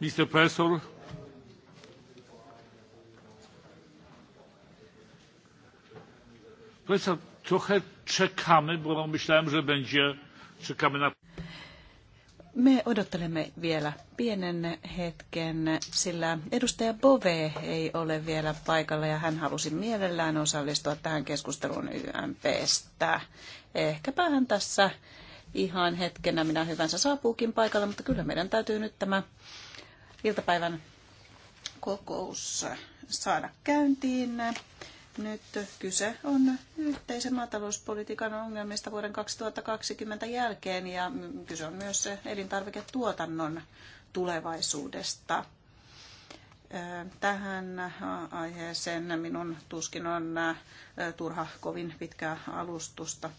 Mr. trochę czekamy, bo no myślałem, że będzie, czekamy na... Me odottelemme vielä pienen hetken, sillä edustaja Bove ei ole vielä paikalla ja hän halusi mielellään osallistua tähän keskusteluun YMPstä. Ehkäpä hän tässä ihan hetkenä minä hyvänsä saapuukin paikalle, mutta kyllä meidän täytyy nyt tämä iltapäivän kokous saada käyntiin. Nyt kyse on yhteisen maatalouspolitiikan ongelmista vuoden 2020 jälkeen ja kyse on myös elintarviketuotannon tulevaisuudesta. Tähän aiheeseen minun tuskin on turha kovin pitkää alustusta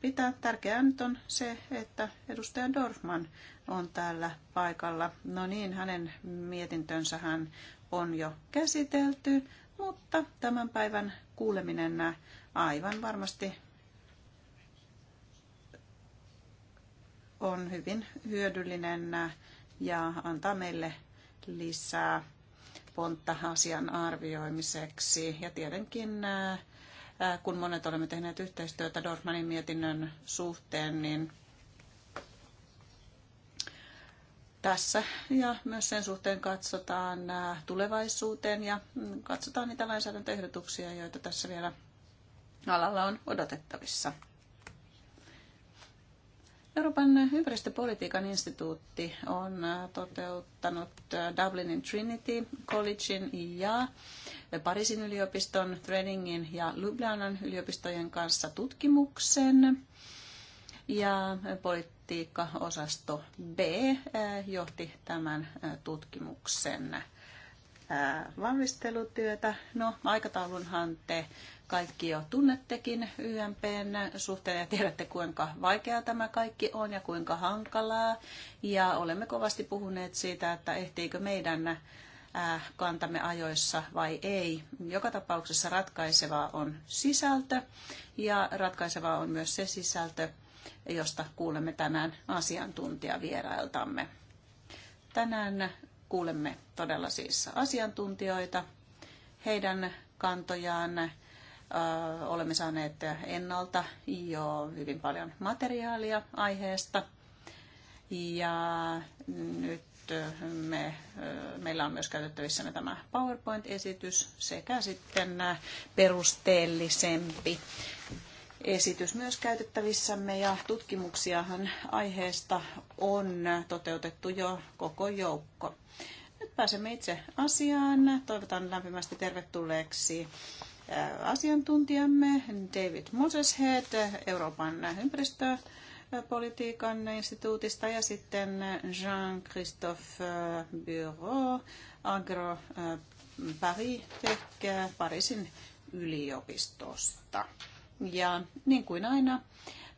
pitää. Tärkeää nyt on se, että edustaja Dorfman on täällä paikalla. No niin, hänen hän on jo käsitelty, mutta tämän päivän kuuleminen aivan varmasti on hyvin hyödyllinen ja antaa meille lisää pontta asian arvioimiseksi. Ja tietenkin äh, Äh, kun monet olemme tehneet yhteistyötä Dorfmanin mietinnön suhteen, niin tässä ja myös sen suhteen katsotaan äh, tulevaisuuteen ja mm, katsotaan niitä lainsäädäntöehdotuksia, joita tässä vielä alalla on odotettavissa. Euroopan ympäristöpolitiikan instituutti on äh, toteuttanut Dublinin Trinity Collegein ja Pariisin yliopiston, Threadingin ja Ljubljanan yliopistojen kanssa tutkimuksen. Ja politiikkaosasto B eh, johti tämän eh, tutkimuksen eh, valmistelutyötä. No, aikataulunhan te kaikki jo tunnettekin YMPn suhteen ja tiedätte kuinka vaikeaa tämä kaikki on ja kuinka hankalaa. Ja olemme kovasti puhuneet siitä, että ehtiikö meidän Äh, kantamme ajoissa vai ei. Joka tapauksessa ratkaisevaa on sisältö ja ratkaisevaa on myös se sisältö, josta kuulemme tänään asiantuntijavierailtamme. Tänään kuulemme todella siis asiantuntijoita, heidän kantojaan. Äh, olemme saaneet ennalta jo hyvin paljon materiaalia aiheesta. Ja nyt me, meillä on myös käytettävissä tämä PowerPoint-esitys sekä sitten äh, perusteellisempi esitys myös käytettävissämme ja tutkimuksiahan aiheesta on toteutettu jo koko joukko. Nyt pääsemme itse asiaan. Toivotan lämpimästi tervetulleeksi äh, asiantuntijamme David Moseshead Euroopan ympäristö- politiikan instituutista ja sitten Jean-Christophe äh, Bureau Agro äh, Paris Tech äh, Pariisin yliopistosta. Ja niin kuin aina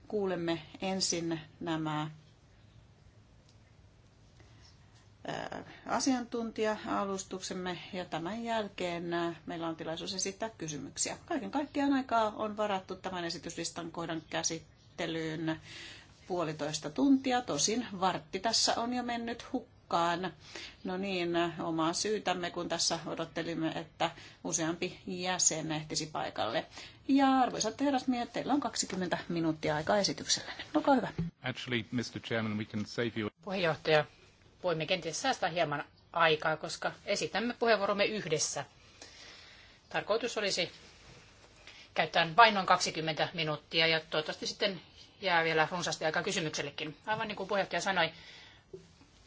kuulemme ensin nämä asiantuntija-alustuksemme ja tämän jälkeen meillä on tilaisuus esittää kysymyksiä. Kaiken kaikkiaan aikaa on varattu tämän esityslistan kohdan käsittelyyn puolitoista tuntia, tosin vartti tässä on jo mennyt hukkaan. No niin, omaa syytämme, kun tässä odottelimme, että useampi jäsen ehtisi paikalle. Ja arvoisat herrasmiehet, teillä on 20 minuuttia aikaa esitykselle. Olkaa hyvä. Actually, Mr. Chairman, we can save you. Puheenjohtaja, voimme kenties säästää hieman aikaa, koska esitämme puheenvuoromme yhdessä. Tarkoitus olisi käyttää vain noin 20 minuuttia ja toivottavasti sitten jää vielä runsaasti aika kysymyksellekin. Aivan niin kuin puheenjohtaja sanoi,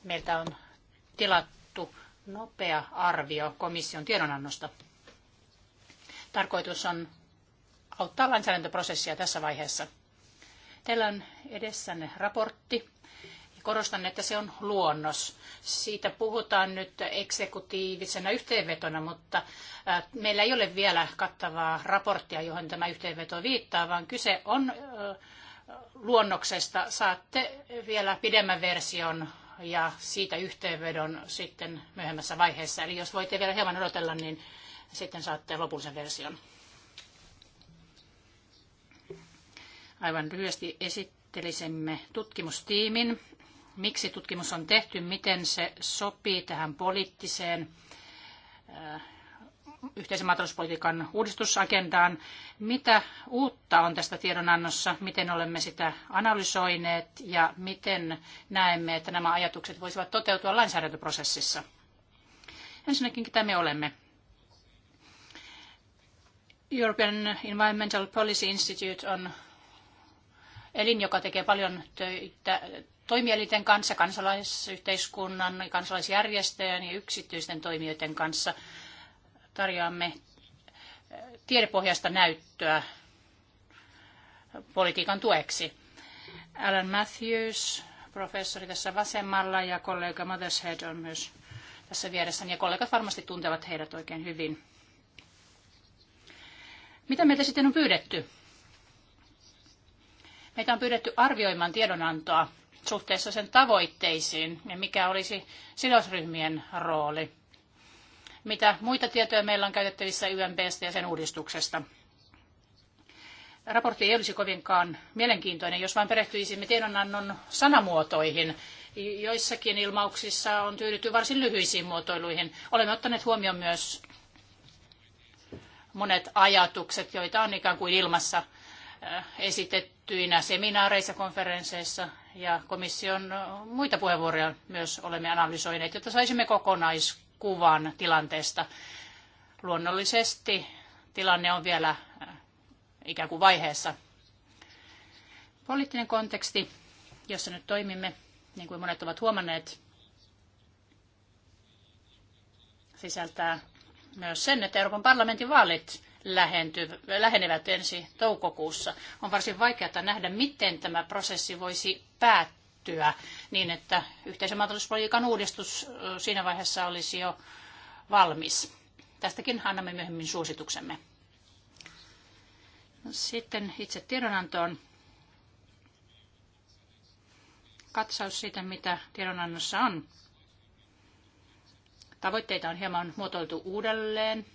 meiltä on tilattu nopea arvio komission tiedonannosta. Tarkoitus on auttaa lainsäädäntöprosessia tässä vaiheessa. Teillä on edessänne raportti. Korostan, että se on luonnos. Siitä puhutaan nyt eksekutiivisena yhteenvetona, mutta meillä ei ole vielä kattavaa raporttia, johon tämä yhteenveto viittaa, vaan kyse on luonnoksesta saatte vielä pidemmän version ja siitä yhteenvedon sitten myöhemmässä vaiheessa. Eli jos voitte vielä hieman odotella, niin sitten saatte lopullisen version. Aivan lyhyesti esittelisimme tutkimustiimin, miksi tutkimus on tehty, miten se sopii tähän poliittiseen yhteisen maatalouspolitiikan uudistusagendaan. Mitä uutta on tästä tiedonannossa, miten olemme sitä analysoineet ja miten näemme, että nämä ajatukset voisivat toteutua lainsäädäntöprosessissa? Ensinnäkin, mitä me olemme? European Environmental Policy Institute on elin, joka tekee paljon töitä toimielinten kanssa, kansalaisyhteiskunnan, kansalaisjärjestöjen ja yksityisten toimijoiden kanssa – tarjoamme eh, tiedepohjaista näyttöä politiikan tueksi. Alan Matthews, professori tässä vasemmalla ja kollega Mothershead on myös tässä vieressäni ja kollegat varmasti tuntevat heidät oikein hyvin. Mitä meitä sitten on pyydetty? Meitä on pyydetty arvioimaan tiedonantoa suhteessa sen tavoitteisiin ja mikä olisi sidosryhmien rooli mitä muita tietoja meillä on käytettävissä YMPstä ja sen uudistuksesta. Raportti ei olisi kovinkaan mielenkiintoinen, jos vain perehtyisimme tiedonannon sanamuotoihin. Joissakin ilmauksissa on tyydytty varsin lyhyisiin muotoiluihin. Olemme ottaneet huomioon myös monet ajatukset, joita on ikään kuin ilmassa äh, esitettyinä seminaareissa, konferensseissa ja komission muita puheenvuoroja myös olemme analysoineet, jotta saisimme kokonais kuvan tilanteesta. Luonnollisesti tilanne on vielä äh, ikään kuin vaiheessa. Poliittinen konteksti, jossa nyt toimimme, niin kuin monet ovat huomanneet, sisältää myös sen, että Euroopan parlamentin vaalit lähenevät ensi toukokuussa. On varsin vaikeaa nähdä, miten tämä prosessi voisi päättyä tehtyä niin, että yhteisen maatalouspolitiikan uudistus siinä vaiheessa olisi jo valmis. Tästäkin annamme myöhemmin suosituksemme. No, sitten itse tiedonantoon. Katsaus siitä, mitä tiedonannossa on. Tavoitteita on hieman muotoiltu uudelleen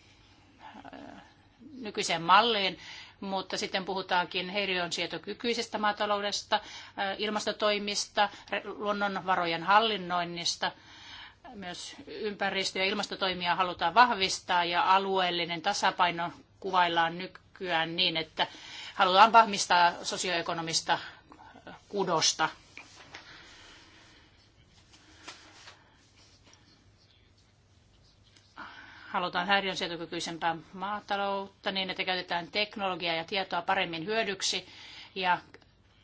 nykyiseen malliin mutta sitten puhutaankin häiriönsietokykyisestä maataloudesta, äh, ilmastotoimista, luonnonvarojen hallinnoinnista. Myös ympäristö- ja ilmastotoimia halutaan vahvistaa ja alueellinen tasapaino kuvaillaan nykyään niin, että halutaan vahvistaa sosioekonomista kudosta halutaan häiriönsietokykyisempää maataloutta niin, että käytetään teknologiaa ja tietoa paremmin hyödyksi ja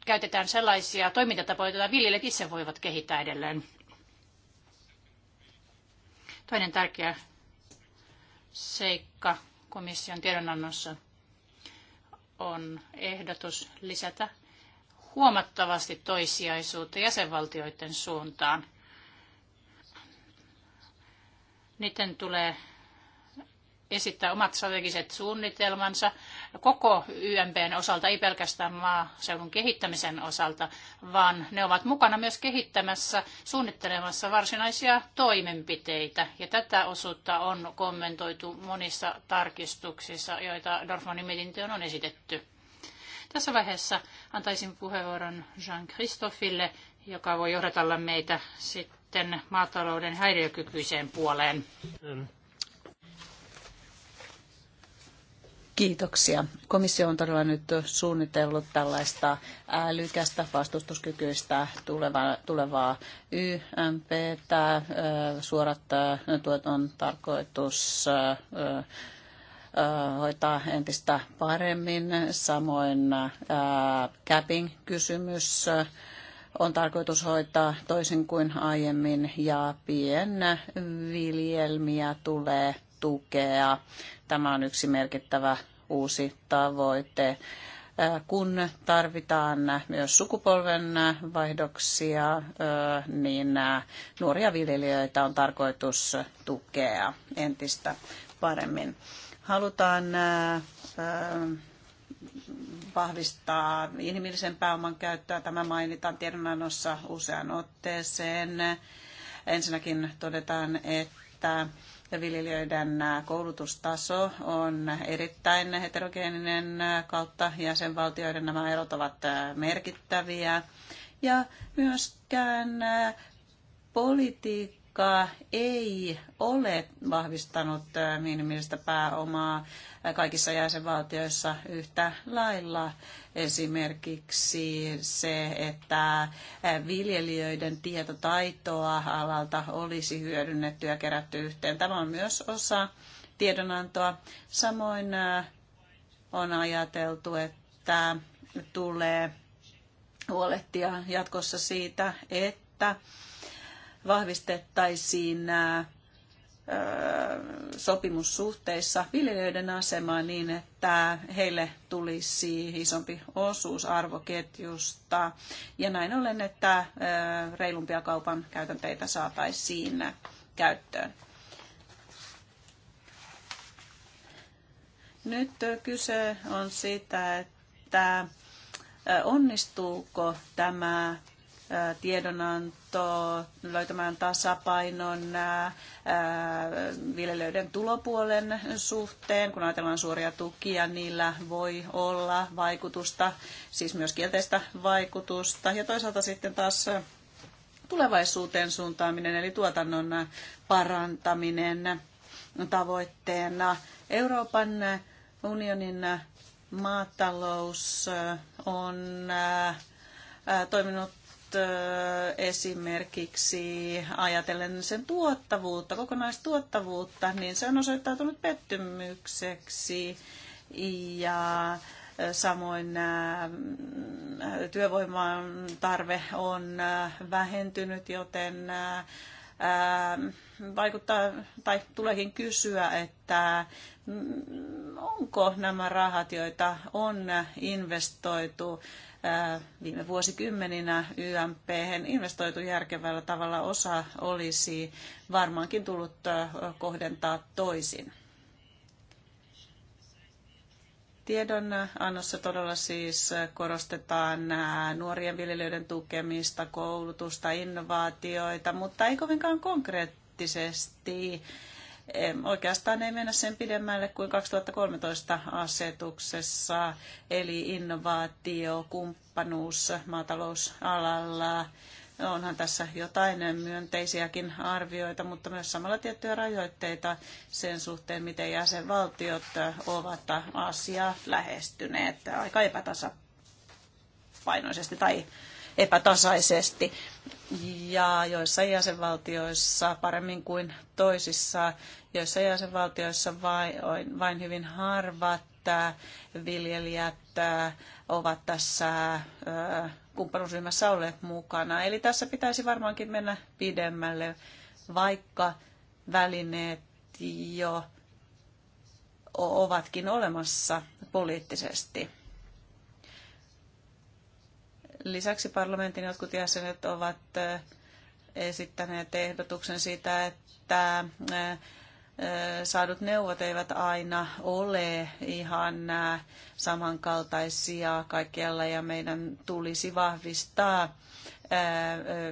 käytetään sellaisia toimintatapoja, joita viljelijät itse voivat kehittää edelleen. Toinen tärkeä seikka komission tiedonannossa on ehdotus lisätä huomattavasti toissijaisuutta jäsenvaltioiden suuntaan. Niiden tulee esittää omat strategiset suunnitelmansa koko YMPn osalta, ei pelkästään maaseudun kehittämisen osalta, vaan ne ovat mukana myös kehittämässä, suunnittelemassa varsinaisia toimenpiteitä. Ja tätä osuutta on kommentoitu monissa tarkistuksissa, joita Dorfmanin mietintöön on esitetty. Tässä vaiheessa antaisin puheenvuoron Jean-Christophille, joka voi johdatella meitä sitten maatalouden häiriökykyiseen puoleen. Mm. Kiitoksia. Komissio on todella nyt suunnitellut tällaista älykästä, vastustuskykyistä tulevaa, tulevaa YMP. Suorat tuet on tarkoitus hoitaa entistä paremmin. Samoin capping-kysymys on tarkoitus hoitaa toisin kuin aiemmin ja pienviljelmiä tulee tukea Tämä on yksi merkittävä uusi tavoite. Kun tarvitaan myös sukupolven vaihdoksia, niin nuoria viljelijöitä on tarkoitus tukea entistä paremmin. Halutaan vahvistaa inhimillisen pääoman käyttöä. Tämä mainitaan tiedonannossa usean otteeseen. Ensinnäkin todetaan, että viljelijöiden koulutustaso on erittäin heterogeeninen kautta jäsenvaltioiden. Nämä erot ovat merkittäviä. Ja myöskään politiikka joka ei ole vahvistanut äh, minimistä pääomaa kaikissa jäsenvaltioissa yhtä lailla. Esimerkiksi se, että äh, viljelijöiden tietotaitoa alalta olisi hyödynnetty ja kerätty yhteen. Tämä on myös osa tiedonantoa. Samoin äh, on ajateltu, että tulee huolehtia jatkossa siitä, että vahvistettaisiin äh, äh, sopimussuhteissa viljelijöiden asemaa niin, että heille tulisi isompi osuus arvoketjusta. Ja näin ollen, että äh, reilumpia kaupan käytänteitä saataisiin käyttöön. Nyt kyse on siitä, että onnistuuko tämä tiedonanto, löytämään tasapainon viljelijöiden tulopuolen suhteen. Kun ajatellaan suoria tukia, niillä voi olla vaikutusta, siis myös kielteistä vaikutusta. Ja toisaalta sitten taas tulevaisuuteen suuntaaminen, eli tuotannon parantaminen tavoitteena. Euroopan unionin maatalous on toiminut esimerkiksi ajatellen sen tuottavuutta, kokonaistuottavuutta, niin se on osoittautunut pettymykseksi ja samoin työvoiman tarve on vähentynyt, joten vaikuttaa tai tuleekin kysyä, että mm, onko nämä rahat, joita on investoitu Äh, viime vuosikymmeninä YMP investoitu järkevällä tavalla osa olisi varmaankin tullut äh, kohdentaa toisin. Tiedon annossa todella siis äh, korostetaan nuorien viljelijöiden tukemista, koulutusta, innovaatioita, mutta ei kovinkaan konkreettisesti Oikeastaan ei mennä sen pidemmälle kuin 2013 asetuksessa, eli innovaatio, kumppanuus maatalousalalla. Onhan tässä jotain myönteisiäkin arvioita, mutta myös samalla tiettyjä rajoitteita sen suhteen, miten jäsenvaltiot ovat asiaa lähestyneet aika epätasapainoisesti tai epätasaisesti. Ja joissain jäsenvaltioissa paremmin kuin toisissa, joissa jäsenvaltioissa vain, vain hyvin harvat viljelijät ovat tässä kumppanuusryhmässä olleet mukana. Eli tässä pitäisi varmaankin mennä pidemmälle, vaikka välineet jo ovatkin olemassa poliittisesti. Lisäksi parlamentin jotkut jäsenet ovat eh, esittäneet ehdotuksen siitä, että eh, eh, saadut neuvot eivät aina ole ihan samankaltaisia kaikkialla ja meidän tulisi vahvistaa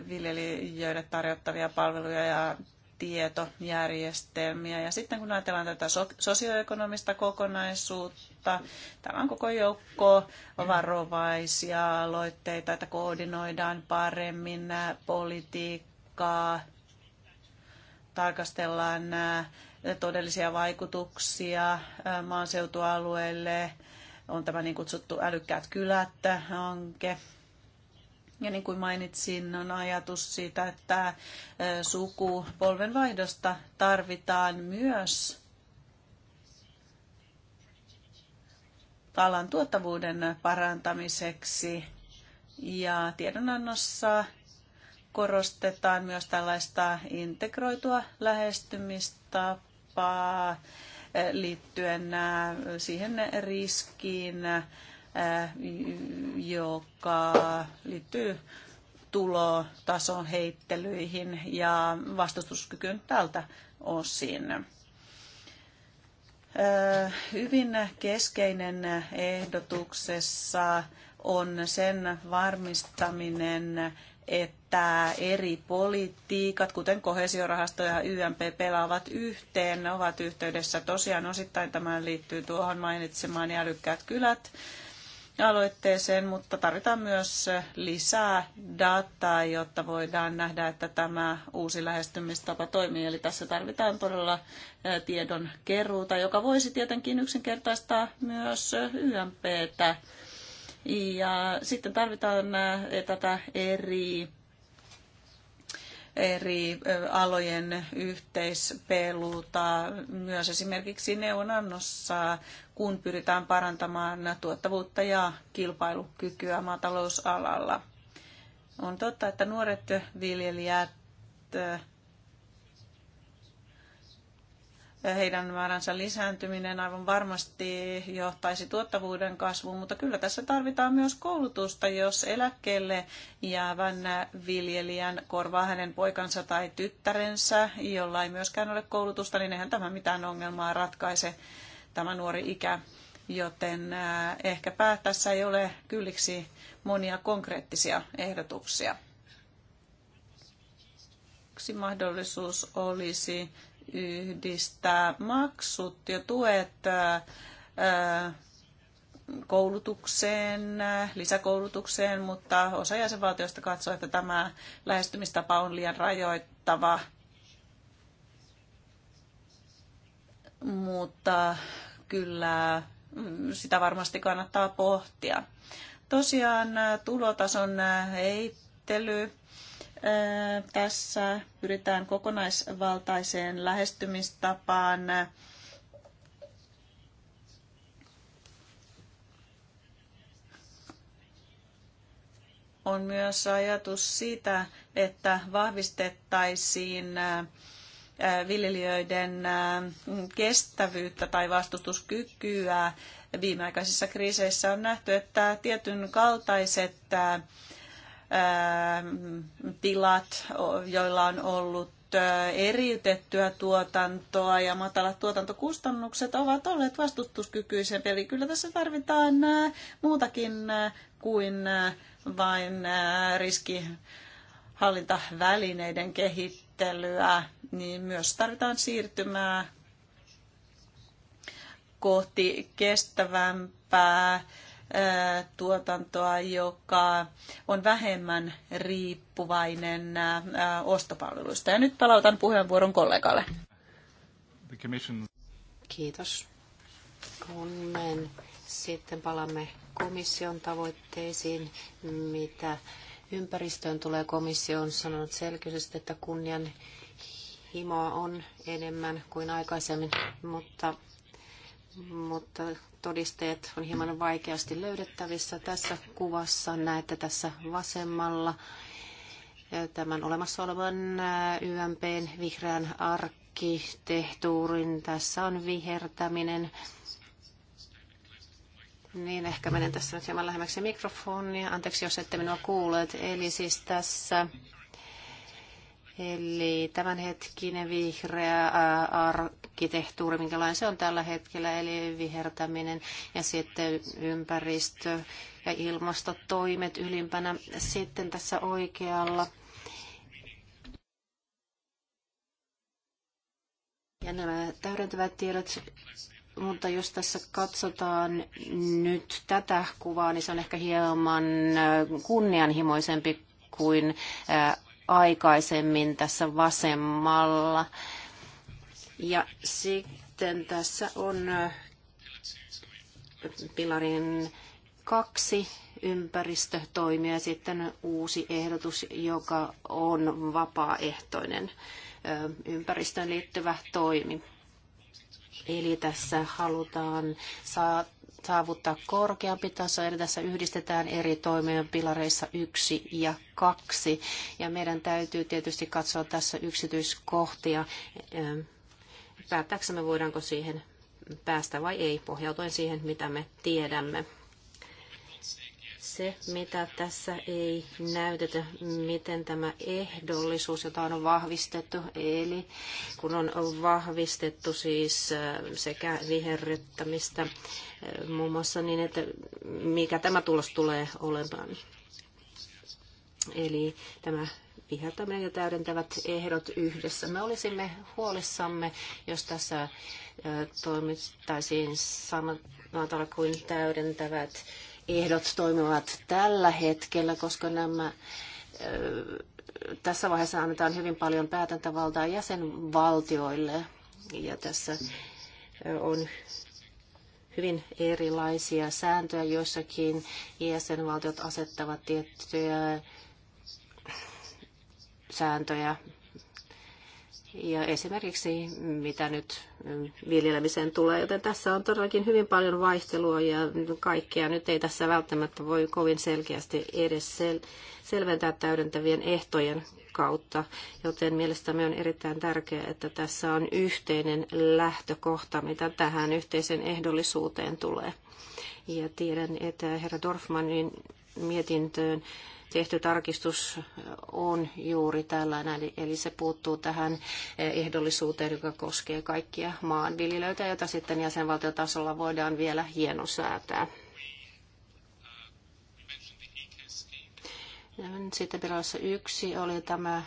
viljelijöille tarjottavia palveluja ja tietojärjestelmiä. Ja sitten kun ajatellaan tätä sosioekonomista kokonaisuutta, tämä on koko joukko varovaisia aloitteita, että koordinoidaan paremmin politiikkaa, tarkastellaan todellisia vaikutuksia maaseutualueille, on tämä niin kutsuttu älykkäät kylät hanke, ja niin kuin mainitsin, on ajatus siitä, että sukupolvenvaihdosta tarvitaan myös alan tuottavuuden parantamiseksi. Ja tiedonannossa korostetaan myös tällaista integroitua lähestymistapaa liittyen siihen riskiin, Äh, joka liittyy tulotason heittelyihin ja vastustuskykyyn tältä osin. Äh, hyvin keskeinen ehdotuksessa on sen varmistaminen, että eri politiikat, kuten kohesiorahasto ja YMP, pelaavat yhteen, ne ovat yhteydessä. Tosiaan osittain tämä liittyy tuohon mainitsemaan älykkäät kylät aloitteeseen, mutta tarvitaan myös lisää dataa, jotta voidaan nähdä, että tämä uusi lähestymistapa toimii. Eli tässä tarvitaan todella tiedon keruuta, joka voisi tietenkin yksinkertaistaa myös YMPtä. Ja sitten tarvitaan tätä eri eri alojen yhteispeluuta myös esimerkiksi neuvonannossa, kun pyritään parantamaan tuottavuutta ja kilpailukykyä maatalousalalla. On totta, että nuoret viljelijät heidän määränsä lisääntyminen aivan varmasti johtaisi tuottavuuden kasvuun, mutta kyllä tässä tarvitaan myös koulutusta, jos eläkkeelle jäävän viljelijän korvaa hänen poikansa tai tyttärensä, jolla ei myöskään ole koulutusta, niin eihän tämä mitään ongelmaa ratkaise tämä nuori ikä. Joten äh, ehkäpä tässä ei ole kylliksi monia konkreettisia ehdotuksia. Yksi mahdollisuus olisi yhdistää maksut ja tuet koulutukseen, lisäkoulutukseen, mutta osa jäsenvaltioista katsoo, että tämä lähestymistapa on liian rajoittava. Mutta kyllä mm, sitä varmasti kannattaa pohtia. Tosiaan tulotason heittely tässä pyritään kokonaisvaltaiseen lähestymistapaan. On myös ajatus siitä, että vahvistettaisiin viljelijöiden kestävyyttä tai vastustuskykyä. Viimeaikaisissa kriiseissä on nähty, että tietyn kaltaiset Ähm, tilat, joilla on ollut eriytettyä tuotantoa ja matalat tuotantokustannukset ovat olleet vastustuskykyisempiä. Eli kyllä tässä tarvitaan muutakin kuin vain riskihallintavälineiden kehittelyä, niin myös tarvitaan siirtymää kohti kestävämpää tuotantoa, joka on vähemmän riippuvainen ostopalveluista. Ja nyt palautan puheenvuoron kollegalle. Kiitos. Amen. Sitten palamme komission tavoitteisiin, mitä ympäristöön tulee. Komissio on sanonut selkeästi, että himoa on enemmän kuin aikaisemmin, mutta mutta todisteet on hieman vaikeasti löydettävissä. Tässä kuvassa näette tässä vasemmalla eh, tämän olemassa olevan eh, YMPn vihreän arkkitehtuurin. Tässä on vihertäminen. Niin, ehkä menen tässä nyt hieman lähemmäksi mikrofonia. Anteeksi, jos ette minua kuulet. Eli siis tässä Eli tämänhetkinen vihreä arkkitehtuuri, minkälainen se on tällä hetkellä, eli vihertäminen ja sitten ympäristö ja ilmastotoimet ylimpänä. Sitten tässä oikealla Ja nämä täydentävät tiedot, mutta jos tässä katsotaan nyt tätä kuvaa, niin se on ehkä hieman kunnianhimoisempi kuin aikaisemmin tässä vasemmalla. Ja sitten tässä on pilarin kaksi ympäristötoimia ja sitten uusi ehdotus, joka on vapaaehtoinen ympäristöön liittyvä toimi. Eli tässä halutaan saa saavuttaa korkeampi taso. Eli tässä yhdistetään eri toimien pilareissa yksi ja kaksi. Ja meidän täytyy tietysti katsoa tässä yksityiskohtia. Ehm, päättääksemme voidaanko siihen päästä vai ei, pohjautuen siihen, mitä me tiedämme se, mitä tässä ei näytetä, miten tämä ehdollisuus, jota on vahvistettu, eli kun on vahvistettu siis äh, sekä viherryttämistä äh, muun muassa niin, että mikä tämä tulos tulee olemaan. Eli tämä vihertäminen ja täydentävät ehdot yhdessä. Me olisimme huolissamme, jos tässä äh, toimittaisiin samalla tavalla kuin täydentävät ehdot toimivat tällä hetkellä, koska nämä tässä vaiheessa annetaan hyvin paljon päätäntävaltaa jäsenvaltioille ja tässä on hyvin erilaisia sääntöjä. Joissakin jäsenvaltiot asettavat tiettyjä sääntöjä ja esimerkiksi mitä nyt viljelemiseen tulee, joten tässä on todellakin hyvin paljon vaihtelua ja kaikkea. Nyt ei tässä välttämättä voi kovin selkeästi edes sel- selventää täydentävien ehtojen kautta, joten mielestäni on erittäin tärkeää, että tässä on yhteinen lähtökohta, mitä tähän yhteisen ehdollisuuteen tulee. Ja tiedän, että herra Dorfmanin mietintöön tehty tarkistus on juuri tällainen, eli, se puuttuu tähän ehdollisuuteen, joka koskee kaikkia maanviljelijöitä, jota sitten jäsenvaltiotasolla voidaan vielä hienosäätää. Sitten tilassa yksi oli tämä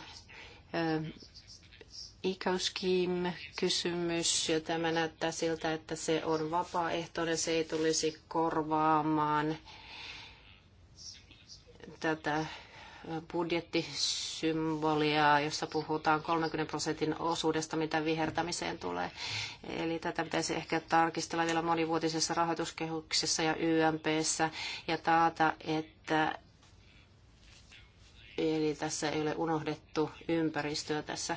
Ecoskim-kysymys, ja tämä näyttää siltä, että se on vapaaehtoinen, se ei tulisi korvaamaan tätä budjettisymbolia, jossa puhutaan 30 prosentin osuudesta, mitä vihertämiseen tulee. Eli tätä pitäisi ehkä tarkistella vielä monivuotisessa rahoituskehyksessä ja YMPssä ja taata, että Eli tässä ei ole unohdettu ympäristöä tässä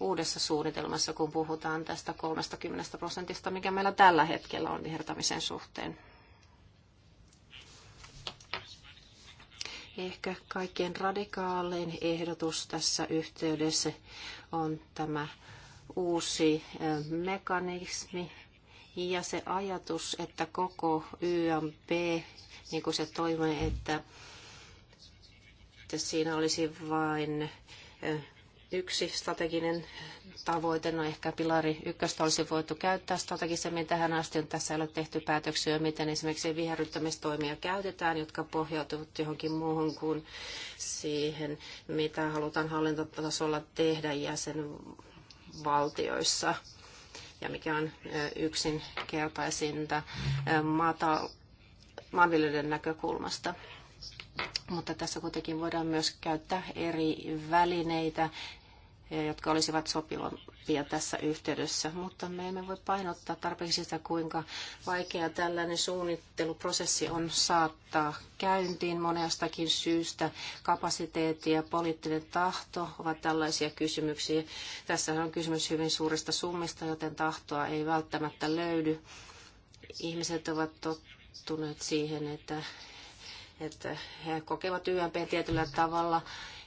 uudessa suunnitelmassa, kun puhutaan tästä 30 prosentista, mikä meillä tällä hetkellä on vihertämisen suhteen. Ehkä kaikkein radikaalein ehdotus tässä yhteydessä on tämä uusi mekanismi ja se ajatus, että koko YMP, niin kuin se toimii, että, että siinä olisi vain Yksi strateginen tavoite, no ehkä pilari ykköstä olisi voitu käyttää strategisemmin tähän asti, on tässä ei ole tehty päätöksiä, miten esimerkiksi viherryttämistoimia käytetään, jotka pohjautuvat johonkin muuhun kuin siihen, mitä halutaan hallintotasolla tehdä jäsenvaltioissa. Ja mikä on yksinkertaisinta maata, maanviljelijöiden näkökulmasta mutta tässä kuitenkin voidaan myös käyttää eri välineitä jotka olisivat sopivia tässä yhteydessä. Mutta me emme voi painottaa tarpeeksi sitä, kuinka vaikea tällainen suunnitteluprosessi on saattaa käyntiin monestakin syystä. Kapasiteetti ja poliittinen tahto ovat tällaisia kysymyksiä. Tässä on kysymys hyvin suurista summista, joten tahtoa ei välttämättä löydy. Ihmiset ovat tottuneet siihen, että, että he kokevat YMP tietyllä tavalla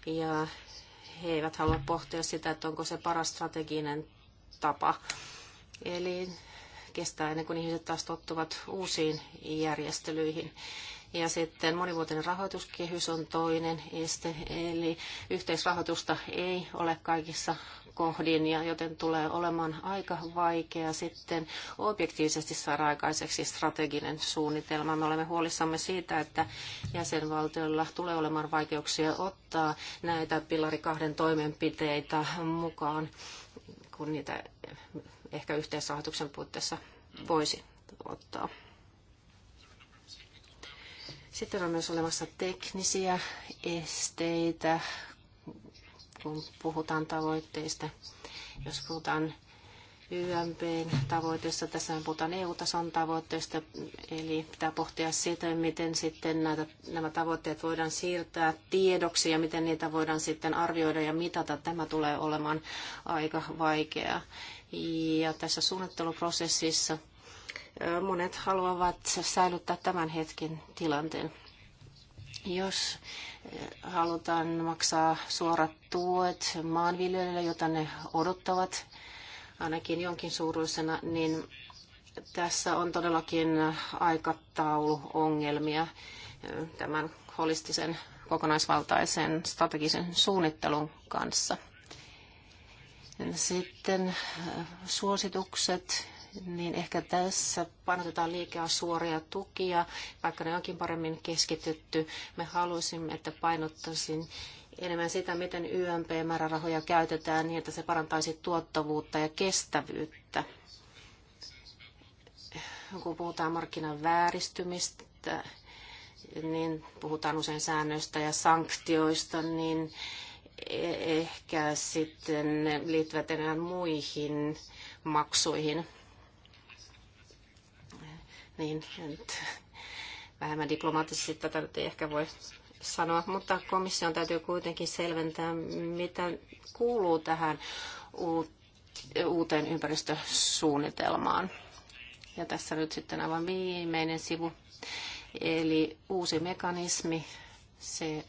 ja he eivät halua pohtia sitä, että onko se paras strateginen tapa. Eli kestää ennen kuin ihmiset taas tottuvat uusiin järjestelyihin. Ja sitten monivuotinen rahoituskehys on toinen este, eli yhteisrahoitusta ei ole kaikissa kohdin, ja joten tulee olemaan aika vaikea sitten objektiivisesti saada aikaiseksi strateginen suunnitelma. Me olemme huolissamme siitä, että jäsenvaltioilla tulee olemaan vaikeuksia ottaa näitä pilari kahden toimenpiteitä mukaan, kun niitä ehkä yhteisrahoituksen puitteissa voisi ottaa. Sitten on myös olemassa teknisiä esteitä, kun puhutaan tavoitteista. Jos puhutaan ymp tavoitteista, tässä puhutaan EU-tason tavoitteista, eli pitää pohtia sitä, miten sitten näitä, nämä tavoitteet voidaan siirtää tiedoksi ja miten niitä voidaan sitten arvioida ja mitata. Tämä tulee olemaan aika vaikeaa. Ja tässä suunnitteluprosessissa monet haluavat säilyttää tämän hetken tilanteen. Jos eh, halutaan maksaa suorat tuet maanviljelijöille, jota ne odottavat ainakin jonkin suuruisena, niin tässä on todellakin aikatauluongelmia eh, tämän holistisen kokonaisvaltaisen strategisen suunnittelun kanssa. Sitten eh, suositukset niin ehkä tässä panotetaan liikaa suoria tukia, vaikka ne onkin paremmin keskitytty. Me haluaisimme, että painottaisin enemmän sitä, miten YMP-määrärahoja käytetään niin, että se parantaisi tuottavuutta ja kestävyyttä. Kun puhutaan markkinan vääristymistä, niin puhutaan usein säännöistä ja sanktioista, niin e- ehkä sitten liittyvät enää muihin maksuihin niin nyt vähemmän diplomaattisesti tätä nyt ei ehkä voi sanoa, mutta komission täytyy kuitenkin selventää, mitä kuuluu tähän uuteen ympäristösuunnitelmaan. Ja tässä nyt sitten aivan viimeinen sivu, eli uusi mekanismi, se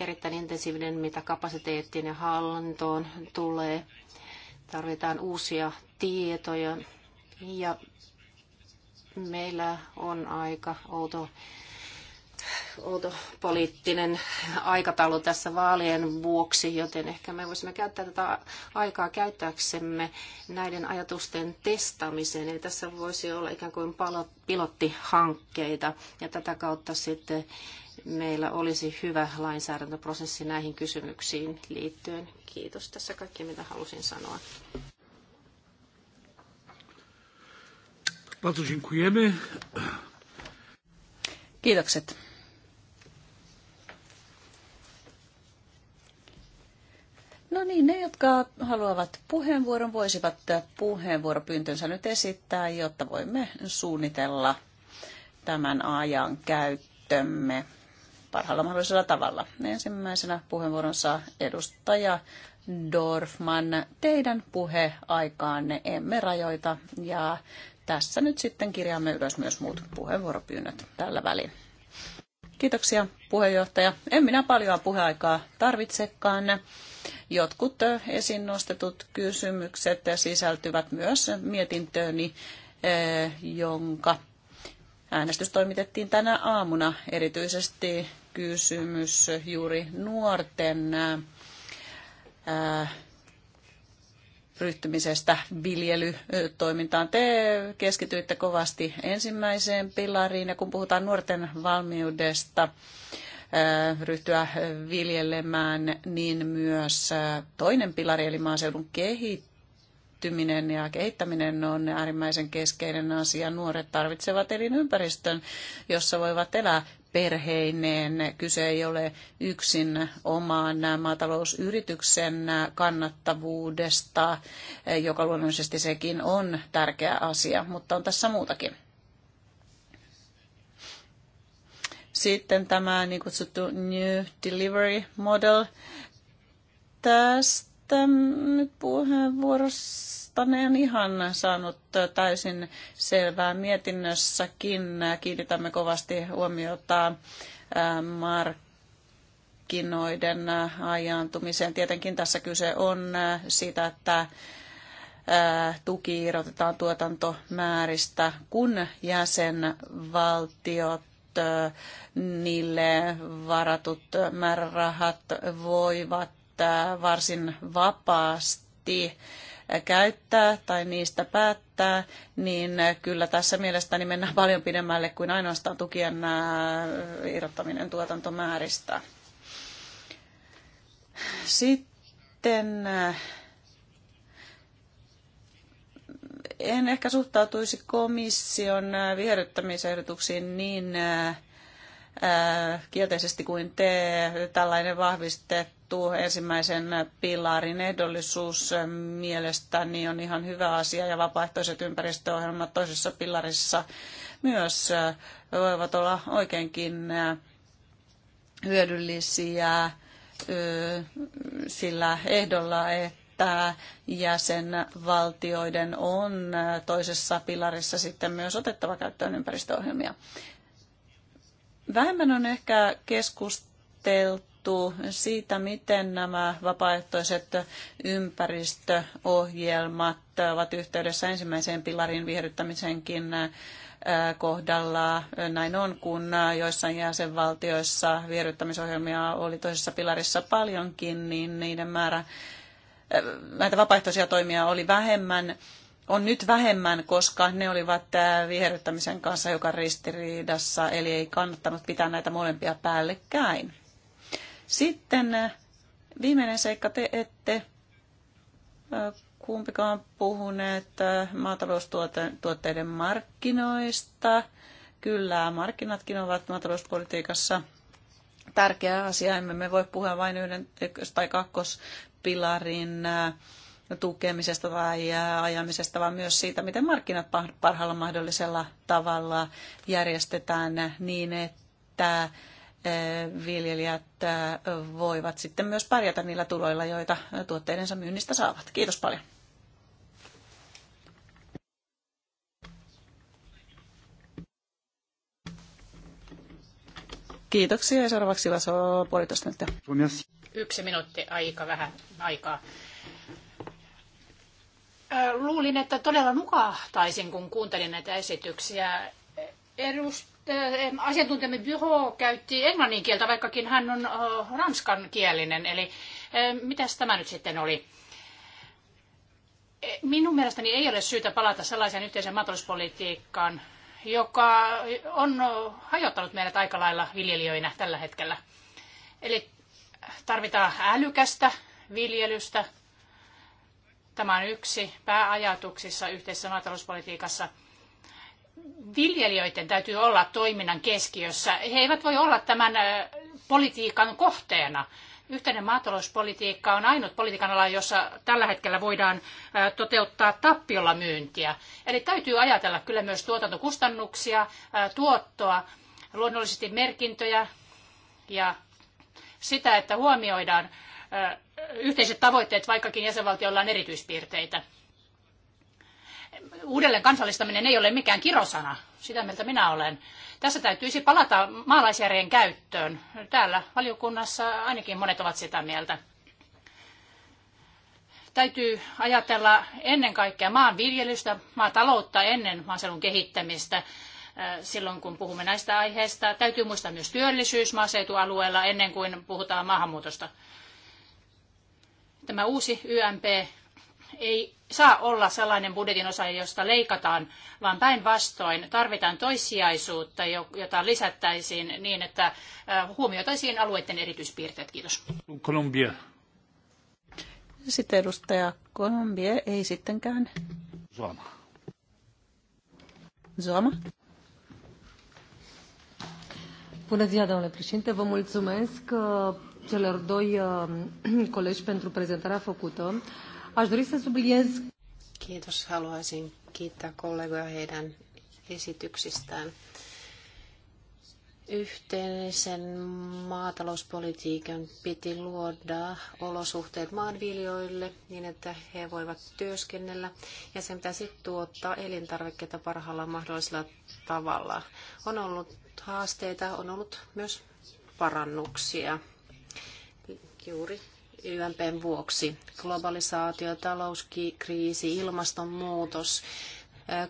erittäin intensiivinen, mitä kapasiteettiin ja hallintoon tulee. Tarvitaan uusia tietoja ja meillä on aika outo, outo poliittinen aikataulu tässä vaalien vuoksi, joten ehkä me voisimme käyttää tätä aikaa käyttääksemme näiden ajatusten testaamiseen. Eli tässä voisi olla ikään kuin pilottihankkeita ja tätä kautta sitten meillä olisi hyvä lainsäädäntöprosessi näihin kysymyksiin liittyen. Kiitos tässä kaikki, mitä halusin sanoa. Bardzo dziękujemy. Kiitokset. No niin, ne, jotka haluavat puheenvuoron, voisivat puheenvuoropyyntönsä nyt esittää, jotta voimme suunnitella tämän ajan käyttömme parhaalla mahdollisella tavalla. Ensimmäisenä puheenvuoron saa edustaja Dorfman. Teidän puheaikaanne emme rajoita ja tässä nyt sitten kirjaamme ylös myös muut puheenvuoropyynnöt tällä välin. Kiitoksia puheenjohtaja. En minä paljon puheaikaa tarvitsekaan. Jotkut esiin nostetut kysymykset sisältyvät myös mietintööni, eh, jonka äänestys toimitettiin tänä aamuna. Erityisesti kysymys juuri nuorten eh, ryhtymisestä viljelytoimintaan. Te keskityitte kovasti ensimmäiseen pilariin ja kun puhutaan nuorten valmiudesta äh, ryhtyä viljelemään, niin myös äh, toinen pilari eli maaseudun kehittäminen kehittyminen ja kehittäminen on äärimmäisen keskeinen asia. Nuoret tarvitsevat elinympäristön, jossa voivat elää perheineen. Kyse ei ole yksin omaan maatalousyrityksen kannattavuudesta, joka luonnollisesti sekin on tärkeä asia, mutta on tässä muutakin. Sitten tämä niin kutsuttu New Delivery Model. Tästä nyt puheenvuorostanne en ihan saanut täysin selvää mietinnössäkin. Kiinnitämme kovasti huomiota markkinoiden ajaantumiseen. Tietenkin tässä kyse on siitä, että tuki irrotetaan tuotantomääristä, kun jäsenvaltiot niille varatut määrärahat voivat varsin vapaasti käyttää tai niistä päättää, niin kyllä tässä mielestäni mennään paljon pidemmälle kuin ainoastaan tukien irrottaminen tuotantomääristä. Sitten en ehkä suhtautuisi komission viherryttämisehdotuksiin niin kielteisesti kuin te. Tällainen vahvistettu mainittu ensimmäisen pilarin ehdollisuus mielestäni on ihan hyvä asia ja vapaaehtoiset ympäristöohjelmat toisessa pilarissa myös voivat olla oikeinkin hyödyllisiä sillä ehdolla, että jäsenvaltioiden on toisessa pilarissa sitten myös otettava käyttöön ympäristöohjelmia. Vähemmän on ehkä keskusteltu puhuttu siitä, miten nämä vapaaehtoiset ympäristöohjelmat ovat yhteydessä ensimmäiseen pilarin viherryttämisenkin äh, kohdalla. Näin on, kun joissain jäsenvaltioissa viherryttämisohjelmia oli toisessa pilarissa paljonkin, niin niiden määrä äh, näitä vapaaehtoisia toimia oli vähemmän on nyt vähemmän, koska ne olivat äh, viherryttämisen kanssa joka ristiriidassa, eli ei kannattanut pitää näitä molempia päällekkäin. Sitten äh, viimeinen seikka, te ette äh, kumpikaan puhuneet äh, maataloustuotteiden markkinoista. Kyllä, markkinatkin ovat maatalouspolitiikassa tärkeä asia. Emme me voi puhua vain yhden tai kakkospilarin tukemisesta tai ajamisesta, vaan myös siitä, miten markkinat parhaalla mahdollisella tavalla järjestetään niin, että Eh, viljelijät eh, voivat sitten myös pärjätä niillä tuloilla, joita eh, tuotteidensa myynnistä saavat. Kiitos paljon. Kiitoksia ja seuraavaksi Laso puolitoista minuuttia. Yksi minuutti aika vähän aikaa. Luulin, että todella nukahtaisin, kun kuuntelin näitä esityksiä. Edust asiantuntijamme Byro käytti englannin kieltä, vaikkakin hän on ranskankielinen. Eli mitäs tämä nyt sitten oli? E, minun mielestäni ei ole syytä palata sellaiseen yhteiseen maatalouspolitiikkaan, joka on hajottanut meidät aika lailla viljelijöinä tällä hetkellä. Eli tarvitaan älykästä viljelystä. Tämä on yksi pääajatuksissa yhteisessä maatalouspolitiikassa – viljelijöiden täytyy olla toiminnan keskiössä. He eivät voi olla tämän politiikan kohteena. Yhteinen maatalouspolitiikka on ainut politiikan ala, jossa tällä hetkellä voidaan toteuttaa tappiolla myyntiä. Eli täytyy ajatella kyllä myös tuotantokustannuksia, tuottoa, luonnollisesti merkintöjä ja sitä, että huomioidaan yhteiset tavoitteet, vaikkakin jäsenvaltioilla on erityispiirteitä uudelleen kansallistaminen ei ole mikään kirosana. Sitä mieltä minä olen. Tässä täytyisi palata maalaisjärjen käyttöön. Täällä valiokunnassa ainakin monet ovat sitä mieltä. Täytyy ajatella ennen kaikkea maanviljelystä, maataloutta ennen maaseudun kehittämistä äh, silloin, kun puhumme näistä aiheista. Täytyy muistaa myös työllisyys maaseutualueella ennen kuin puhutaan maahanmuutosta. Tämä uusi YMP ei saa olla sellainen budjetin osa, josta leikataan, vaan päinvastoin tarvitaan toissijaisuutta, jota lisättäisiin niin, että huomioitaisiin alueiden erityispiirteet. Kiitos. Kolumbia. Sitten edustaja Kolumbia ei sittenkään. Suoma. Suoma. Bună ziua, domnule președinte. Vă mulțumesc uh, celor doi uh, colegi pentru prezentarea făcută. Aș dori să subliniez... Kiitos. Haluaisin kiittää kollegoja heidän esityksistään. Yhteisen maatalouspolitiikan piti luoda olosuhteet maanviljoille niin, että he voivat työskennellä ja sen pitäisi tuottaa elintarvikkeita parhaalla mahdollisella tavalla. On ollut haasteita, on ollut myös parannuksia juuri YMPn vuoksi. Globalisaatio, talouskriisi, ilmastonmuutos,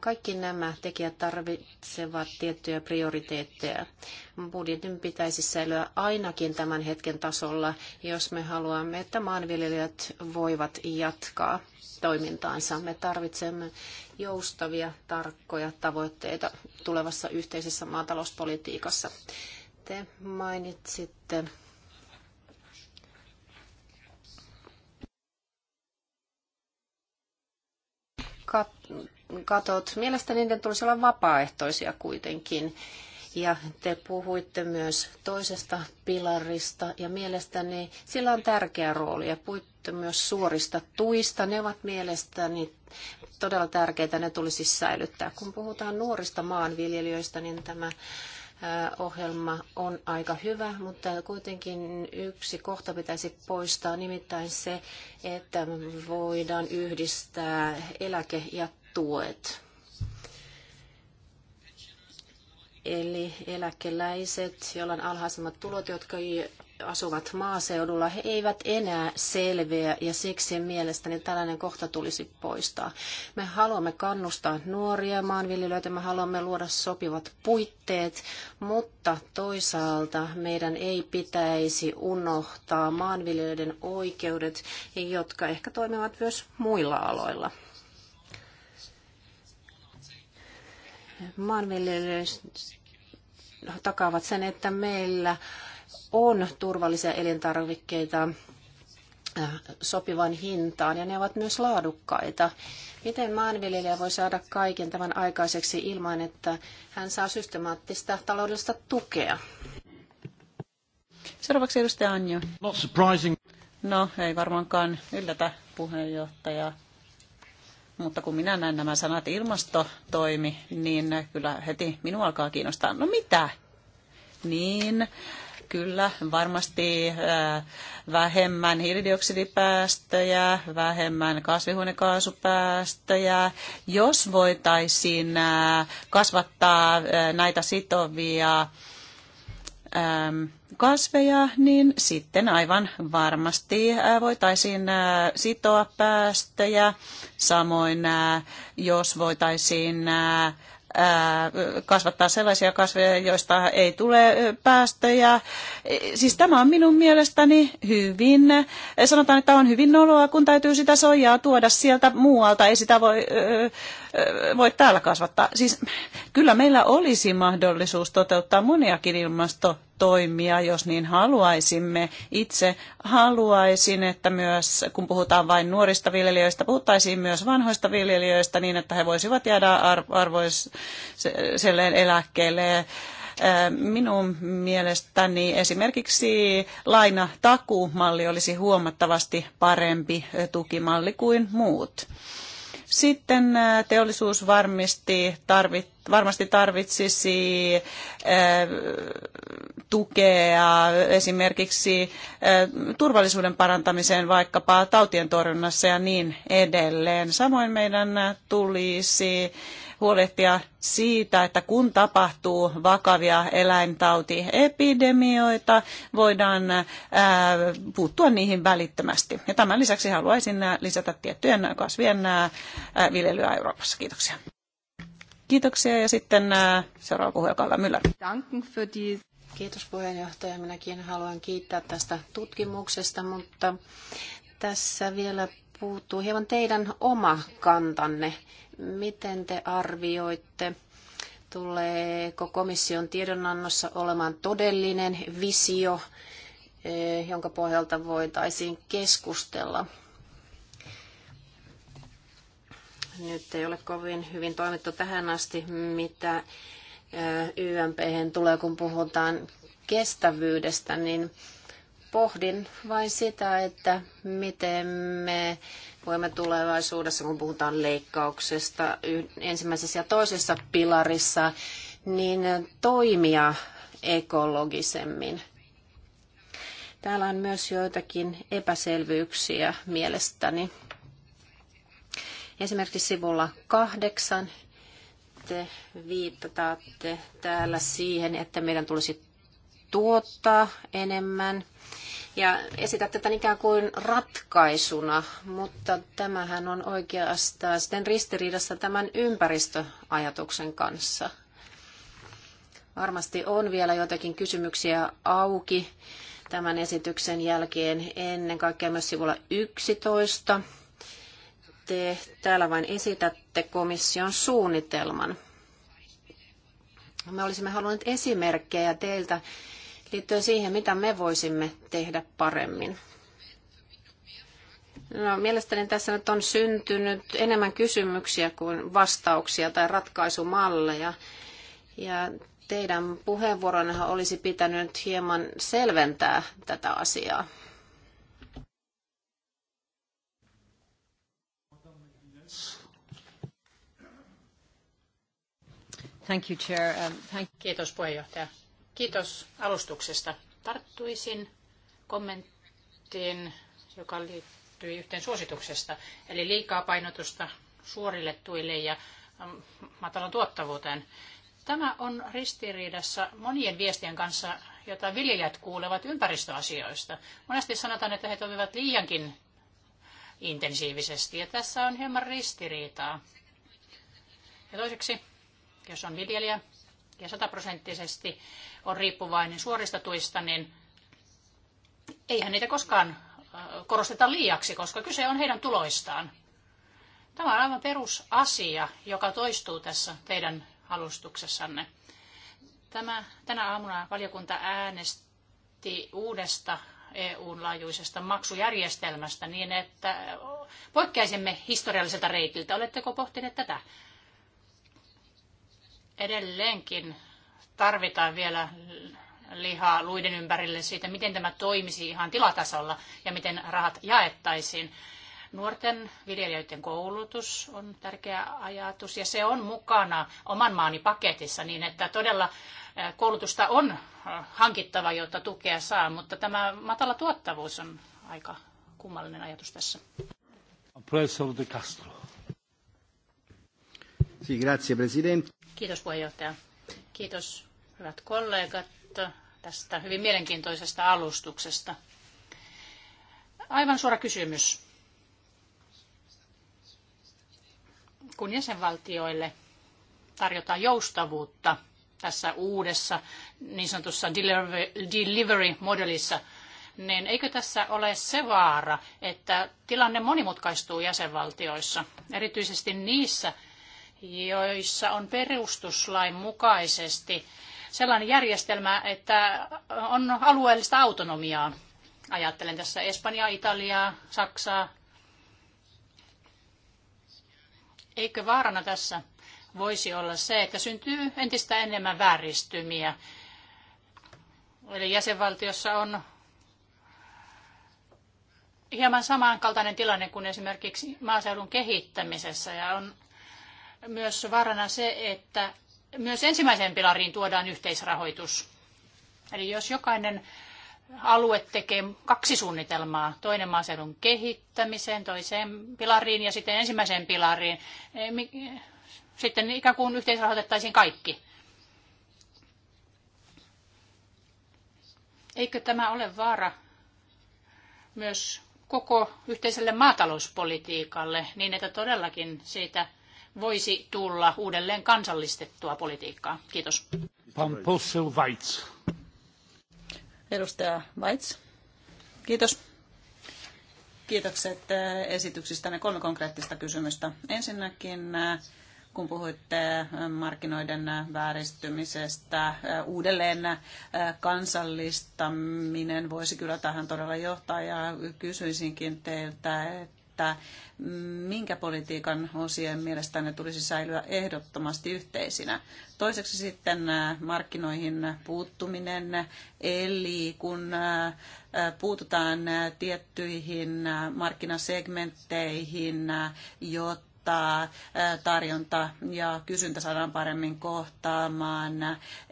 kaikki nämä tekijät tarvitsevat tiettyjä prioriteetteja. Budjetin pitäisi säilyä ainakin tämän hetken tasolla, jos me haluamme, että maanviljelijät voivat jatkaa toimintaansa. Me tarvitsemme joustavia, tarkkoja tavoitteita tulevassa yhteisessä maatalouspolitiikassa. Te mainitsitte katot. Mielestäni niiden tulisi olla vapaaehtoisia kuitenkin. Ja te puhuitte myös toisesta pilarista ja mielestäni sillä on tärkeä rooli ja puhuitte myös suorista tuista. Ne ovat mielestäni todella tärkeitä, ne tulisi säilyttää. Kun puhutaan nuorista maanviljelijöistä, niin tämä ohjelma on aika hyvä, mutta kuitenkin yksi kohta pitäisi poistaa, nimittäin se, että voidaan yhdistää eläke ja tuet. Eli eläkeläiset, joilla on alhaisemmat tulot, jotka asuvat maaseudulla, he eivät enää selviä ja siksi mielestäni tällainen kohta tulisi poistaa. Me haluamme kannustaa nuoria maanviljelijöitä, me haluamme luoda sopivat puitteet, mutta toisaalta meidän ei pitäisi unohtaa maanviljelijöiden oikeudet, jotka ehkä toimivat myös muilla aloilla. Maanviljelijät takaavat sen, että meillä on turvallisia elintarvikkeita äh, sopivan hintaan ja ne ovat myös laadukkaita. Miten maanviljelijä voi saada kaiken tämän aikaiseksi ilman, että hän saa systemaattista taloudellista tukea? Seuraavaksi edustaja Anjo. Not surprising. No, ei varmaankaan yllätä puheenjohtaja. Mutta kun minä näen nämä sanat ilmastotoimi, niin kyllä heti minua alkaa kiinnostaa. No mitä? Niin, kyllä varmasti äh, vähemmän hiilidioksidipäästöjä, vähemmän kasvihuonekaasupäästöjä. Jos voitaisiin äh, kasvattaa äh, näitä sitovia ähm, kasveja, niin sitten aivan varmasti voitaisiin sitoa päästöjä. Samoin jos voitaisiin kasvattaa sellaisia kasveja, joista ei tule päästöjä. E, siis tämä on minun mielestäni hyvin, sanotaan, että on hyvin noloa, kun täytyy sitä soijaa tuoda sieltä muualta. Ei sitä voi, voi täällä kasvattaa. Siis kyllä meillä olisi mahdollisuus toteuttaa moniakin ilmasto toimia, jos niin haluaisimme. Itse haluaisin, että myös kun puhutaan vain nuorista viljelijöistä, puhuttaisiin myös vanhoista viljelijöistä niin, että he voisivat jäädä arvoiselleen eläkkeelle. Äh, minun mielestäni esimerkiksi lainatakuumalli olisi huomattavasti parempi tukimalli kuin muut. Sitten äh, teollisuus varmasti, tarvit, varmasti tarvitsisi äh, tukea esimerkiksi äh, turvallisuuden parantamiseen vaikkapa tautien torjunnassa ja niin edelleen. Samoin meidän tulisi huolehtia siitä, että kun tapahtuu vakavia eläintautiepidemioita, voidaan ää, äh, puuttua niihin välittömästi. Ja tämän lisäksi haluaisin äh, lisätä tiettyjen kasvien ää, äh, viljelyä Euroopassa. Kiitoksia. Kiitoksia ja sitten ää, seuraava puhuja Kalla Müller. Kiitos puheenjohtaja. Minäkin haluan kiittää tästä tutkimuksesta, mutta tässä vielä puuttuu hieman teidän oma kantanne Miten te arvioitte, tuleeko komission tiedonannossa olemaan todellinen visio, eh, jonka pohjalta voitaisiin keskustella? Nyt ei ole kovin hyvin toimittu tähän asti, mitä eh, YMP tulee, kun puhutaan kestävyydestä, niin pohdin vain sitä, että miten me voimme tulevaisuudessa, kun puhutaan leikkauksesta ensimmäisessä ja toisessa pilarissa, niin toimia ekologisemmin. Täällä on myös joitakin epäselvyyksiä mielestäni. Esimerkiksi sivulla kahdeksan te viittaatte täällä siihen, että meidän tulisi tuottaa enemmän ja esität tätä ikään kuin ratkaisuna, mutta tämähän on oikeastaan sitten ristiriidassa tämän ympäristöajatuksen kanssa. Varmasti on vielä jotakin kysymyksiä auki tämän esityksen jälkeen, ennen kaikkea myös sivulla 11. Te täällä vain esitätte komission suunnitelman. Me olisimme halunneet esimerkkejä teiltä, liittyen siihen, mitä me voisimme tehdä paremmin. No, mielestäni tässä nyt on syntynyt enemmän kysymyksiä kuin vastauksia tai ratkaisumalleja. Ja teidän puheenvuoronnehan olisi pitänyt hieman selventää tätä asiaa. Thank you, Chair. Um, thank... Kiitos puheenjohtaja. Kiitos alustuksesta. Tarttuisin kommenttiin, joka liittyy yhteen suosituksesta, eli liikaa painotusta suorille tuille ja mm, matalan tuottavuuteen. Tämä on ristiriidassa monien viestien kanssa, jota viljelijät kuulevat ympäristöasioista. Monesti sanotaan, että he toimivat liiankin intensiivisesti, ja tässä on hieman ristiriitaa. Ja toiseksi, jos on viljelijä, ja sataprosenttisesti on riippuvainen suorista tuista, niin eihän niitä koskaan äh, korosteta liiaksi, koska kyse on heidän tuloistaan. Tämä on aivan perusasia, joka toistuu tässä teidän alustuksessanne. Tämä, tänä aamuna valiokunta äänesti uudesta eu laajuisesta maksujärjestelmästä niin, että poikkeaisimme historialliselta reitiltä. Oletteko pohtineet tätä? Edelleenkin tarvitaan vielä lihaa luiden ympärille siitä, miten tämä toimisi ihan tilatasolla ja miten rahat jaettaisiin. Nuorten viljelijöiden koulutus on tärkeä ajatus ja se on mukana oman maani paketissa niin, että todella koulutusta on hankittava, jotta tukea saa, mutta tämä matala tuottavuus on aika kummallinen ajatus tässä. Professor De Castro. Sì, grazie Presidente. Kiitos puheenjohtaja. Kiitos hyvät kollegat tästä hyvin mielenkiintoisesta alustuksesta. Aivan suora kysymys. Kun jäsenvaltioille tarjotaan joustavuutta tässä uudessa niin sanotussa delivery-modelissa, niin eikö tässä ole se vaara, että tilanne monimutkaistuu jäsenvaltioissa, erityisesti niissä, joissa on perustuslain mukaisesti sellainen järjestelmä, että on alueellista autonomiaa. Ajattelen tässä Espanjaa, Italiaa, Saksaa. Eikö vaarana tässä voisi olla se, että syntyy entistä enemmän vääristymiä? Eli jäsenvaltiossa on hieman samankaltainen tilanne kuin esimerkiksi maaseudun kehittämisessä ja on myös vaarana se, että myös ensimmäiseen pilariin tuodaan yhteisrahoitus. Eli jos jokainen alue tekee kaksi suunnitelmaa, toinen maaseudun kehittämiseen, toiseen pilariin ja sitten ensimmäiseen pilariin, e, sitten ikään kuin yhteisrahoitettaisiin kaikki. Eikö tämä ole vaara myös koko yhteiselle maatalouspolitiikalle, niin että todellakin siitä voisi tulla uudelleen kansallistettua politiikkaa? Kiitos. Pan Weitz. Edustaja Weitz. Kiitos. Kiitokset äh, esityksistä. Ne kolme konkreettista kysymystä. Ensinnäkin äh, kun puhuitte äh, markkinoiden vääristymisestä, uudelleen kansallistaminen voisi kyllä tähän todella johtaa ja kysyisinkin teiltä, että että minkä politiikan osien ne tulisi säilyä ehdottomasti yhteisinä. Toiseksi sitten markkinoihin puuttuminen, eli kun puututaan tiettyihin markkinasegmentteihin, jotta kohtaa tarjonta ja kysyntä saadaan paremmin kohtaamaan.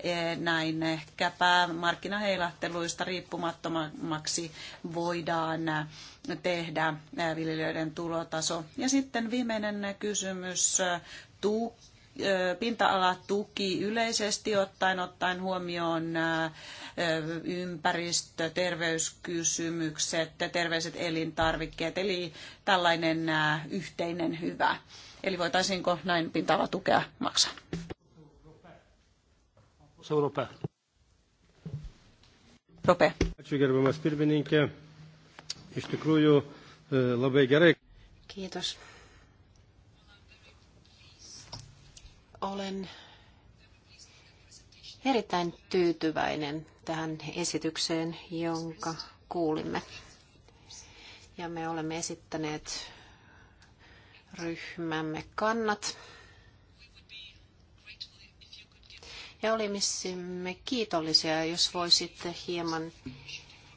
E, näin ehkäpä markkinaheilahteluista riippumattomaksi voidaan tehdä viljelijöiden tulotaso. Ja sitten viimeinen kysymys, tuki pinta-alatuki yleisesti ottaen, ottaen huomioon ympäristö, terveyskysymykset, terveiset elintarvikkeet, eli tällainen yhteinen hyvä. Eli voitaisiinko näin pinta tukea maksaa? Europea. Rope. E, Kiitos Olen erittäin tyytyväinen tähän esitykseen, jonka kuulimme. Ja me olemme esittäneet ryhmämme kannat. Ja olisimme kiitollisia, jos voisitte hieman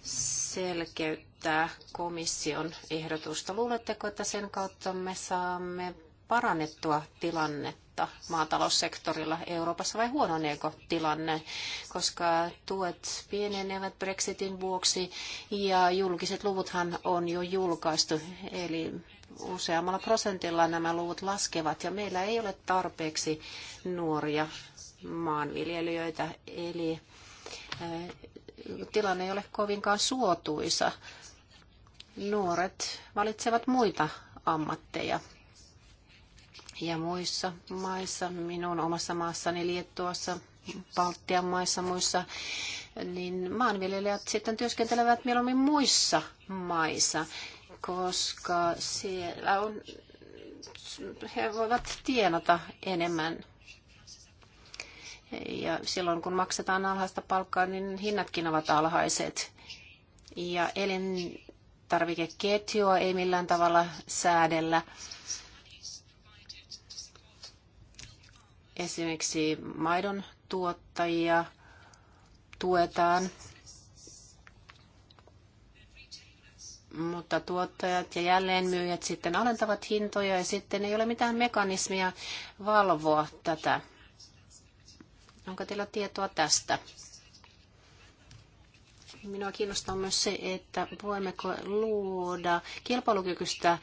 selkeyttää komission ehdotusta. Luuletteko, että sen kautta me saamme parannettua tilannetta? tilannetta maataloussektorilla Euroopassa vai huononeeko tilanne, koska tuet pienenevät Brexitin vuoksi ja julkiset luvuthan on jo julkaistu, eli useammalla prosentilla nämä luvut laskevat ja meillä ei ole tarpeeksi nuoria maanviljelijöitä, eli äh, tilanne ei ole kovinkaan suotuisa. Nuoret valitsevat muita ammatteja ja muissa maissa, minun omassa maassani Liettuassa, Baltian maissa muissa, niin maanviljelijät sitten työskentelevät mieluummin muissa maissa, koska siellä on, he voivat tienata enemmän. Ja silloin kun maksetaan alhaista palkkaa, niin hinnatkin ovat alhaiset. Ja elintarvikeketjua ei millään tavalla säädellä Esimerkiksi maidon tuottajia tuetaan, mutta tuottajat ja jälleenmyyjät sitten alentavat hintoja ja sitten ei ole mitään mekanismia valvoa tätä. Onko teillä tietoa tästä? Minua kiinnostaa myös se, että voimmeko luoda kilpailukykyistä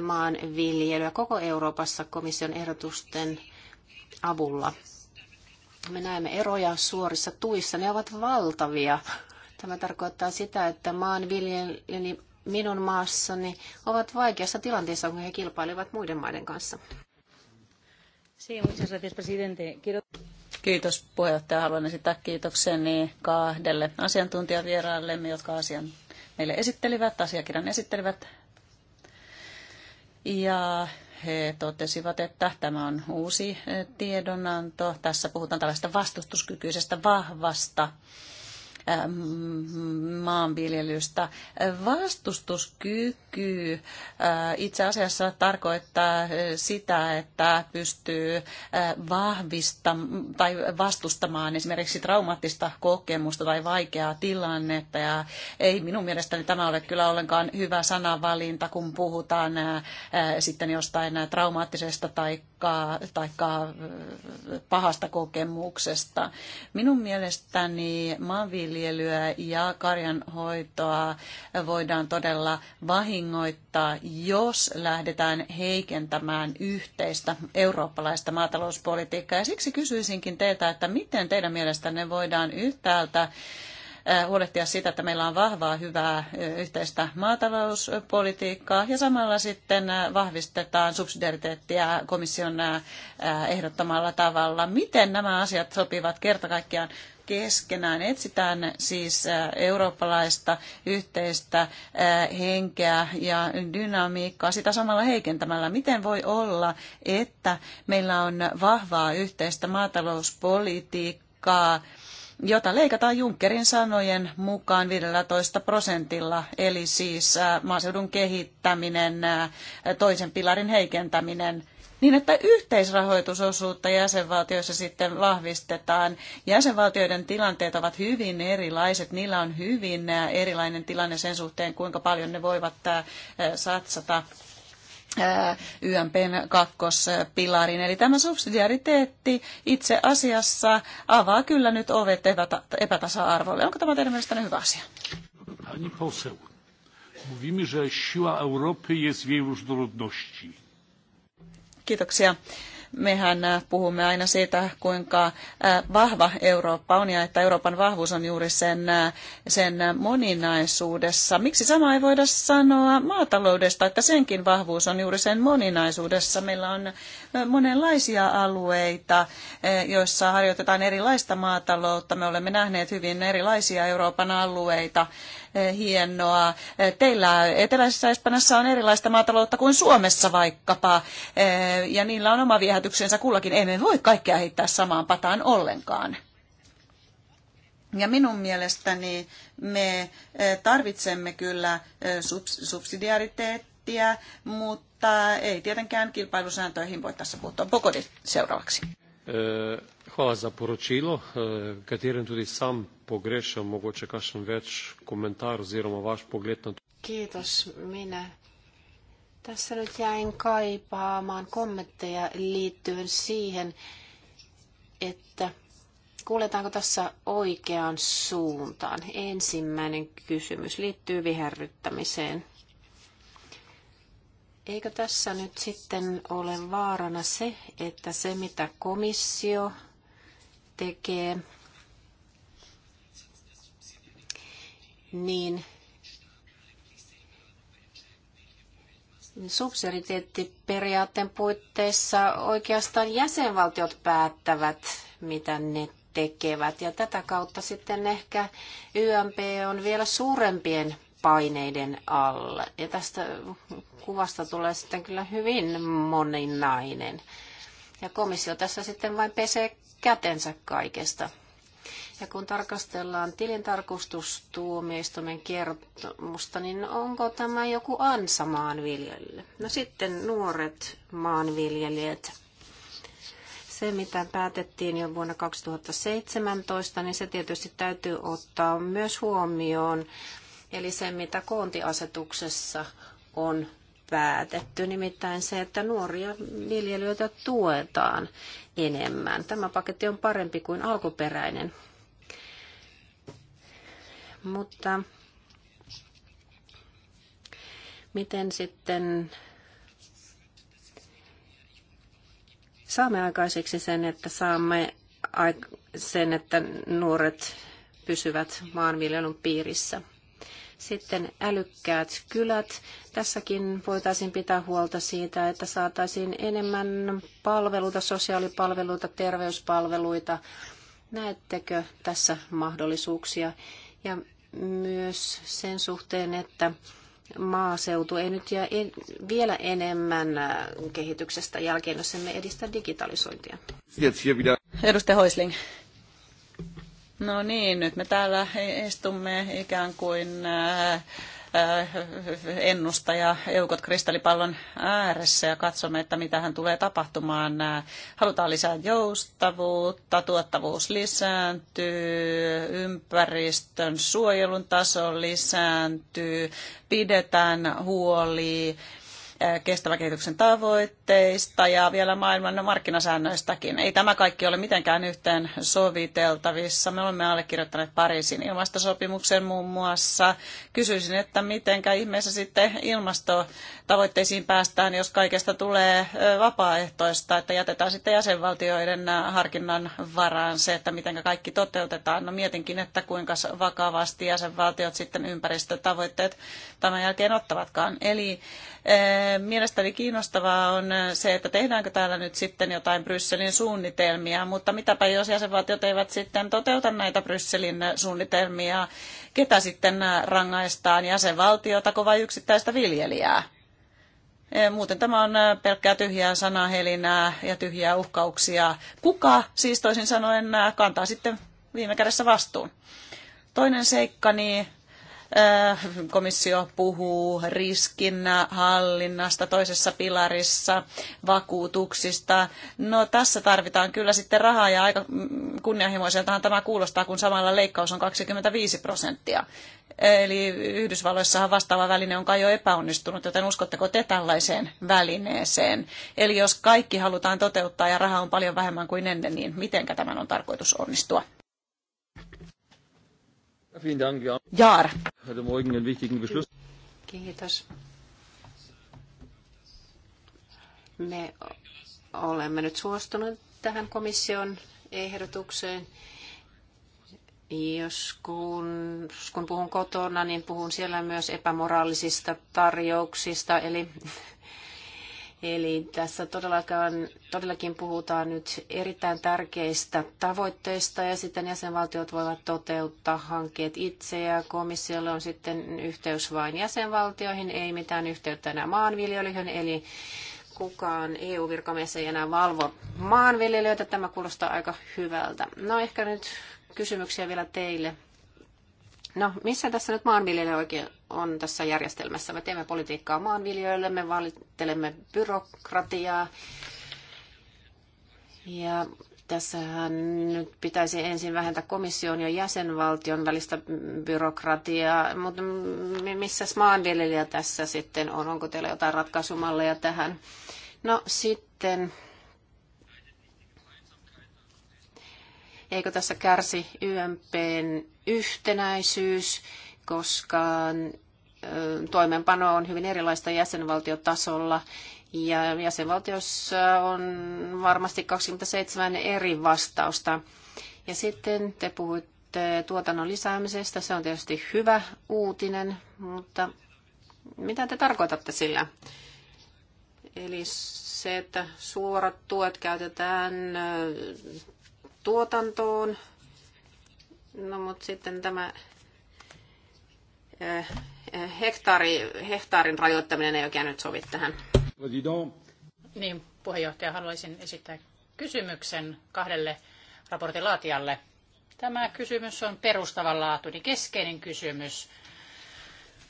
maanviljelyä koko Euroopassa komission ehdotusten avulla. Me näemme eroja suorissa tuissa. Ne ovat valtavia. Tämä tarkoittaa sitä, että maanviljelijäni minun maassani ovat vaikeassa tilanteessa, kun he kilpailevat muiden maiden kanssa. Kiitos puheenjohtaja. Haluan esittää kiitokseni kahdelle asiantuntijavieraallemme, jotka asian meille esittelivät, asiakirjan esittelivät. Ja he totesivat, että tämä on uusi tiedonanto. Tässä puhutaan tällaista vastustuskykyisestä vahvasta Ähm, maanviljelystä. Vastustuskyky äh, itse asiassa tarkoittaa äh, sitä, että pystyy äh, vahvistamaan tai vastustamaan esimerkiksi traumaattista kokemusta tai vaikeaa tilannetta. Ja ei minun mielestäni tämä ole kyllä ollenkaan hyvä sanavalinta, kun puhutaan sitten jostain traumaattisesta tai taikka äh, pahasta kokemuksesta. Minun mielestäni maanviljelyä ja karjanhoitoa voidaan todella vahingoittaa, jos lähdetään heikentämään yhteistä eurooppalaista maatalouspolitiikkaa. Ja siksi kysyisinkin teiltä, että miten teidän mielestänne voidaan yhtäältä huolehtia siitä, että meillä on vahvaa, hyvää yhteistä maatalouspolitiikkaa ja samalla sitten vahvistetaan subsidiariteettia komission ehdottamalla tavalla. Miten nämä asiat sopivat kerta kaikkiaan keskenään. Etsitään siis eurooppalaista yhteistä henkeä ja dynamiikkaa sitä samalla heikentämällä. Miten voi olla, että meillä on vahvaa yhteistä maatalouspolitiikkaa, jota leikataan Junckerin sanojen mukaan 15 prosentilla, eli siis maaseudun kehittäminen, toisen pilarin heikentäminen, niin että yhteisrahoitusosuutta jäsenvaltioissa sitten vahvistetaan. Jäsenvaltioiden tilanteet ovat hyvin erilaiset, niillä on hyvin erilainen tilanne sen suhteen, kuinka paljon ne voivat satsata YMPn kakkospilarin. Eli tämä subsidiariteetti itse asiassa avaa kyllä nyt ovet epätasa-arvolle. Onko tämä teidän mielestänne hyvä asia? Pani poseł, mówimy, że siła Europy jest w jej różnorodności. Kiitoksia mehän äh, puhumme aina siitä, kuinka äh, vahva Eurooppa on ja että Euroopan vahvuus on juuri sen, äh, sen moninaisuudessa. Miksi sama ei voida sanoa maataloudesta, että senkin vahvuus on juuri sen moninaisuudessa? Meillä on monenlaisia alueita, joissa harjoitetaan erilaista maataloutta. Me olemme nähneet hyvin erilaisia Euroopan alueita hienoa. Teillä eteläisessä Espanjassa on erilaista maataloutta kuin Suomessa vaikkapa, eh, ja niillä on oma viehätyksensä kullakin. Emme voi kaikkea heittää samaan pataan ollenkaan. Ja minun mielestäni me eh, tarvitsemme kyllä eh, subsidiariteettia, mutta ei tietenkään kilpailusääntöihin voi tässä puuttua. Bokodi seuraavaksi. Hvala za poročilo, eh, katerem tudi sam pogrešam mogoče kakšen več komentar oziroma vaš pogled na to. Kiitos, minä. Tässä nyt jäin kaipaamaan kommentteja liittyen siihen, että kuuletaanko tässä oikeaan suuntaan. Ensimmäinen kysymys liittyy viherryttämiseen. Eikö tässä nyt sitten ole vaarana se, että se mitä komissio tekee, niin subsidiariteettiperiaatteen puitteissa oikeastaan jäsenvaltiot päättävät, mitä ne tekevät. Ja tätä kautta sitten ehkä YMP on vielä suurempien paineiden alla. Ja tästä kuvasta tulee sitten kyllä hyvin moninainen. Ja komissio tässä sitten vain pesee kätensä kaikesta. Ja kun tarkastellaan tilintarkastustuomioistuimen kertomusta, niin onko tämä joku ansa maanviljelijälle? No sitten nuoret maanviljelijät. Se, mitä päätettiin jo vuonna 2017, niin se tietysti täytyy ottaa myös huomioon. Eli se, mitä koontiasetuksessa on päätetty, nimittäin se, että nuoria viljelijöitä tuetaan enemmän. Tämä paketti on parempi kuin alkuperäinen. Mutta miten sitten saamme aikaiseksi sen, että saamme sen, että nuoret pysyvät maanviljelyn piirissä? Sitten älykkäät kylät. Tässäkin voitaisiin pitää huolta siitä, että saataisiin enemmän palveluita, sosiaalipalveluita, terveyspalveluita. Näettekö tässä mahdollisuuksia? Ja myös sen suhteen, että maaseutu ei nyt jää en, vielä enemmän äh, kehityksestä jälkeen, jos emme edistä digitalisointia. Edustaja Hoisling, No niin, nyt me täällä istumme ikään kuin äh, äh, ennustaja Eukot kristallipallon ääressä ja katsomme, että mitä hän tulee tapahtumaan. Halutaan lisää joustavuutta, tuottavuus lisääntyy, ympäristön suojelun taso lisääntyy, pidetään huoli äh, kestävän kehityksen tavoitteista tuotteista ja vielä maailman markkinasäännöistäkin. Ei tämä kaikki ole mitenkään yhteen soviteltavissa. Me olemme allekirjoittaneet Pariisin ilmastosopimuksen muun muassa. Kysyisin, että mitenkä ihmeessä sitten ilmastotavoitteisiin päästään, jos kaikesta tulee vapaaehtoista, että jätetään sitten jäsenvaltioiden harkinnan varaan se, että miten kaikki toteutetaan. No mietinkin, että kuinka vakavasti jäsenvaltiot sitten ympäristötavoitteet tämän jälkeen ottavatkaan. Eli mielestäni kiinnostavaa on se, että tehdäänkö täällä nyt sitten jotain Brysselin suunnitelmia, mutta mitäpä jos jäsenvaltiot eivät sitten toteuta näitä Brysselin suunnitelmia, ketä sitten rangaistaan, jäsenvaltiota vai yksittäistä viljelijää? Eh, muuten tämä on eh, pelkkää tyhjää sanahelinää ja tyhjää uhkauksia. Kuka siis toisin sanoen eh, kantaa sitten viime kädessä vastuun? Toinen seikka, niin Äh, komissio puhuu riskin hallinnasta toisessa pilarissa, vakuutuksista. No tässä tarvitaan kyllä sitten rahaa ja aika kunnianhimoiseltahan tämä kuulostaa, kun samalla leikkaus on 25 prosenttia. Eli Yhdysvalloissahan vastaava väline on kai jo epäonnistunut, joten uskotteko te tällaiseen välineeseen? Eli jos kaikki halutaan toteuttaa ja rahaa on paljon vähemmän kuin ennen, niin miten tämän on tarkoitus onnistua? Jaar heute Morgen den wichtigen Beschluss. Kiitos. Me olemme nyt suostuneet tähän komission ehdotukseen. Jos kun, kun puhun kotona, niin puhun siellä myös epämoraalisista tarjouksista, eli Eli tässä todellakin, todellakin puhutaan nyt erittäin tärkeistä tavoitteista ja sitten jäsenvaltiot voivat toteuttaa hankkeet itse ja komissiolla on sitten yhteys vain jäsenvaltioihin, ei mitään yhteyttä enää maanviljelyihin, eli kukaan EU-virkamies ei enää valvo maanviljelijöitä. Tämä kuulostaa aika hyvältä. No ehkä nyt kysymyksiä vielä teille. No, missä tässä nyt maanviljelijä oikein on tässä järjestelmässä? Me teemme politiikkaa maanviljelijöille, me valittelemme byrokratiaa. Ja tässähän nyt pitäisi ensin vähentää komission ja jäsenvaltion välistä byrokratiaa, mutta missä maanviljelijä tässä sitten on? Onko teillä jotain ratkaisumalleja tähän? No sitten Eikö tässä kärsi YMPn yhtenäisyys, koska toimenpano on hyvin erilaista jäsenvaltiotasolla ja jäsenvaltiossa on varmasti 27 eri vastausta. Ja sitten te puhuitte tuotannon lisäämisestä. Se on tietysti hyvä uutinen, mutta mitä te tarkoitatte sillä? Eli se, että suorat tuet käytetään tuotantoon. No mutta sitten tämä eh, eh, hektaari, hehtaarin rajoittaminen ei oikein nyt sovi tähän. Niin, puheenjohtaja, haluaisin esittää kysymyksen kahdelle raportin laatijalle. Tämä kysymys on perustavanlaatuinen, keskeinen kysymys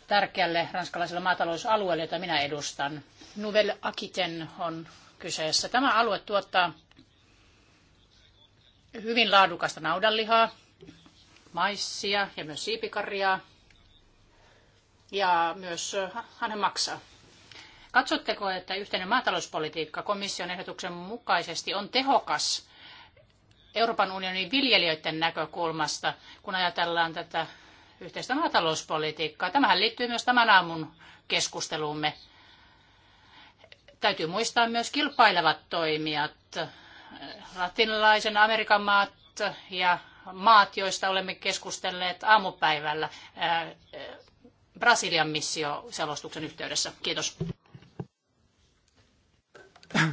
tärkeälle ranskalaiselle maatalousalueelle, jota minä edustan. Nouvelle Akiten on kyseessä. Tämä alue tuottaa hyvin laadukasta naudanlihaa, maissia ja myös siipikarjaa ja myös hänen maksaa. Katsotteko, että yhteinen maatalouspolitiikka komission ehdotuksen mukaisesti on tehokas Euroopan unionin viljelijöiden näkökulmasta, kun ajatellaan tätä yhteistä maatalouspolitiikkaa? Tämähän liittyy myös tämän aamun keskusteluumme. Täytyy muistaa myös kilpailevat toimijat, latinalaisen Amerikan maat ja maat, joista olemme keskustelleet aamupäivällä äh, äh, Brasilian missio-selostuksen yhteydessä. Kiitos.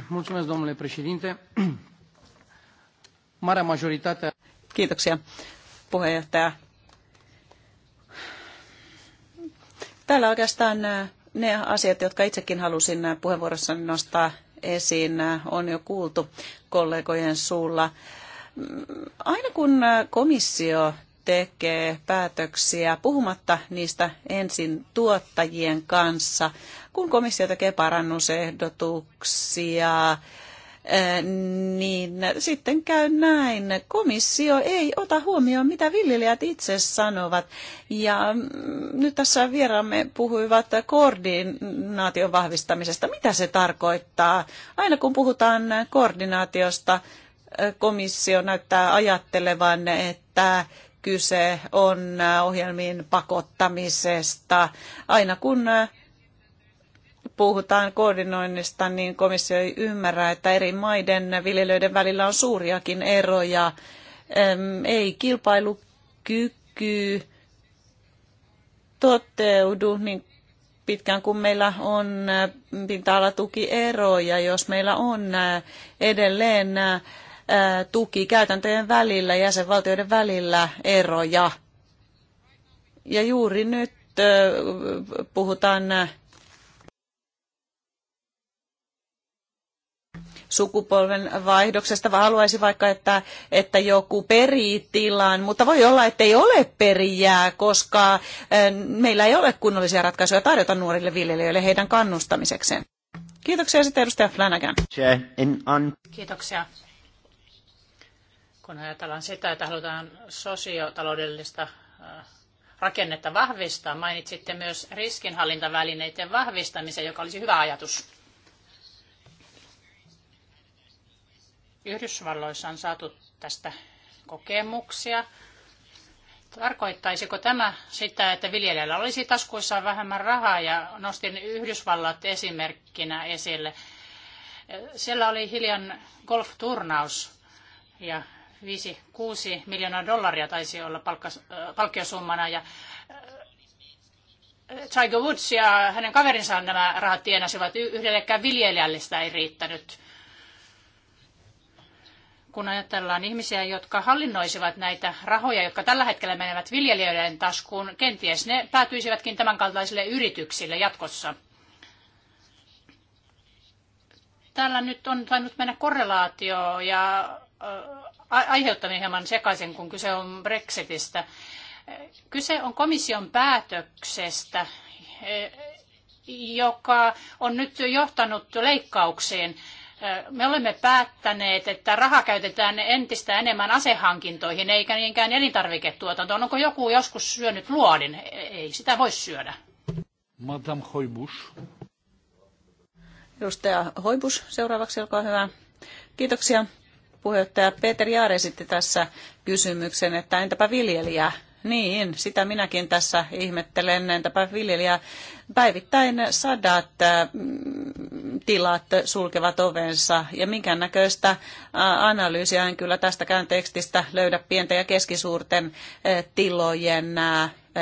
Mulțumesc, domnule președinte. Marea majoritate... Kiitoksia, puheenjohtaja. Täällä oikeastaan äh, ne asiat, jotka itsekin halusin puheenvuorossani nostaa esiin on jo kuultu kollegojen suulla. Aina kun komissio tekee päätöksiä puhumatta niistä ensin tuottajien kanssa, kun komissio tekee parannusehdotuksia, niin sitten käy näin. Komissio ei ota huomioon, mitä viljelijät itse sanovat. Ja mm, nyt tässä vieraamme puhuivat koordinaation vahvistamisesta. Mitä se tarkoittaa? Aina kun puhutaan koordinaatiosta, komissio näyttää ajattelevan, että kyse on ohjelmiin pakottamisesta. Aina kun puhutaan koordinoinnista, niin komissio ei ymmärrä, että eri maiden viljelijöiden välillä on suuriakin eroja. Ei kilpailukyky toteudu niin pitkään kuin meillä on pinta alatukieroja eroja jos meillä on edelleen tuki käytäntöjen välillä, jäsenvaltioiden välillä eroja. Ja juuri nyt puhutaan sukupolven vaihdoksesta, vaan haluaisi vaikka, että, että joku perii tilan, mutta voi olla, että ei ole perijää, koska eh, meillä ei ole kunnollisia ratkaisuja tarjota nuorille viljelijöille heidän kannustamisekseen. Kiitoksia sitten edustaja Flanagan. Kiitoksia. Kun ajatellaan sitä, että halutaan sosiotaloudellista eh, rakennetta vahvistaa, mainitsitte myös riskinhallintavälineiden vahvistamisen, joka olisi hyvä ajatus. Yhdysvalloissa on saatu tästä kokemuksia. Tarkoittaisiko tämä sitä, että viljelijällä olisi taskuissaan vähemmän rahaa ja nostin Yhdysvallat esimerkkinä esille. Siellä oli hiljan golfturnaus ja 5-6 miljoonaa dollaria taisi olla äh, palkkiosummana ja äh, Tiger Woods ja hänen kaverinsa nämä rahat tienasivat, yhdellekään viljelijälle sitä ei riittänyt kun ajatellaan ihmisiä, jotka hallinnoisivat näitä rahoja, jotka tällä hetkellä menevät viljelijöiden taskuun, kenties ne päätyisivätkin tämänkaltaisille yrityksille jatkossa. Täällä nyt on tainnut mennä korrelaatio ja aiheuttaminen hieman sekaisin, kun kyse on Brexitistä. Kyse on komission päätöksestä, e, joka on nyt johtanut leikkauksiin me olemme päättäneet, että raha käytetään entistä enemmän asehankintoihin eikä niinkään elintarviketuotantoon. Onko joku joskus syönyt luodin? E-, ei sitä voi syödä. Madame Hoibus. Edustaja Hoibus, seuraavaksi olkaa hyvä. Kiitoksia. Puheenjohtaja Peter Jaare esitti tässä kysymyksen, että entäpä viljelijä? Niin, sitä minäkin tässä ihmettelen. Entäpä viljelijä päivittäin sadat äh, tilat sulkevat ovensa ja minkään näköistä äh, analyysiä en kyllä tästäkään tekstistä löydä pienten ja keskisuurten äh, tilojen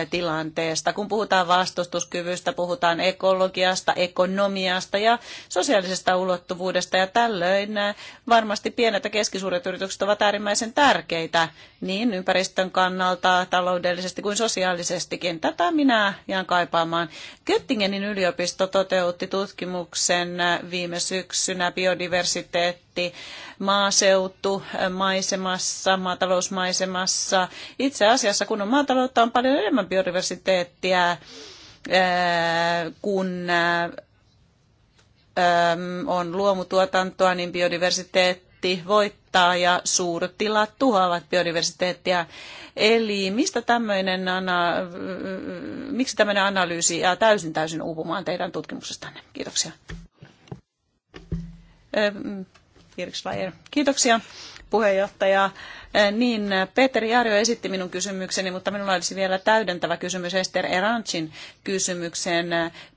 tilanteesta. Kun puhutaan vastustuskyvystä, puhutaan ekologiasta, ekonomiasta ja sosiaalisesta ulottuvuudesta ja tällöin äh, varmasti pienet ja keskisuuret yritykset ovat äärimmäisen tärkeitä niin ympäristön kannalta, taloudellisesti kuin sosiaalisestikin. Tätä minä jään kaipaamaan. Göttingenin yliopisto toteutti tutkimuksen äh, viime syksynä biodiversiteetti maaseutu äh, maisemassa, maatalousmaisemassa. Itse asiassa kun on maataloutta, on paljon enemmän enemmän biodiversiteettiä, kun on luomutuotantoa, niin biodiversiteetti voittaa ja tilat tuhoavat biodiversiteettiä. Eli mistä tämmöinen, ana, miksi tämmöinen analyysi jää täysin täysin uupumaan teidän tutkimuksestanne? Kiitoksia. Mm, Kiitoksia puheenjohtaja. Eh, niin, Petteri Jarjo esitti minun kysymykseni, mutta minulla olisi vielä täydentävä kysymys Ester Eranchin kysymykseen.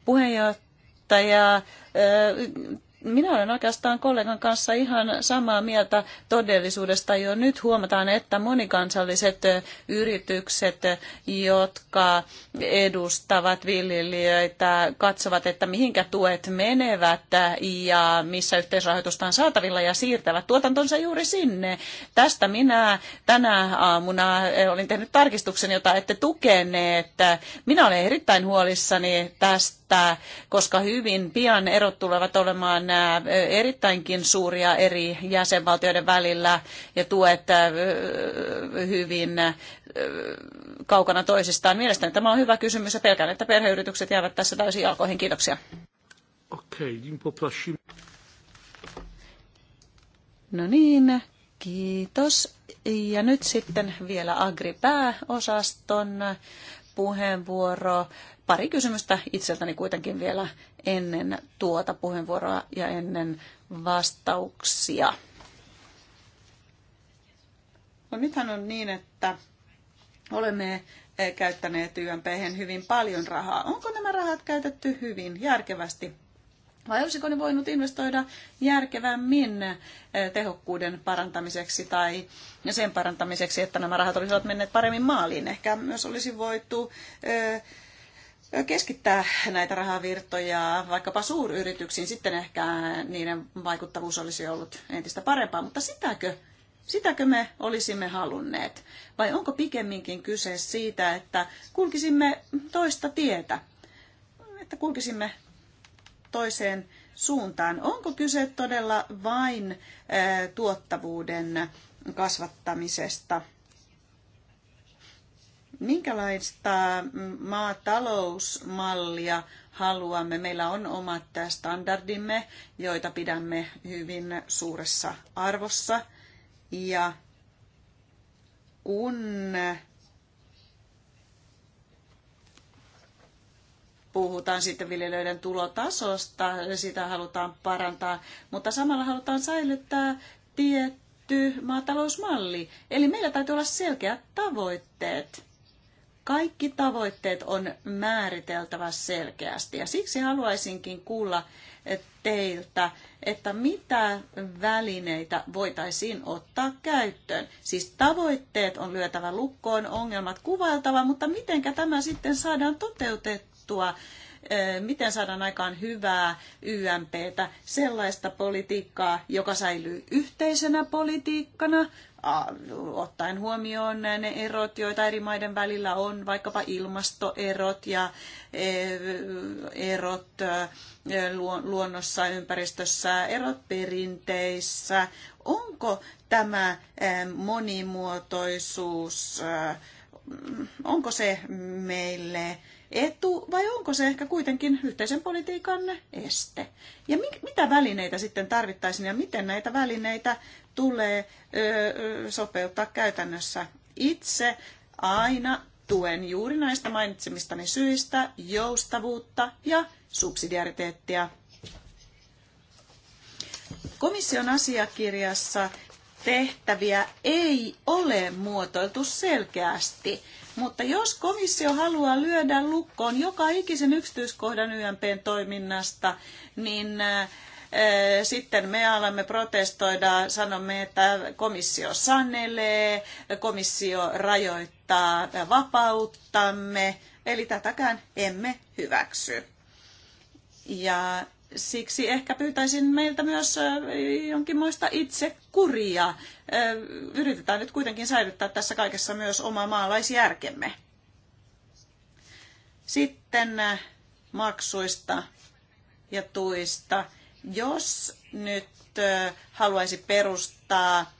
Puheenjohtaja, eh, minä olen oikeastaan kollegan kanssa ihan samaa mieltä todellisuudesta. Jo nyt huomataan, että monikansalliset yritykset, jotka edustavat viljelijöitä, katsovat, että mihinkä tuet menevät ja missä yhteisrahoitusta on saatavilla ja siirtävät tuotantonsa juuri sinne. Tästä minä tänä aamuna olin tehnyt tarkistuksen, jota ette tukeneet. Minä olen erittäin huolissani tästä että koska hyvin pian erot tulevat olemaan erittäinkin suuria eri jäsenvaltioiden välillä ja tuet hyvin kaukana toisistaan. Mielestäni tämä on hyvä kysymys ja pelkään, että perheyritykset jäävät tässä täysin jalkoihin. Kiitoksia. Okei, niin okay, No niin, kiitos. Ja nyt sitten vielä Agri-pääosaston puheenvuoro pari kysymystä itseltäni kuitenkin vielä ennen tuota puheenvuoroa ja ennen vastauksia. No nythän on niin, että olemme eh, käyttäneet YMPhen hyvin paljon rahaa. Onko nämä rahat käytetty hyvin, järkevästi? Vai olisiko ne voinut investoida järkevämmin eh, tehokkuuden parantamiseksi tai sen parantamiseksi, että nämä rahat olisivat menneet paremmin maaliin? Ehkä myös olisi voitu eh, keskittää näitä rahavirtoja vaikkapa suuryrityksiin, sitten ehkä niiden vaikuttavuus olisi ollut entistä parempaa, mutta sitäkö, sitäkö me olisimme halunneet? Vai onko pikemminkin kyse siitä, että kulkisimme toista tietä, että kulkisimme toiseen suuntaan? Onko kyse todella vain eh, tuottavuuden kasvattamisesta – minkälaista maatalousmallia haluamme. Meillä on omat standardimme, joita pidämme hyvin suuressa arvossa. Ja kun puhutaan sitten viljelijöiden tulotasosta, sitä halutaan parantaa, mutta samalla halutaan säilyttää tietty maatalousmalli. Eli meillä täytyy olla selkeät tavoitteet kaikki tavoitteet on määriteltävä selkeästi ja siksi haluaisinkin kuulla eh, teiltä, että mitä välineitä voitaisiin ottaa käyttöön. Siis tavoitteet on lyötävä lukkoon, ongelmat kuvailtava, mutta miten tämä sitten saadaan toteutettua? Eh, miten saadaan aikaan hyvää YMPtä, sellaista politiikkaa, joka säilyy yhteisenä politiikkana, ottaen huomioon ne erot, joita eri maiden välillä on, vaikkapa ilmastoerot ja e, erot e, luonnossa, ympäristössä, erot perinteissä. Onko tämä e, monimuotoisuus, onko se meille etu vai onko se ehkä kuitenkin yhteisen politiikan este? Ja mit, mitä välineitä sitten tarvittaisiin ja miten näitä välineitä tulee sopeuttaa käytännössä itse aina tuen juuri näistä mainitsemistani syistä joustavuutta ja subsidiariteettia. Komission asiakirjassa tehtäviä ei ole muotoiltu selkeästi, mutta jos komissio haluaa lyödä lukkoon joka ikisen yksityiskohdan YMPn toiminnasta, niin sitten me alamme protestoida, sanomme, että komissio sanelee, komissio rajoittaa vapauttamme, eli tätäkään emme hyväksy. Ja siksi ehkä pyytäisin meiltä myös jonkinmoista itsekuria. Yritetään nyt kuitenkin säilyttää tässä kaikessa myös oma maalaisjärkemme. Sitten maksuista ja tuista. Jos nyt haluaisi perustaa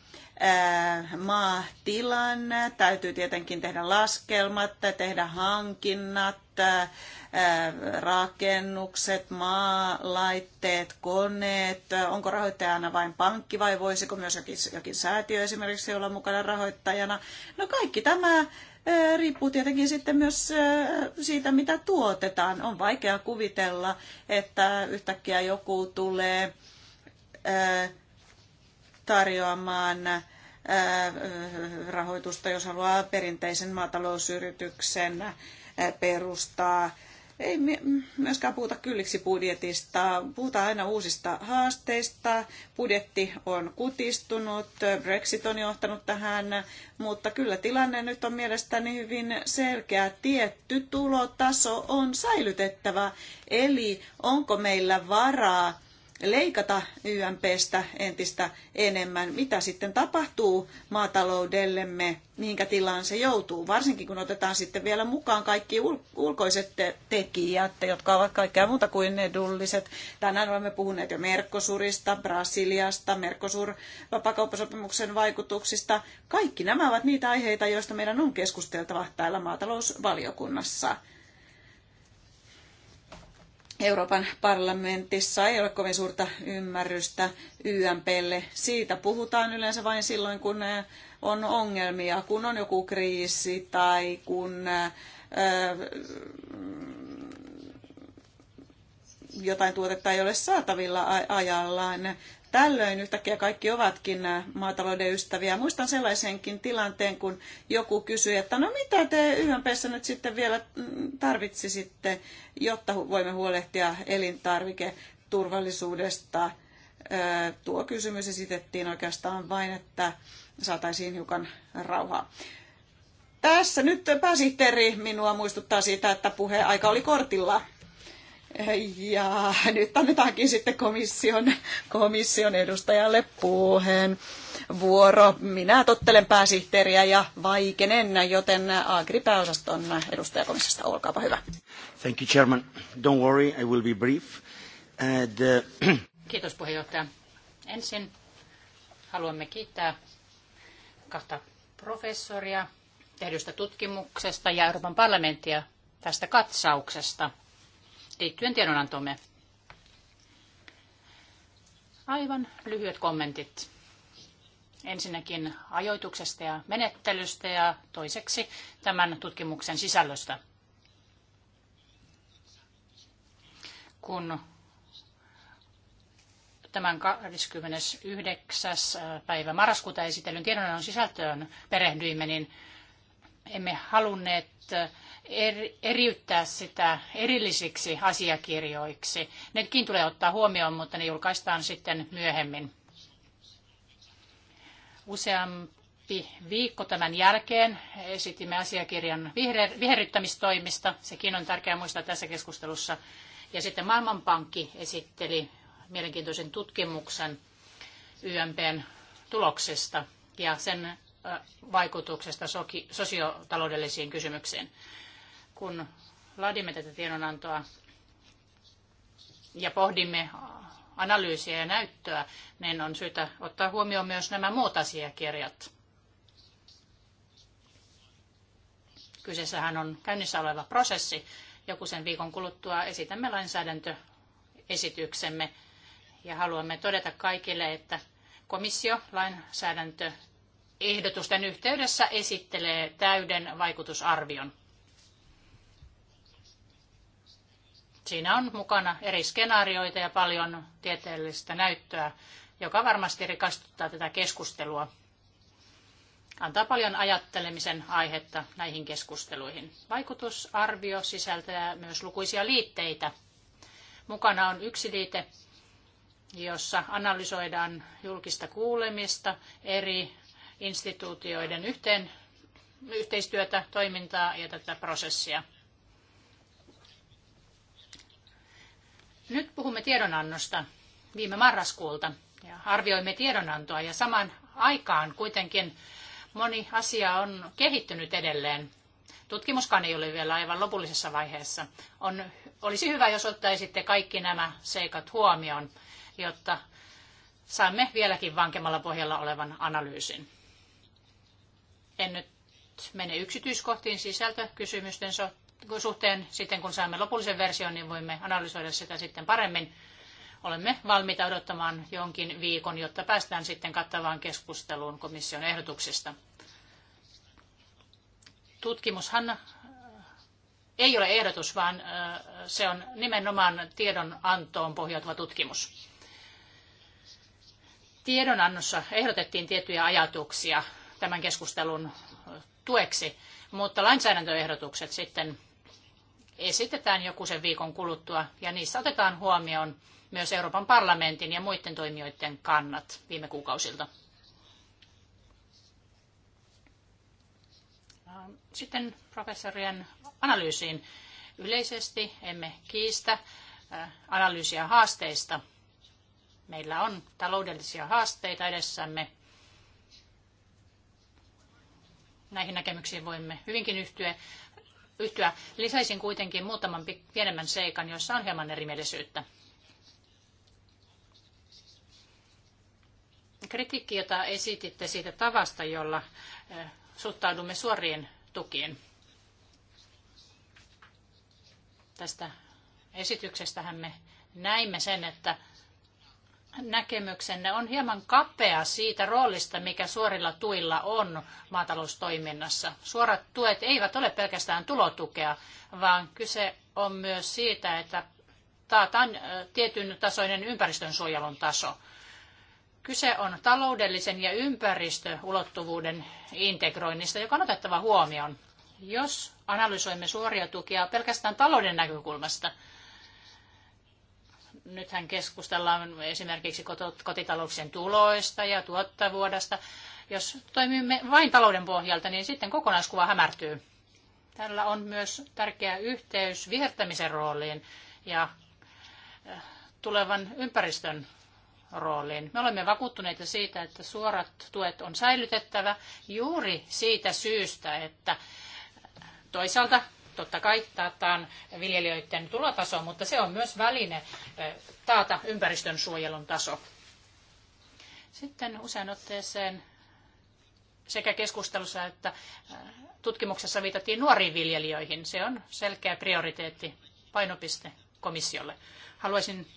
maatilan, täytyy tietenkin tehdä laskelmat, tehdä hankinnat, rakennukset, maalaitteet, koneet. Onko rahoittajana vain pankki vai voisiko myös jokin, jokin säätiö esimerkiksi olla mukana rahoittajana? No kaikki tämä riippuu tietenkin sitten myös siitä, mitä tuotetaan. On vaikea kuvitella, että yhtäkkiä joku tulee tarjoamaan rahoitusta, jos haluaa perinteisen maatalousyrityksen perustaa ei myöskään puhuta kylliksi budjetista. Puhutaan aina uusista haasteista. Budjetti on kutistunut, Brexit on johtanut tähän, mutta kyllä tilanne nyt on mielestäni hyvin selkeä. Tietty tulotaso on säilytettävä, eli onko meillä varaa leikata YMPstä entistä enemmän. Mitä sitten tapahtuu maataloudellemme, mihinkä tilaan se joutuu, varsinkin kun otetaan sitten vielä mukaan kaikki ulkoiset tekijät, jotka ovat kaikkea muuta kuin edulliset. Tänään olemme puhuneet jo Merkosurista, Brasiliasta, Merkosur vapakauppasopimuksen vaikutuksista. Kaikki nämä ovat niitä aiheita, joista meidän on keskusteltava täällä maatalousvaliokunnassa. Euroopan parlamentissa ei ole kovin suurta ymmärrystä YMPlle. Siitä puhutaan yleensä vain silloin, kun äh, on ongelmia, kun on joku kriisi tai kun äh, jotain tuotetta ei ole saatavilla ajallaan. Tällöin yhtäkkiä kaikki ovatkin äh, maatalouden ystäviä. Muistan sellaisenkin tilanteen, kun joku kysyi, että no mitä te YMPssä nyt sitten vielä mm, tarvitsisitte, jotta voimme huolehtia elintarviketurvallisuudesta. Tuo kysymys esitettiin oikeastaan vain, että saataisiin hiukan rauhaa. Tässä nyt pääsihteeri minua muistuttaa siitä, että puheaika oli kortilla. Ja nyt annetaankin sitten komission, komission edustajalle puheen vuoro. Minä tottelen pääsihteeriä ja vaikenen, joten Agri-pääosaston edustajakomissiosta, olkaapa hyvä. Thank you, Chairman. Don't worry, I will be brief. And, uh... Kiitos puheenjohtaja. Ensin haluamme kiittää kahta professoria tehdystä tutkimuksesta ja Euroopan parlamenttia tästä katsauksesta – liittyen tiedonantomme. Aivan lyhyet kommentit. Ensinnäkin ajoituksesta ja menettelystä ja toiseksi tämän tutkimuksen sisällöstä. Kun tämän 29. päivä marraskuuta esitellyn tiedonannon sisältöön perehdyimme, niin emme halunneet eriyttää sitä erillisiksi asiakirjoiksi. Nekin tulee ottaa huomioon, mutta ne julkaistaan sitten myöhemmin. Useampi viikko tämän jälkeen esitimme asiakirjan viherryttämistoimista. Sekin on tärkeää muistaa tässä keskustelussa. Ja sitten Maailmanpankki esitteli mielenkiintoisen tutkimuksen YMPn tuloksesta ja sen vaikutuksesta sosiotaloudellisiin kysymyksiin kun laadimme tätä tiedonantoa ja pohdimme analyysiä ja näyttöä, niin on syytä ottaa huomioon myös nämä muut asiakirjat. Kyseessähän on käynnissä oleva prosessi. Joku sen viikon kuluttua esitämme lainsäädäntöesityksemme ja haluamme todeta kaikille, että komissio lainsäädäntöehdotusten yhteydessä esittelee täyden vaikutusarvion. Siinä on mukana eri skenaarioita ja paljon tieteellistä näyttöä, joka varmasti rikastuttaa tätä keskustelua. Antaa paljon ajattelemisen aihetta näihin keskusteluihin. Vaikutusarvio sisältää myös lukuisia liitteitä. Mukana on yksi liite, jossa analysoidaan julkista kuulemista, eri instituutioiden yhteen, yhteistyötä, toimintaa ja tätä prosessia. Nyt puhumme tiedonannosta viime marraskuulta ja arvioimme tiedonantoa ja saman aikaan kuitenkin moni asia on kehittynyt edelleen. Tutkimuskaan ei ole vielä aivan lopullisessa vaiheessa. On, olisi hyvä, jos ottaisitte kaikki nämä seikat huomioon, jotta saamme vieläkin vankemmalla pohjalla olevan analyysin. En nyt mene yksityiskohtiin sisältökysymysten suhteen. Sitten kun saamme lopullisen version, niin voimme analysoida sitä sitten paremmin. Olemme valmiita odottamaan jonkin viikon, jotta päästään sitten kattavaan keskusteluun komission ehdotuksista. Tutkimushan äh, ei ole ehdotus, vaan äh, se on nimenomaan tiedonantoon pohjautuva tutkimus. Tiedonannossa ehdotettiin tiettyjä ajatuksia tämän keskustelun tueksi, mutta lainsäädäntöehdotukset sitten esitetään joku sen viikon kuluttua ja niissä otetaan huomioon myös Euroopan parlamentin ja muiden toimijoiden kannat viime kuukausilta. Sitten professorien analyysiin. Yleisesti emme kiistä äh, analyysiä haasteista. Meillä on taloudellisia haasteita edessämme. Näihin näkemyksiin voimme hyvinkin yhtyä, yhtyä. Lisäisin kuitenkin muutaman pienemmän seikan, jossa on hieman erimielisyyttä. Kritiikki, jota esititte siitä tavasta, jolla eh, suhtaudumme suorien tukiin. Tästä esityksestähän me näimme sen, että näkemyksenne on hieman kapea siitä roolista, mikä suorilla tuilla on maataloustoiminnassa. Suorat tuet eivät ole pelkästään tulotukea, vaan kyse on myös siitä, että taataan tietyn tasoinen ympäristönsuojelun taso. Kyse on taloudellisen ja ympäristöulottuvuuden integroinnista, joka on otettava huomioon. Jos analysoimme suoria tukia pelkästään talouden näkökulmasta, Nythän keskustellaan esimerkiksi kotitalouksien tuloista ja tuottavuudesta. Jos toimimme vain talouden pohjalta, niin sitten kokonaiskuva hämärtyy. Tällä on myös tärkeä yhteys vihertämisen rooliin ja eh, tulevan ympäristön rooliin. Me olemme vakuuttuneita siitä, että suorat tuet on säilytettävä juuri siitä syystä, että toisaalta totta kai taataan viljelijöiden tulotaso, mutta se on myös väline taata ympäristön suojelun taso. Sitten usein otteeseen sekä keskustelussa että tutkimuksessa viitattiin nuoriin viljelijöihin. Se on selkeä prioriteetti, painopiste komissiolle. Haluaisin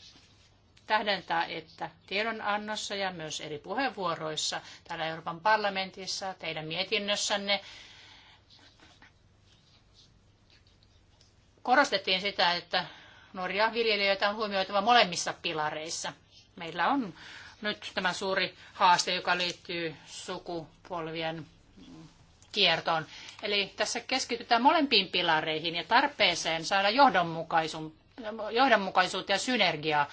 tähdentää, että tiedonannossa ja myös eri puheenvuoroissa täällä Euroopan parlamentissa, teidän mietinnössänne korostettiin sitä, että nuoria viljelijöitä on huomioitava molemmissa pilareissa. Meillä on nyt tämä suuri haaste, joka liittyy sukupolvien kiertoon. Eli tässä keskitytään molempiin pilareihin ja tarpeeseen saada johdonmukaisuutta ja synergiaa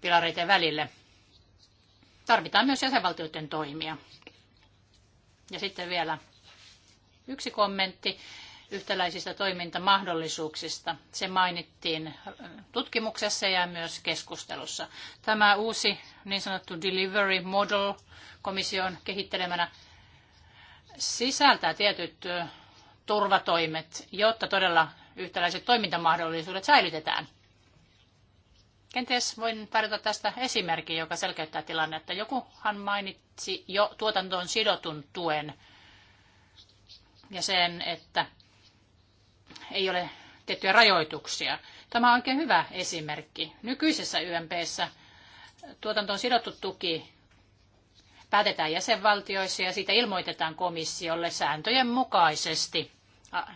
pilareiden välille. Tarvitaan myös jäsenvaltioiden toimia. Ja sitten vielä yksi kommentti yhtäläisistä toimintamahdollisuuksista. Se mainittiin tutkimuksessa ja myös keskustelussa. Tämä uusi niin sanottu delivery model komission kehittelemänä sisältää tietyt turvatoimet, jotta todella yhtäläiset toimintamahdollisuudet säilytetään. Kenties voin tarjota tästä esimerkin, joka selkeyttää tilannetta. Jokuhan mainitsi jo tuotantoon sidotun tuen ja sen, että ei ole tiettyjä rajoituksia. Tämä on oikein hyvä esimerkki. Nykyisessä YMPssä tuotantoon sidottu tuki päätetään jäsenvaltioissa ja siitä ilmoitetaan komissiolle sääntöjen mukaisesti,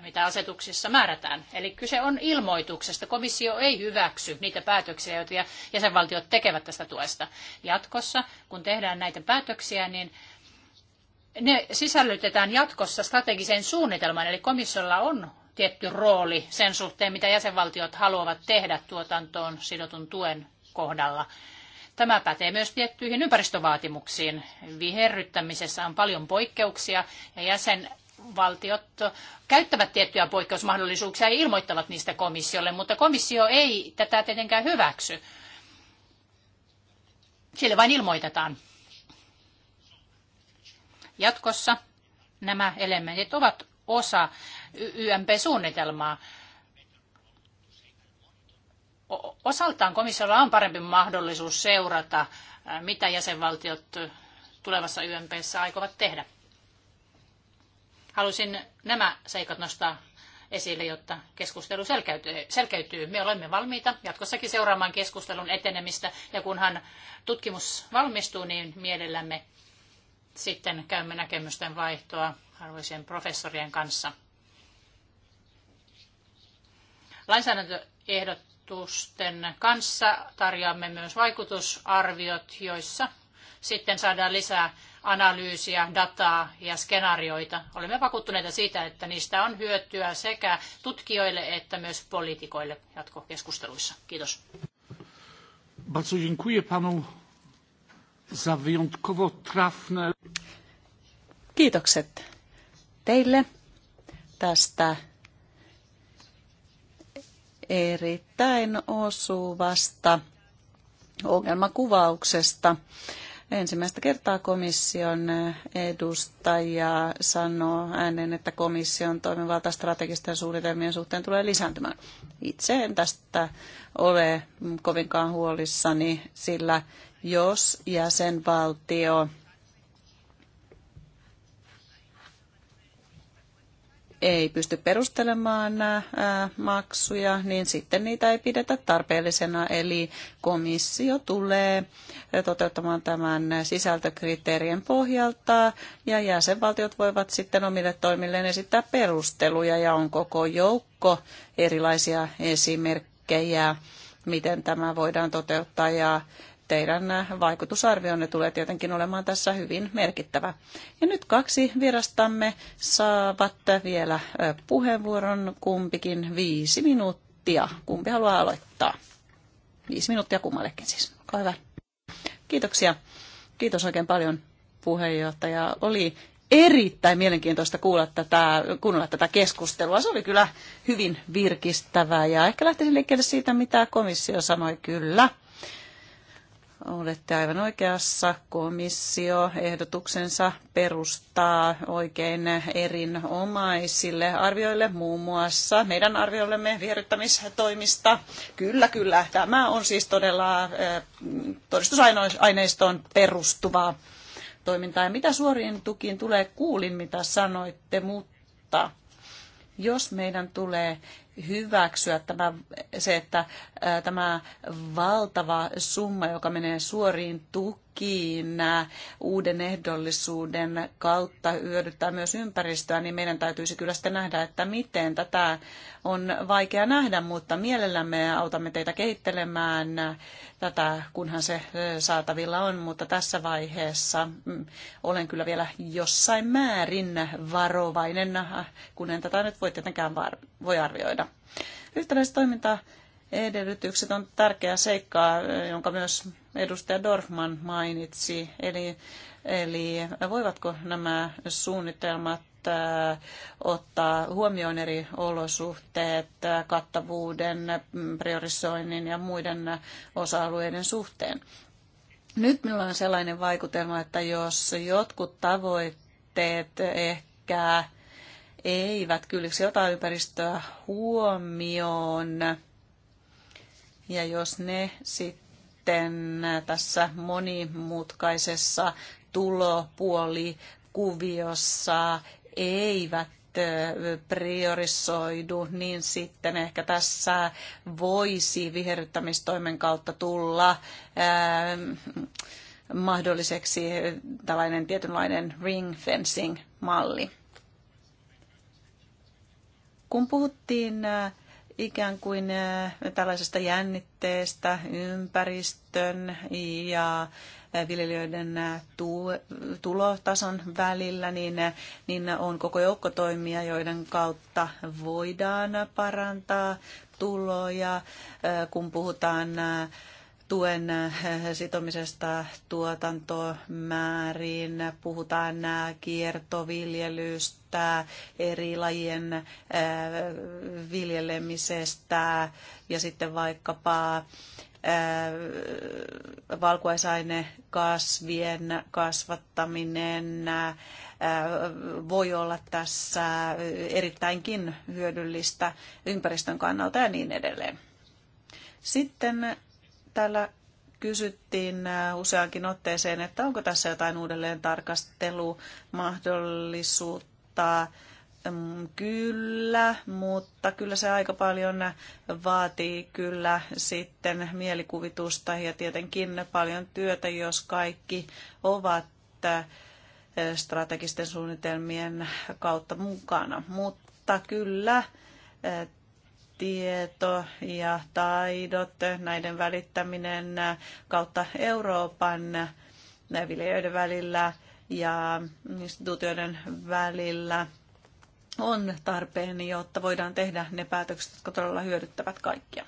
mitä asetuksissa määrätään. Eli kyse on ilmoituksesta. Komissio ei hyväksy niitä päätöksiä, joita jäsenvaltiot tekevät tästä tuesta. Jatkossa, kun tehdään näitä päätöksiä, niin ne sisällytetään jatkossa strategiseen suunnitelmaan, eli komissiolla on tietty rooli sen suhteen, mitä jäsenvaltiot haluavat tehdä tuotantoon sidotun tuen kohdalla. Tämä pätee myös tiettyihin ympäristövaatimuksiin. Viherryttämisessä on paljon poikkeuksia ja jäsenvaltiot käyttävät tiettyjä poikkeusmahdollisuuksia ja ilmoittavat niistä komissiolle, mutta komissio ei tätä tietenkään hyväksy. Sille vain ilmoitetaan. Jatkossa nämä elementit ovat osa YMP-suunnitelmaa. Osaltaan komissiolla on parempi mahdollisuus seurata, äh, mitä jäsenvaltiot tulevassa YMPssä aikovat tehdä. Halusin nämä seikat nostaa esille, jotta keskustelu selkeytyy. Me olemme valmiita jatkossakin seuraamaan keskustelun etenemistä ja kunhan tutkimus valmistuu, niin mielellämme sitten käymme näkemysten vaihtoa arvoisien professorien kanssa lainsäädäntöehdotusten kanssa tarjoamme myös vaikutusarviot, joissa sitten saadaan lisää analyysiä, dataa ja skenaarioita. Olemme vakuuttuneita siitä, että niistä on hyötyä sekä tutkijoille että myös poliitikoille jatkokeskusteluissa. Kiitos. Bardzo dziękuję panu za wyjątkowo trafne... Kiitokset teille tästä erittäin osuvasta ongelmakuvauksesta. Ensimmäistä kertaa komission edustaja sanoo äänen, että komission toimivalta strategisten suunnitelmien suhteen tulee lisääntymään. Itse en tästä ole kovinkaan huolissani, sillä jos jäsenvaltio ei pysty perustelemaan äh, maksuja, niin sitten niitä ei pidetä tarpeellisena. Eli komissio tulee äh, toteuttamaan tämän sisältökriteerien pohjalta ja jäsenvaltiot voivat sitten omille toimilleen esittää perusteluja ja on koko joukko erilaisia esimerkkejä miten tämä voidaan toteuttaa ja teidän vaikutusarvionne tulee tietenkin olemaan tässä hyvin merkittävä. Ja nyt kaksi virastamme saavat vielä puheenvuoron kumpikin viisi minuuttia. Kumpi haluaa aloittaa? Viisi minuuttia kummallekin siis. Olkaa hyvä. Kiitoksia. Kiitos oikein paljon puheenjohtaja. Oli erittäin mielenkiintoista kuulla tätä, kuunnella tätä keskustelua. Se oli kyllä hyvin virkistävää ja ehkä lähtisin liikkeelle siitä, mitä komissio sanoi kyllä olette aivan oikeassa. Komissio ehdotuksensa perustaa oikein erinomaisille arvioille, muun muassa meidän arvioillemme vierittämistoimista. Kyllä, kyllä. Tämä on siis todella eh, todistusaineistoon perustuvaa toimintaa. Ja mitä suoriin tukiin tulee, kuulin mitä sanoitte, mutta jos meidän tulee hyväksyä tämä, se, että tämä valtava summa, joka menee suoriin tukiin, Kiinaa uuden ehdollisuuden kautta hyödyttää myös ympäristöä, niin meidän täytyisi kyllä sitten nähdä, että miten tätä on vaikea nähdä, mutta mielellämme autamme teitä kehittelemään tätä, kunhan se saatavilla on, mutta tässä vaiheessa mm, olen kyllä vielä jossain määrin varovainen, kun en tätä nyt voi tietenkään voi arvioida. Yhtenäistoiminta edellytykset on tärkeä seikka, jonka myös edustaja Dorfman mainitsi. Eli, eli voivatko nämä suunnitelmat äh, ottaa huomioon eri olosuhteet, äh, kattavuuden, mm, priorisoinnin ja muiden äh, osa-alueiden suhteen. Nyt minulla on sellainen vaikutelma, että jos jotkut tavoitteet ehkä eivät kylliksi ota ympäristöä huomioon, ja jos ne sitten sitten tässä monimutkaisessa tulopuolikuviossa kuviossa eivät priorisoidu, niin sitten ehkä tässä voisi viherryttämistoimen kautta tulla ää, mahdolliseksi tällainen tietynlainen ring fencing-malli. Kun puhuttiin ää, ikään kuin äh, tällaisesta jännitteestä ympäristön ja äh, viljelijöiden äh, tulotason välillä, niin, niin on koko joukko toimia, joiden kautta voidaan parantaa tuloja, kun puhutaan tuen sitomisesta tuotantomääriin, puhutaan kiertoviljelystä, käyttää eri lajien äh, viljelemisestä ja sitten vaikkapa äh, valkuaisainekasvien kasvattaminen äh, voi olla tässä erittäinkin hyödyllistä ympäristön kannalta ja niin edelleen. Sitten täällä kysyttiin useankin otteeseen, että onko tässä jotain uudelleen tarkastelumahdollisuutta tota, Kyllä, mutta kyllä se aika paljon vaatii kyllä sitten mielikuvitusta ja tietenkin paljon työtä, jos kaikki ovat eh, strategisten suunnitelmien kautta mukana. Mutta kyllä eh, tieto ja taidot, näiden välittäminen eh, kautta Euroopan viljelijöiden välillä – ja instituutioiden välillä on tarpeen, jotta voidaan tehdä ne päätökset, jotka todella hyödyttävät kaikkia.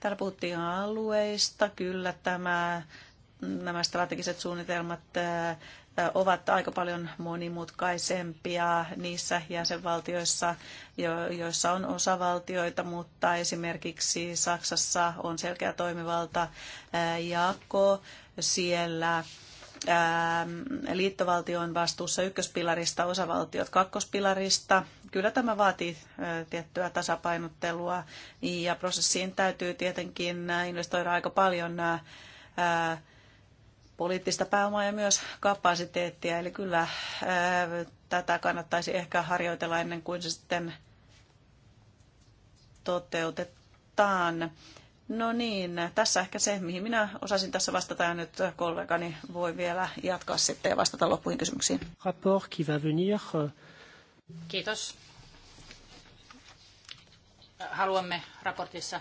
Täällä puhuttiin alueista. Kyllä tämä, nämä strategiset suunnitelmat ovat aika paljon monimutkaisempia niissä jäsenvaltioissa, joissa on osavaltioita, mutta esimerkiksi Saksassa on selkeä toimivalta jako siellä Ähm, liittovaltio on vastuussa ykköspilarista, osavaltiot kakkospilarista. Kyllä tämä vaatii tiettyä tasapainottelua ja prosessiin täytyy tietenkin äh, investoida aika paljon äh, poliittista pääomaa ja myös kapasiteettia. Eli kyllä äh, tätä kannattaisi ehkä harjoitella ennen kuin se sitten toteutetaan. No niin, tässä ehkä se, mihin minä osasin tässä vastata ja nyt kollegani voi vielä jatkaa sitten ja vastata loppuihin kysymyksiin. Rapport qui va venir. Euh, Kiitos. Haluamme raportissa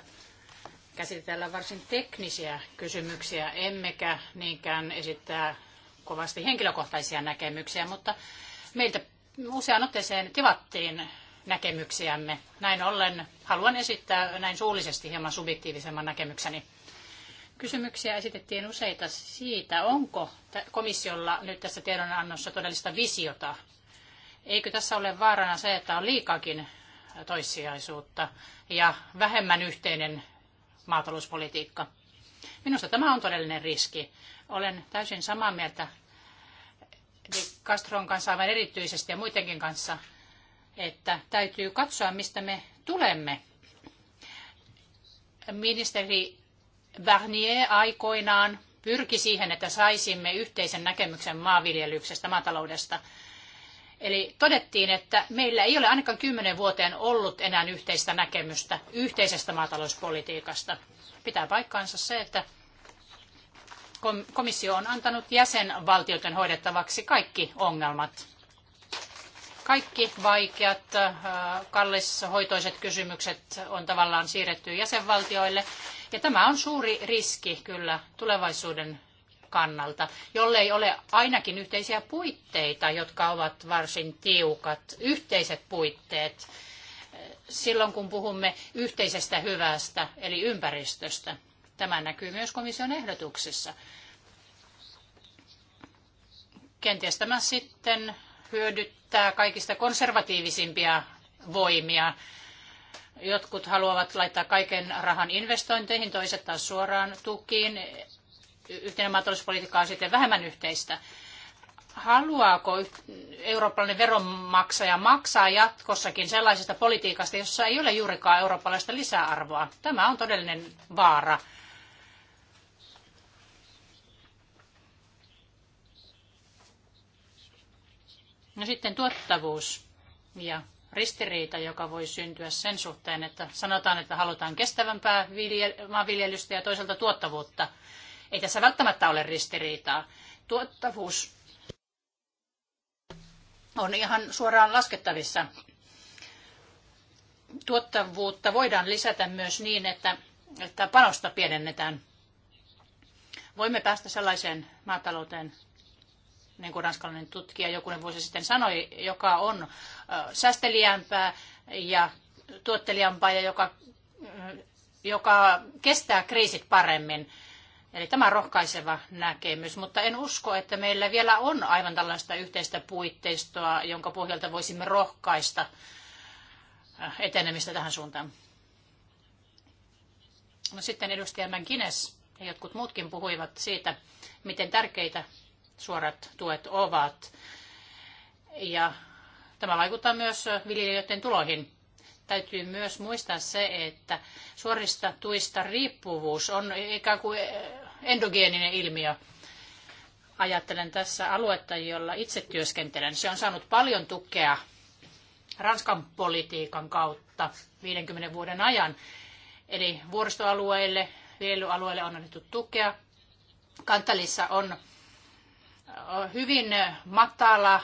käsitellä varsin teknisiä kysymyksiä, emmekä niinkään esittää kovasti henkilökohtaisia näkemyksiä, mutta meiltä useaan otteeseen tivattiin näkemyksiämme. Näin ollen haluan esittää näin suullisesti hieman subjektiivisemman näkemykseni. Kysymyksiä esitettiin useita siitä, onko komissiolla nyt tässä tiedonannossa todellista visiota. Eikö tässä ole vaarana se, että on liikakin toissijaisuutta ja vähemmän yhteinen maatalouspolitiikka? Minusta tämä on todellinen riski. Olen täysin samaa mieltä Castron kanssa, aivan erityisesti ja muidenkin kanssa että täytyy katsoa, mistä me tulemme. Ministeri Barnier aikoinaan pyrki siihen, että saisimme yhteisen näkemyksen maanviljelyksestä, maataloudesta. Eli todettiin, että meillä ei ole ainakaan kymmenen vuoteen ollut enää yhteistä näkemystä yhteisestä maatalouspolitiikasta. Pitää paikkaansa se, että komissio on antanut jäsenvaltioiden hoidettavaksi kaikki ongelmat kaikki vaikeat, äh, kallishoitoiset kysymykset on tavallaan siirretty jäsenvaltioille. Ja tämä on suuri riski kyllä tulevaisuuden kannalta, jollei ole ainakin yhteisiä puitteita, jotka ovat varsin tiukat, yhteiset puitteet, äh, silloin kun puhumme yhteisestä hyvästä, eli ympäristöstä. Tämä näkyy myös komission ehdotuksessa. Kenties tämä sitten hyödyt, käyttää kaikista konservatiivisimpia voimia. Jotkut haluavat laittaa kaiken rahan investointeihin, toiset taas suoraan tukiin. Yhteinen maatalouspolitiikka on sitten vähemmän yhteistä. Haluaako eurooppalainen veronmaksaja maksaa jatkossakin sellaisesta politiikasta, jossa ei ole juurikaan eurooppalaista lisäarvoa? Tämä on todellinen vaara. No sitten tuottavuus ja ristiriita, joka voi syntyä sen suhteen, että sanotaan, että halutaan kestävämpää maanviljelystä ja toisaalta tuottavuutta. Ei tässä välttämättä ole ristiriitaa. Tuottavuus on ihan suoraan laskettavissa. Tuottavuutta voidaan lisätä myös niin, että, että panosta pienennetään. Voimme päästä sellaiseen maatalouteen, niin kuin ranskalainen tutkija jokunen vuosi sitten sanoi, joka on säästeliämpää ja tuottelijampaa ja joka, joka kestää kriisit paremmin. Eli tämä on rohkaiseva näkemys, mutta en usko, että meillä vielä on aivan tällaista yhteistä puitteistoa, jonka pohjalta voisimme rohkaista etenemistä tähän suuntaan. No sitten edustaja Mänkines ja jotkut muutkin puhuivat siitä, miten tärkeitä suorat tuet ovat. Ja tämä vaikuttaa myös viljelijöiden tuloihin. Täytyy myös muistaa se, että suorista tuista riippuvuus on ikään kuin endogeeninen ilmiö. Ajattelen tässä aluetta, jolla itse työskentelen. Se on saanut paljon tukea Ranskan politiikan kautta 50 vuoden ajan. Eli vuoristoalueille, viljelyalueille on annettu tukea. Kantalissa on hyvin matala,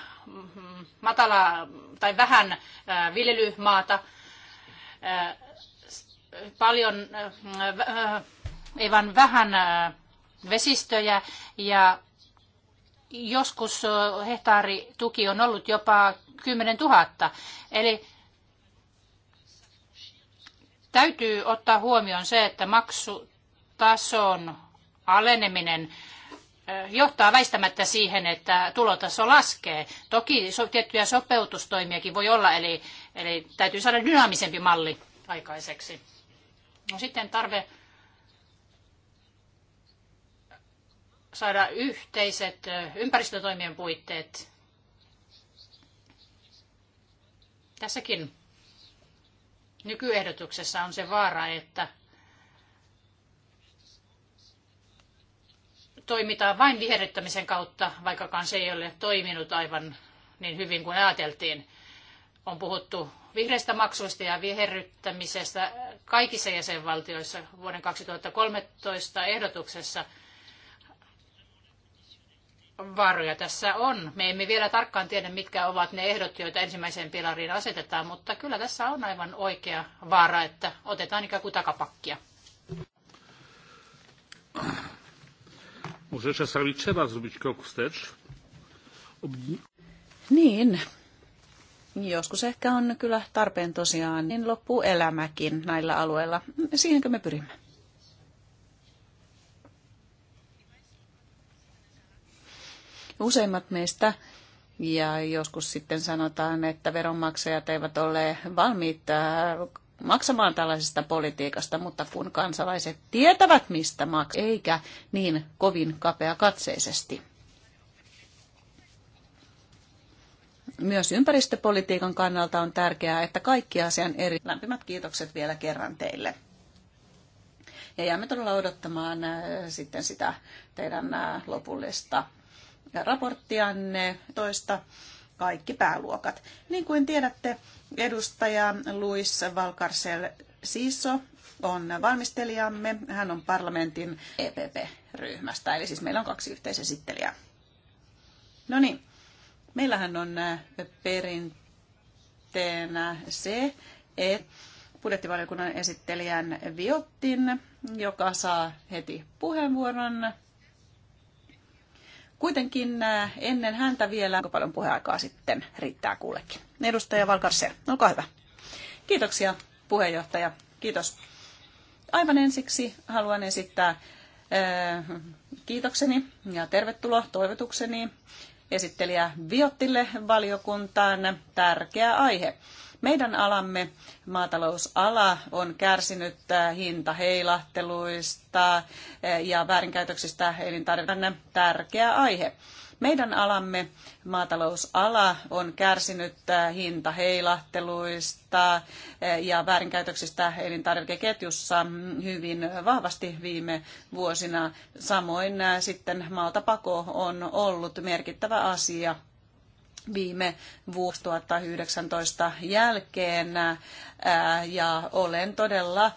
matala tai vähän viljelymaata, paljon, ei vaan vähän vesistöjä ja joskus hehtaarituki on ollut jopa 10 000. Eli täytyy ottaa huomioon se, että maksutason aleneminen johtaa väistämättä siihen, että tulotaso laskee. Toki tiettyjä sopeutustoimiakin voi olla, eli, eli täytyy saada dynaamisempi malli aikaiseksi. No sitten tarve saada yhteiset ympäristötoimien puitteet. Tässäkin nykyehdotuksessa on se vaara, että toimitaan vain viherryttämisen kautta, vaikkakaan se ei ole toiminut aivan niin hyvin kuin ajateltiin. On puhuttu vihreistä maksuista ja viherryttämisestä kaikissa jäsenvaltioissa vuoden 2013 ehdotuksessa. Varoja tässä on. Me emme vielä tarkkaan tiedä, mitkä ovat ne ehdot, joita ensimmäiseen pilariin asetetaan, mutta kyllä tässä on aivan oikea vaara, että otetaan ikään kuin takapakkia. Może czasami trzeba zrobić krok wstecz. Niin. Joskus ehkä on kyllä tarpeen tosiaan, niin loppuu elämäkin näillä alueilla. Siihenkö me pyrimme? Useimmat meistä ja joskus sitten sanotaan, että veronmaksajat eivät ole valmiita maksamaan tällaisesta politiikasta, mutta kun kansalaiset tietävät, mistä maksaa, eikä niin kovin kapea katseisesti. Myös ympäristöpolitiikan kannalta on tärkeää, että kaikki asian eri... Lämpimät kiitokset vielä kerran teille. Ja jäämme todella odottamaan äh, sitten sitä teidän äh, lopullista raporttianne toista kaikki pääluokat. Niin kuin tiedätte, Edustaja Luis Valkarsel Siso on valmistelijamme. Hän on parlamentin EPP-ryhmästä, eli siis meillä on kaksi yhteisesittelijää. No niin, meillähän on äh, perinteenä se, että budjettivaliokunnan esittelijän Viottin, joka saa heti puheenvuoron Kuitenkin äh, ennen häntä vielä, kuinka paljon puheaikaa sitten riittää kullekin. Edustaja Valkarse, olkaa hyvä. Kiitoksia puheenjohtaja, kiitos. Aivan ensiksi haluan esittää äh, kiitokseni ja tervetuloa toivotukseni esittelijä Viottille valiokuntaan. Tärkeä aihe. Meidän alamme, maatalousala, on kärsinyt äh, hintaheilahteluista äh, ja väärinkäytöksistä elintarvikkeiden tärkeä aihe. Meidän alamme, maatalousala, on kärsinyt äh, hintaheilahteluista ja väärinkäytöksistä elintarvikeketjussa mm, hyvin vahvasti viime vuosina. Samoin sitten maaltapako on ollut merkittävä asia viime vuosi 2019 jälkeen ja olen todella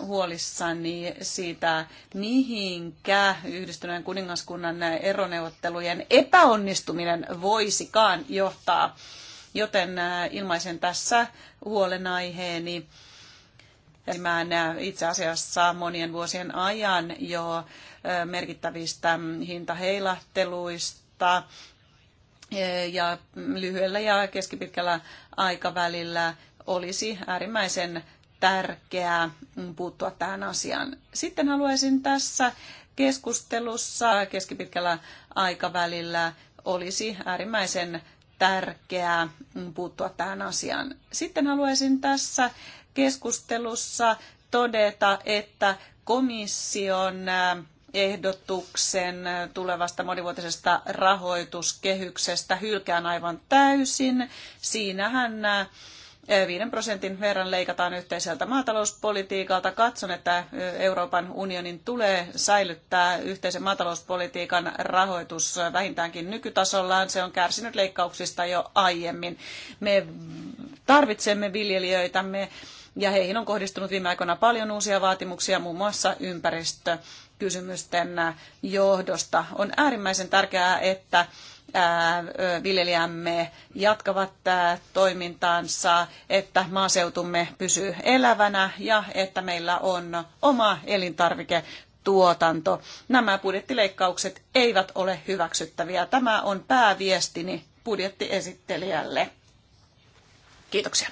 huolissani siitä, mihinkä yhdistyneen kuningaskunnan eroneuvottelujen epäonnistuminen voisikaan johtaa. Joten ilmaisen tässä huolenaiheeni. Itse asiassa monien vuosien ajan jo merkittävistä hintaheilahteluista Eh, ja lyhyellä ja keskipitkällä aikavälillä olisi äärimmäisen tärkeää puuttua tähän asiaan. Sitten haluaisin tässä keskustelussa keskipitkällä aikavälillä olisi äärimmäisen tärkeää puuttua tähän asiaan. Sitten haluaisin tässä keskustelussa todeta, että komission ehdotuksen tulevasta monivuotisesta rahoituskehyksestä hylkään aivan täysin. Siinähän 5 eh, prosentin verran leikataan yhteiseltä maatalouspolitiikalta. Katson, että eh, Euroopan unionin tulee säilyttää yhteisen maatalouspolitiikan rahoitus vähintäänkin nykytasollaan. Se on kärsinyt leikkauksista jo aiemmin. Me tarvitsemme viljelijöitämme ja heihin on kohdistunut viime aikoina paljon uusia vaatimuksia, muun muassa ympäristö kysymysten johdosta. On äärimmäisen tärkeää, että viljelijämme jatkavat toimintaansa, että maaseutumme pysyy elävänä ja että meillä on oma elintarvike tuotanto. Nämä budjettileikkaukset eivät ole hyväksyttäviä. Tämä on pääviestini budjettiesittelijälle. Kiitoksia.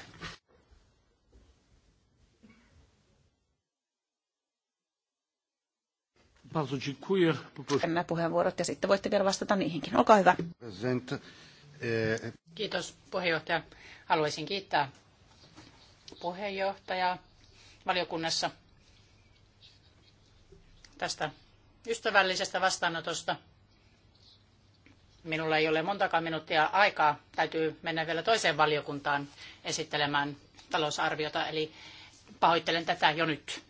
Nämä puheenvuorot ja sitten voitte vielä vastata niihinkin. Olkaa hyvä. E, Kiitos puheenjohtaja. Haluaisin kiittää puheenjohtajaa valiokunnassa tästä ystävällisestä vastaanotosta. Minulla ei ole montakaan minuuttia aikaa. Täytyy mennä vielä toiseen valiokuntaan esittelemään talousarviota, eli pahoittelen tätä jo nyt.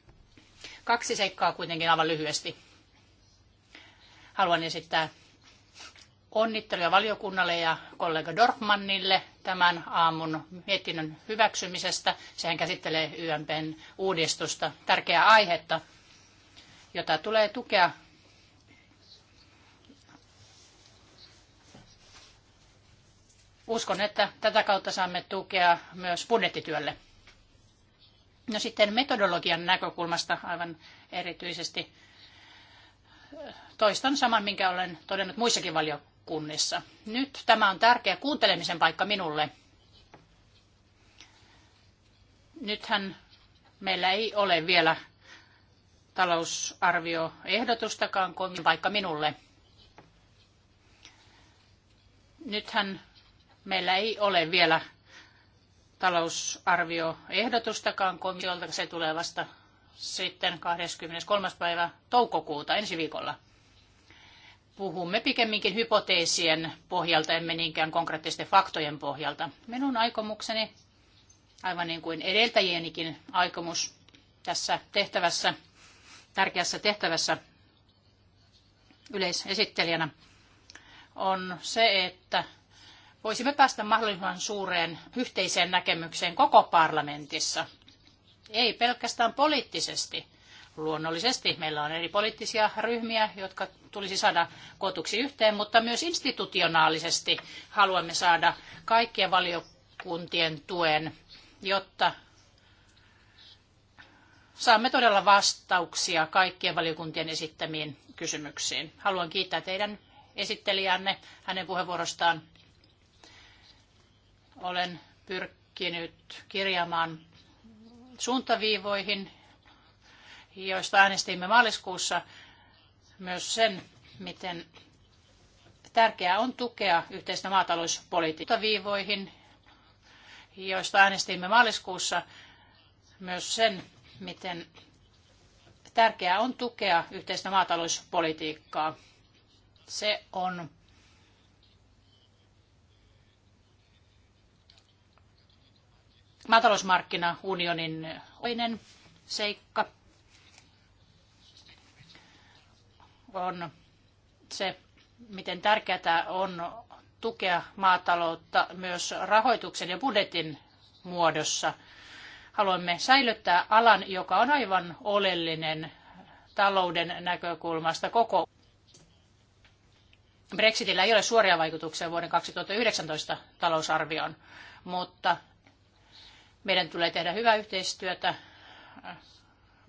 Kaksi seikkaa kuitenkin aivan lyhyesti. Haluan esittää onnitteluja valiokunnalle ja kollega Dorfmannille tämän aamun mietinnön hyväksymisestä. Sehän käsittelee YMPn uudistusta, tärkeää aihetta, jota tulee tukea uskon, että tätä kautta saamme tukea myös budjettityölle. No sitten metodologian näkökulmasta aivan erityisesti Toistan saman, minkä olen todennut muissakin valiokunnissa. Nyt tämä on tärkeä kuuntelemisen paikka minulle. Nythän meillä ei ole vielä talousarvioehdotustakaan kuin vaikka minulle. Nythän meillä ei ole vielä talousarvioehdotustakaan komissiolta. Se tulee vasta sitten 23. päivä toukokuuta ensi viikolla puhumme pikemminkin hypoteesien pohjalta, emme niinkään konkreettisten faktojen pohjalta. Minun aikomukseni, aivan niin kuin edeltäjienikin aikomus tässä tehtävässä, tärkeässä tehtävässä yleisesittelijänä, on se, että voisimme päästä mahdollisimman suureen yhteiseen näkemykseen koko parlamentissa. Ei pelkästään poliittisesti, Luonnollisesti meillä on eri poliittisia ryhmiä, jotka tulisi saada kootuksi yhteen, mutta myös institutionaalisesti haluamme saada kaikkien valiokuntien tuen, jotta saamme todella vastauksia kaikkien valiokuntien esittämiin kysymyksiin. Haluan kiittää teidän esittelijänne hänen puheenvuorostaan. Olen pyrkinyt kirjaamaan suuntaviivoihin joista äänestimme maaliskuussa, myös sen, miten tärkeää on tukea yhteistä maatalouspolitiikkaa viivoihin, joista äänestimme maaliskuussa, myös sen, miten tärkeää on tukea yhteistä maatalouspolitiikkaa. Se on maatalousmarkkinaunionin oinen seikka. on se, miten tärkeää on tukea maataloutta myös rahoituksen ja budjetin muodossa. Haluamme säilyttää alan, joka on aivan oleellinen talouden näkökulmasta koko. Brexitillä ei ole suoria vaikutuksia vuoden 2019 talousarvioon, mutta meidän tulee tehdä hyvää yhteistyötä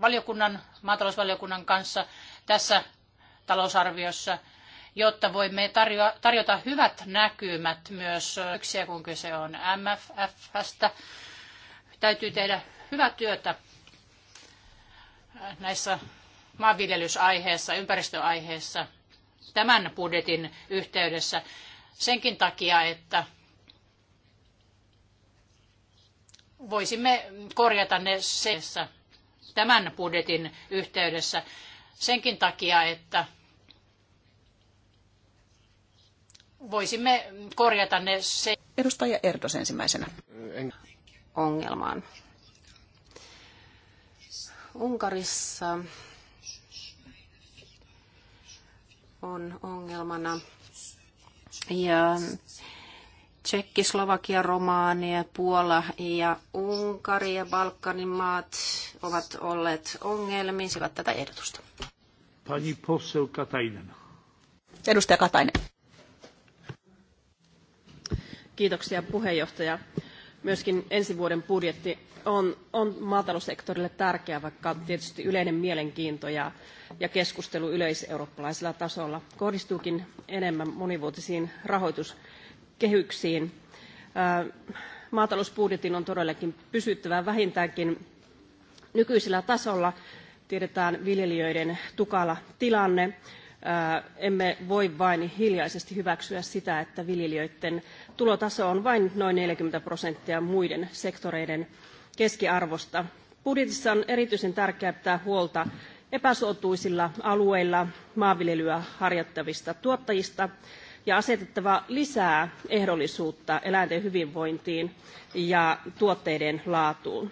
valiokunnan, maatalousvaliokunnan kanssa. Tässä talousarviossa, jotta voimme tarjota hyvät näkymät myös yksiä, kun kyse on MFFstä. Täytyy tehdä hyvää työtä näissä maanviljelysaiheissa, ympäristöaiheissa tämän budjetin yhteydessä senkin takia, että voisimme korjata ne seessä tämän budjetin yhteydessä senkin takia, että voisimme korjata ne se. Edustaja Erdos ensimmäisenä. En... Ongelmaan. Unkarissa on ongelmana ja Tsekki, Slovakia, Romaania, Puola ja Unkari ja Balkanin maat ovat olleet ongelmisia tätä ehdotusta. Pani Posseu Katainen. Edustaja Katainen. Kiitoksia puheenjohtaja. Myöskin ensi vuoden budjetti on, on maataloussektorille tärkeä, vaikka tietysti yleinen mielenkiinto ja, ja keskustelu yleiseurooppalaisella tasolla kohdistuukin enemmän monivuotisiin rahoitus- kehyksiin. Maatalousbudjetin on todellakin pysyttävä vähintäänkin nykyisellä tasolla. Tiedetään viljelijöiden tukala tilanne. Emme voi vain hiljaisesti hyväksyä sitä, että viljelijöiden tulotaso on vain noin 40 prosenttia muiden sektoreiden keskiarvosta. Budjetissa on erityisen tärkeää pitää huolta epäsuotuisilla alueilla maanviljelyä harjoittavista tuottajista ja asetettava lisää ehdollisuutta eläinten hyvinvointiin ja tuotteiden laatuun.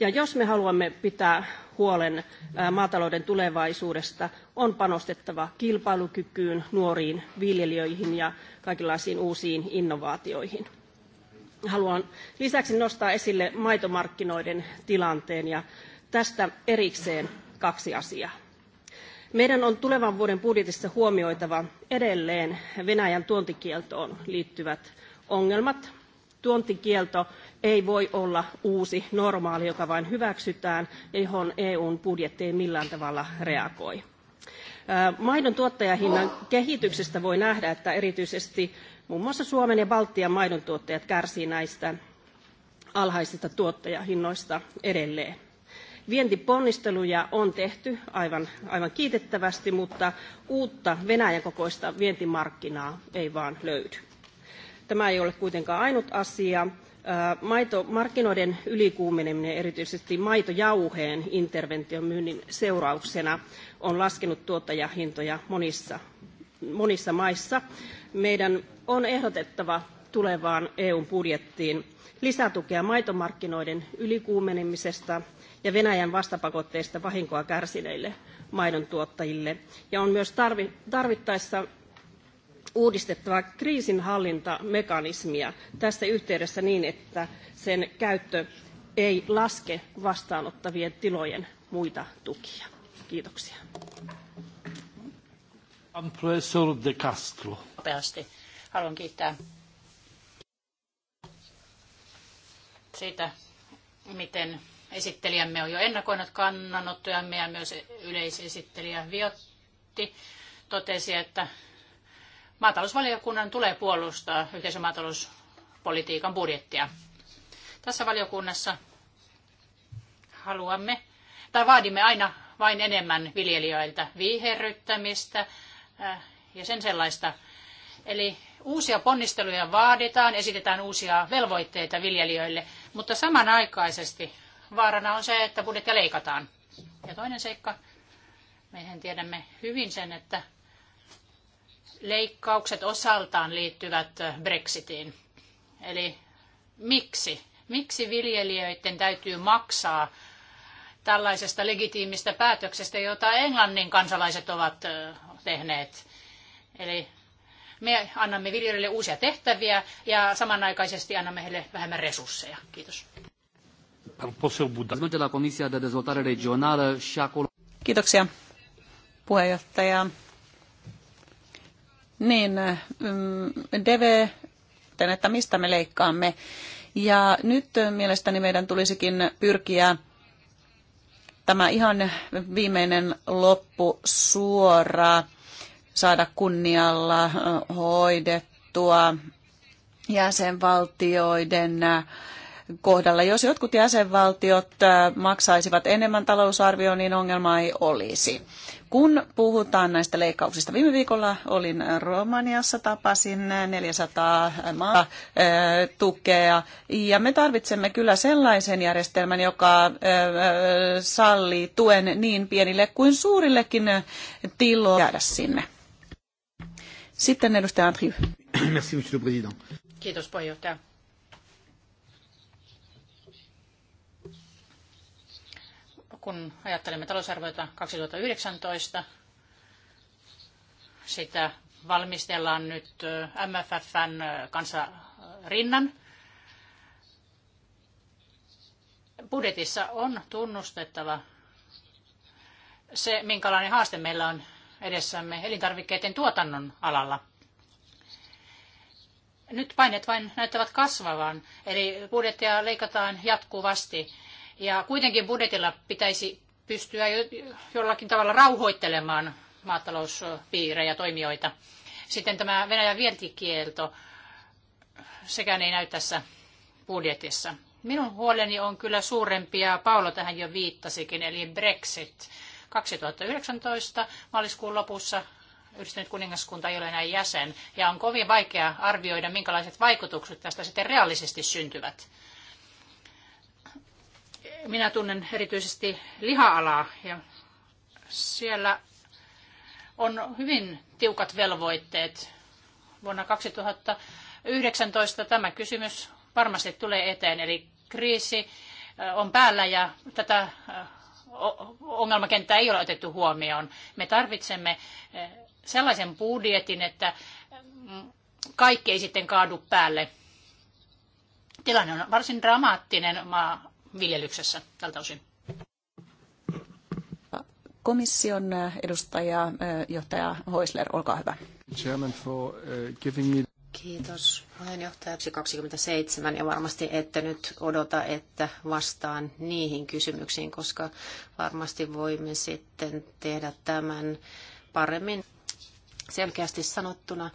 Ja jos me haluamme pitää huolen maatalouden tulevaisuudesta, on panostettava kilpailukykyyn, nuoriin viljelijöihin ja kaikenlaisiin uusiin innovaatioihin. Haluan lisäksi nostaa esille maitomarkkinoiden tilanteen ja tästä erikseen kaksi asiaa. Meidän on tulevan vuoden budjetissa huomioitava edelleen Venäjän tuontikieltoon liittyvät ongelmat. Tuontikielto ei voi olla uusi normaali, joka vain hyväksytään ja johon EUn budjetti ei millään tavalla reagoi. Maidon tuottajahinnan kehityksestä voi nähdä, että erityisesti muun mm. muassa Suomen ja Baltian maidon tuottajat näistä alhaisista tuottajahinnoista edelleen. Vientiponnisteluja on tehty aivan, aivan kiitettävästi, mutta uutta Venäjän kokoista vientimarkkinaa ei vaan löydy. Tämä ei ole kuitenkaan ainut asia. Maitomarkkinoiden ylikuumeneminen, erityisesti maitojauheen intervention myynnin seurauksena, on laskenut tuottajahintoja monissa, monissa maissa. Meidän on ehdotettava tulevaan EUn budjettiin lisätukea maitomarkkinoiden ylikuumenemisesta ja Venäjän vastapakotteista vahinkoa kärsineille maidontuottajille. Ja on myös tarvittaessa uudistettava kriisinhallintamekanismia tässä yhteydessä niin, että sen käyttö ei laske vastaanottavien tilojen muita tukia. Kiitoksia. Professor De Castro. Nopeasti. Haluan kiittää siitä, miten Esittelijämme on jo ennakoinut kannanottojamme ja myös yleisesittelijä Viotti totesi, että maatalousvaliokunnan tulee puolustaa yhteisen maatalouspolitiikan budjettia. Tässä valiokunnassa haluamme tai vaadimme aina vain enemmän viljelijöiltä viherryttämistä äh, ja sen sellaista. Eli uusia ponnisteluja vaaditaan, esitetään uusia velvoitteita viljelijöille, mutta samanaikaisesti vaarana on se, että budjettia leikataan. Ja toinen seikka, mehän tiedämme hyvin sen, että leikkaukset osaltaan liittyvät Brexitiin. Eli miksi? Miksi viljelijöiden täytyy maksaa tällaisesta legitiimistä päätöksestä, jota Englannin kansalaiset ovat tehneet? Eli me annamme viljelijöille uusia tehtäviä ja samanaikaisesti annamme heille vähemmän resursseja. Kiitos de la Comisia de Dezvoltare Regională și acolo... Kiitoksia, puheenjohtaja. Niin, mm, deve, että mistä me leikkaamme. Ja nyt mielestäni meidän tulisikin pyrkiä tämä ihan viimeinen loppu suora saada kunnialla hoidettua jäsenvaltioiden kohdalla. Jos jotkut jäsenvaltiot äh, maksaisivat enemmän talousarvioon, niin ongelma ei olisi. Kun puhutaan näistä leikkauksista, viime viikolla olin Romaniassa, tapasin 400 maata äh, tukea ja me tarvitsemme kyllä sellaisen järjestelmän, joka äh, sallii tuen niin pienille kuin suurillekin tiloille jäädä sinne. Sitten edustaja Andrieu. Merci, monsieur le président. Kiitos puheenjohtaja. kun ajattelemme talousarviota 2019, sitä valmistellaan nyt MFFn kanssa rinnan. Budjetissa on tunnustettava se, minkälainen haaste meillä on edessämme elintarvikkeiden tuotannon alalla. Nyt paineet vain näyttävät kasvavan, eli budjettia leikataan jatkuvasti. Ja kuitenkin budjetilla pitäisi pystyä jollakin tavalla rauhoittelemaan maatalouspiirejä, toimijoita. Sitten tämä Venäjän vientikielto, sekään ei näy tässä budjetissa. Minun huoleni on kyllä suurempi, ja Paolo tähän jo viittasikin, eli Brexit 2019 maaliskuun lopussa yhdistynyt kuningaskunta ei ole enää jäsen, ja on kovin vaikea arvioida, minkälaiset vaikutukset tästä sitten reaalisesti syntyvät. Minä tunnen erityisesti liha-alaa ja siellä on hyvin tiukat velvoitteet. Vuonna 2019 tämä kysymys varmasti tulee eteen, eli kriisi äh, on päällä ja tätä äh, ongelmakenttää ei ole otettu huomioon. Me tarvitsemme äh, sellaisen budjetin, että mm, kaikki ei sitten kaadu päälle. Tilanne on varsin dramaattinen maa viljelyksessä tältä osin? Komission äh, edustaja, äh, johtaja Hoisler, olkaa hyvä. for uh, giving me... Kiitos puheenjohtaja 27 ja varmasti ette nyt odota, että vastaan niihin kysymyksiin, koska varmasti voimme sitten tehdä tämän paremmin selkeästi sanottuna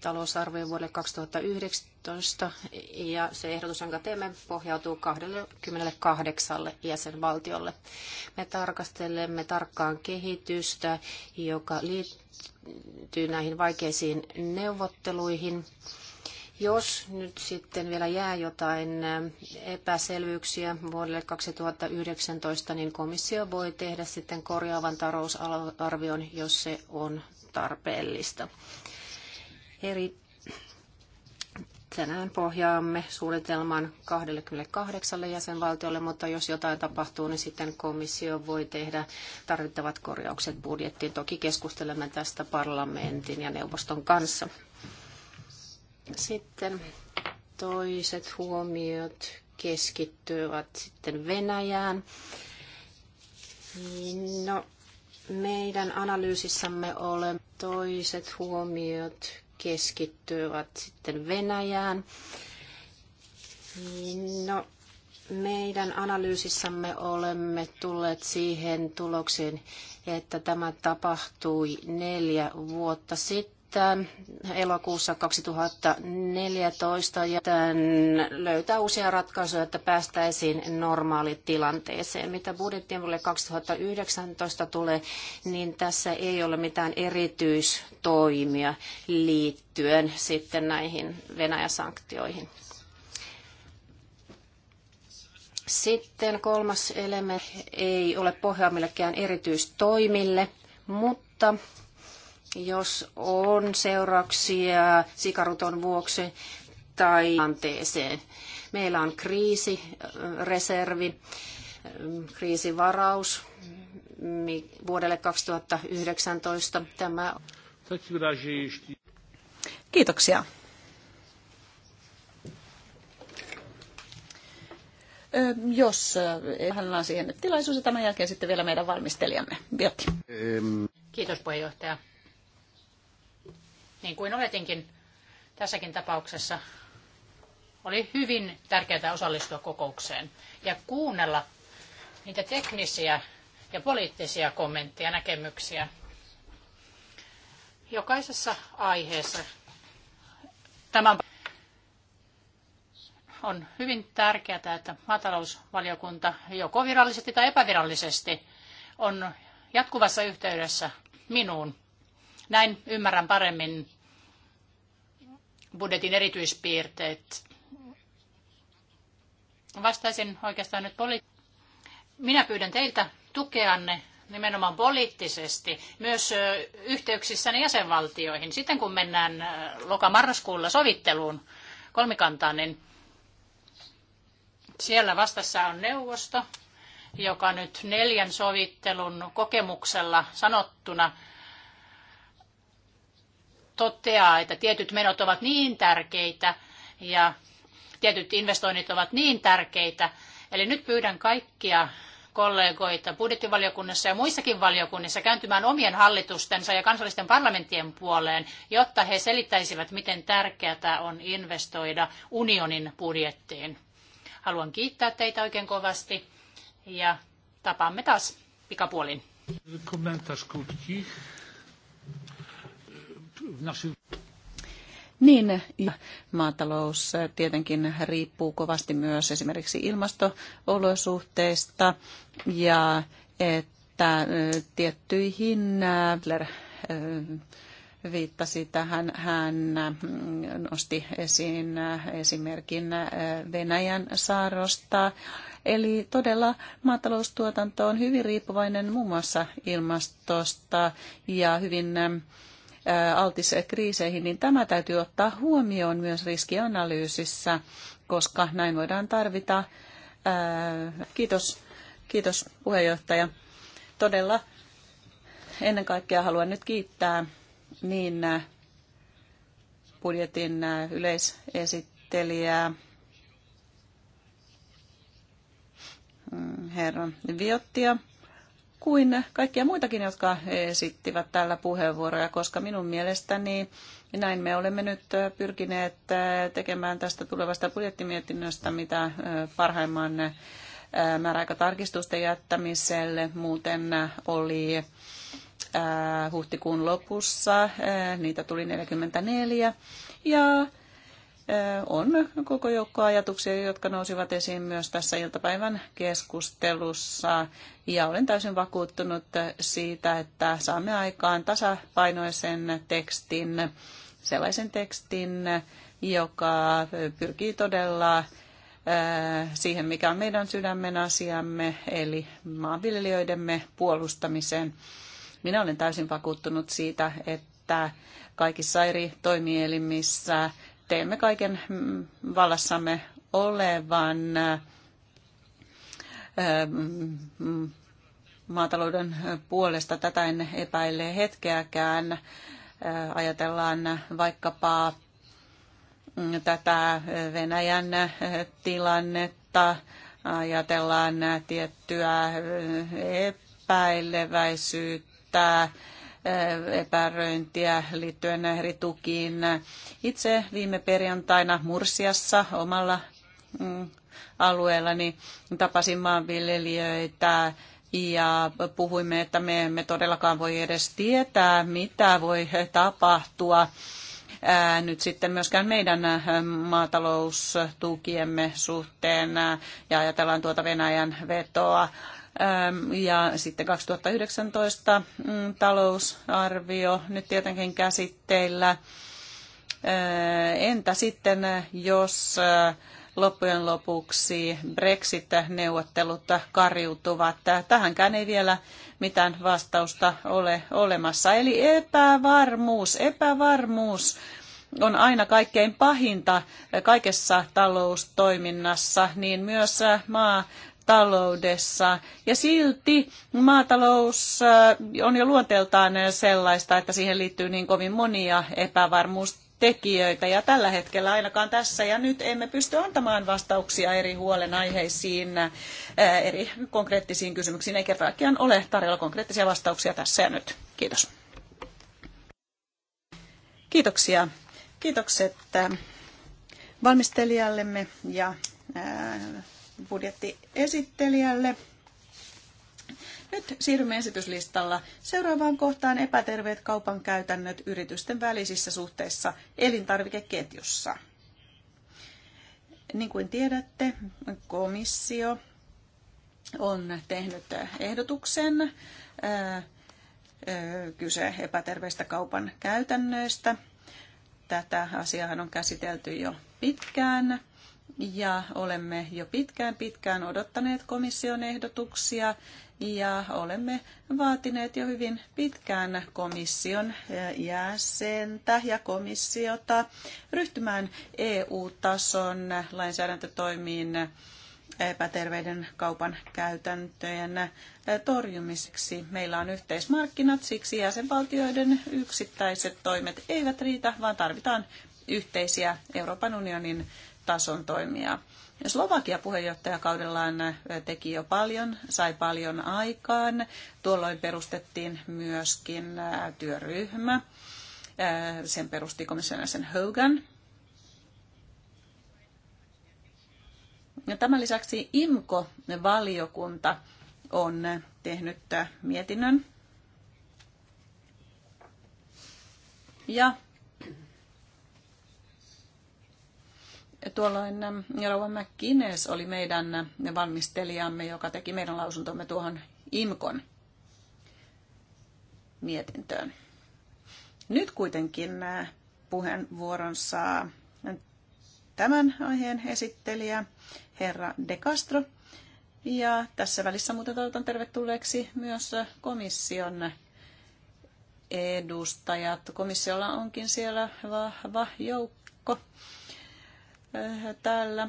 talousarvio vuodelle 2019 ja se ehdotus, jonka teemme, pohjautuu 28 jäsenvaltiolle. Me tarkastelemme tarkkaan kehitystä, joka liittyy näihin vaikeisiin neuvotteluihin. Jos nyt sitten vielä jää jotain epäselvyyksiä vuodelle 2019, niin komissio voi tehdä sitten korjaavan talousarvion, jos se on tarpeellista. Eri tänään pohjaamme suunnitelman 28 jäsenvaltiolle, mutta jos jotain tapahtuu, niin sitten komissio voi tehdä tarvittavat korjaukset budjettiin. Toki keskustelemme tästä parlamentin ja neuvoston kanssa. Sitten toiset huomiot keskittyvät sitten Venäjään. No, meidän analyysissämme olemme toiset huomiot keskittyvät sitten Venäjään. No, meidän analyysissamme olemme tulleet siihen tulokseen, että tämä tapahtui neljä vuotta sitten että elokuussa 2014 ja löytää uusia ratkaisuja, että päästäisiin normaalitilanteeseen. Mitä budjettien vuodelle 2019 tulee, niin tässä ei ole mitään erityistoimia liittyen sitten näihin Venäjä-sanktioihin. Sitten kolmas elementti ei ole pohjaa millekään erityistoimille, mutta jos on seurauksia sikaruton vuoksi tai anteeseen. Meillä on kriisireservi, kriisivaraus vuodelle 2019. Tämä... Kiitoksia. jos hänellä on siihen tilaisuus ja tämän jälkeen sitten vielä meidän valmistelijamme Birki. Kiitos puheenjohtaja niin kuin oletinkin tässäkin tapauksessa, oli hyvin tärkeää osallistua kokoukseen ja kuunnella niitä teknisiä ja poliittisia kommentteja, näkemyksiä. Jokaisessa aiheessa Tämä on hyvin tärkeää, että maatalousvaliokunta joko virallisesti tai epävirallisesti on jatkuvassa yhteydessä minuun näin ymmärrän paremmin budjetin erityispiirteet. Vastaisin oikeastaan nyt poli- Minä pyydän teiltä tukeanne nimenomaan poliittisesti, myös yhteyksissäni jäsenvaltioihin. Sitten kun mennään lokamarraskuulla sovitteluun kolmikantaan, niin siellä vastassa on neuvosto, joka nyt neljän sovittelun kokemuksella sanottuna – toteaa, että tietyt menot ovat niin tärkeitä ja tietyt investoinnit ovat niin tärkeitä. Eli nyt pyydän kaikkia kollegoita budjettivaliokunnassa ja muissakin valiokunnissa kääntymään omien hallitustensa ja kansallisten parlamenttien puoleen, jotta he selittäisivät, miten tärkeää on investoida unionin budjettiin. Haluan kiittää teitä oikein kovasti ja tapaamme taas pikapuolin. Komentarz niin, maatalous tietenkin riippuu kovasti myös esimerkiksi ilmastoolosuhteista ja että tiettyihin viittasi tähän. Hän mm, nosti esiin esimerkin Venäjän saarosta. Eli todella maataloustuotanto on hyvin riippuvainen muun muassa ilmastosta ja hyvin Äh, altis kriiseihin, niin tämä täytyy ottaa huomioon myös riskianalyysissä, koska näin voidaan tarvita. Äh, kiitos, kiitos puheenjohtaja. Todella ennen kaikkea haluan nyt kiittää niin äh, budjetin yleisesittelijää mm, herra Viottia kuin kaikkia muitakin, jotka esittivät tällä puheenvuoroja, koska minun mielestäni näin me olemme nyt pyrkineet tekemään tästä tulevasta budjettimietinnöstä mitä parhaimman määräaikatarkistusten jättämiselle. Muuten oli huhtikuun lopussa, niitä tuli 44. Ja on koko joukko ajatuksia, jotka nousivat esiin myös tässä iltapäivän keskustelussa. Ja olen täysin vakuuttunut siitä, että saamme aikaan tasapainoisen tekstin, sellaisen tekstin, joka pyrkii todella siihen, mikä on meidän sydämen asiamme, eli maanviljelijöidemme puolustamiseen. Minä olen täysin vakuuttunut siitä, että kaikissa eri toimielimissä teemme kaiken mm, vallassamme olevan mm, maatalouden puolesta. Tätä en epäile hetkeäkään. Ajatellaan vaikkapa mm, tätä Venäjän tilannetta, ajatellaan tiettyä epäileväisyyttä, Eh, epäröintiä liittyen eri tukiin. Itse viime perjantaina Mursiassa omalla mm, alueellani tapasin maanviljelijöitä ja puhuimme, että me emme todellakaan voi edes tietää, mitä voi tapahtua nyt sitten myöskään meidän maataloustukiemme suhteen ja ajatellaan tuota Venäjän vetoa ja sitten 2019 mm, talousarvio nyt tietenkin käsitteillä. Äh, entä sitten, jos äh, loppujen lopuksi Brexit-neuvottelut kariutuvat. Tähänkään ei vielä mitään vastausta ole olemassa. Eli epävarmuus, epävarmuus on aina kaikkein pahinta kaikessa taloustoiminnassa, niin myös äh, maa taloudessa. Ja silti maatalous äh, on jo luonteeltaan sellaista, että siihen liittyy niin kovin monia epävarmuustekijöitä. Ja tällä hetkellä ainakaan tässä ja nyt emme pysty antamaan vastauksia eri huolenaiheisiin, äh, eri konkreettisiin kysymyksiin. Eikä kaikkiaan ole tarjolla konkreettisia vastauksia tässä ja nyt. Kiitos. Kiitoksia. Kiitokset äh, valmistelijallemme ja budjettiesittelijälle. Nyt siirrymme esityslistalla seuraavaan kohtaan epäterveet kaupan käytännöt yritysten välisissä suhteissa elintarvikeketjussa. Niin kuin tiedätte, komissio on tehnyt ehdotuksen äh, äh, kyse epäterveistä kaupan käytännöistä. Tätä asiaa on käsitelty jo pitkään ja olemme jo pitkään pitkään odottaneet komission ehdotuksia ja olemme vaatineet jo hyvin pitkään komission eh, jäsentä ja komissiota ryhtymään EU-tason lainsäädäntötoimiin epäterveiden kaupan käytäntöjen eh, torjumiseksi. Meillä on yhteismarkkinat, siksi jäsenvaltioiden yksittäiset toimet eivät riitä, vaan tarvitaan yhteisiä Euroopan unionin tason toimia. Slovakia puheenjohtajakaudellaan teki jo paljon, sai paljon aikaan. Tuolloin perustettiin myöskin työryhmä. Sen perusti komissionäisen Hogan. Ja tämän lisäksi IMKO-valiokunta on tehnyt mietinnön. Ja Tuolloin ähm, Jalova McGuinness oli meidän valmistelijamme, joka teki meidän lausuntomme tuohon IMKON mietintöön. Nyt kuitenkin äh, puheenvuoron saa tämän aiheen esittelijä, herra De Castro. Ja tässä välissä muuten toivotan tervetulleeksi myös äh, komission edustajat. Komissiolla onkin siellä vahva joukko Äh, täällä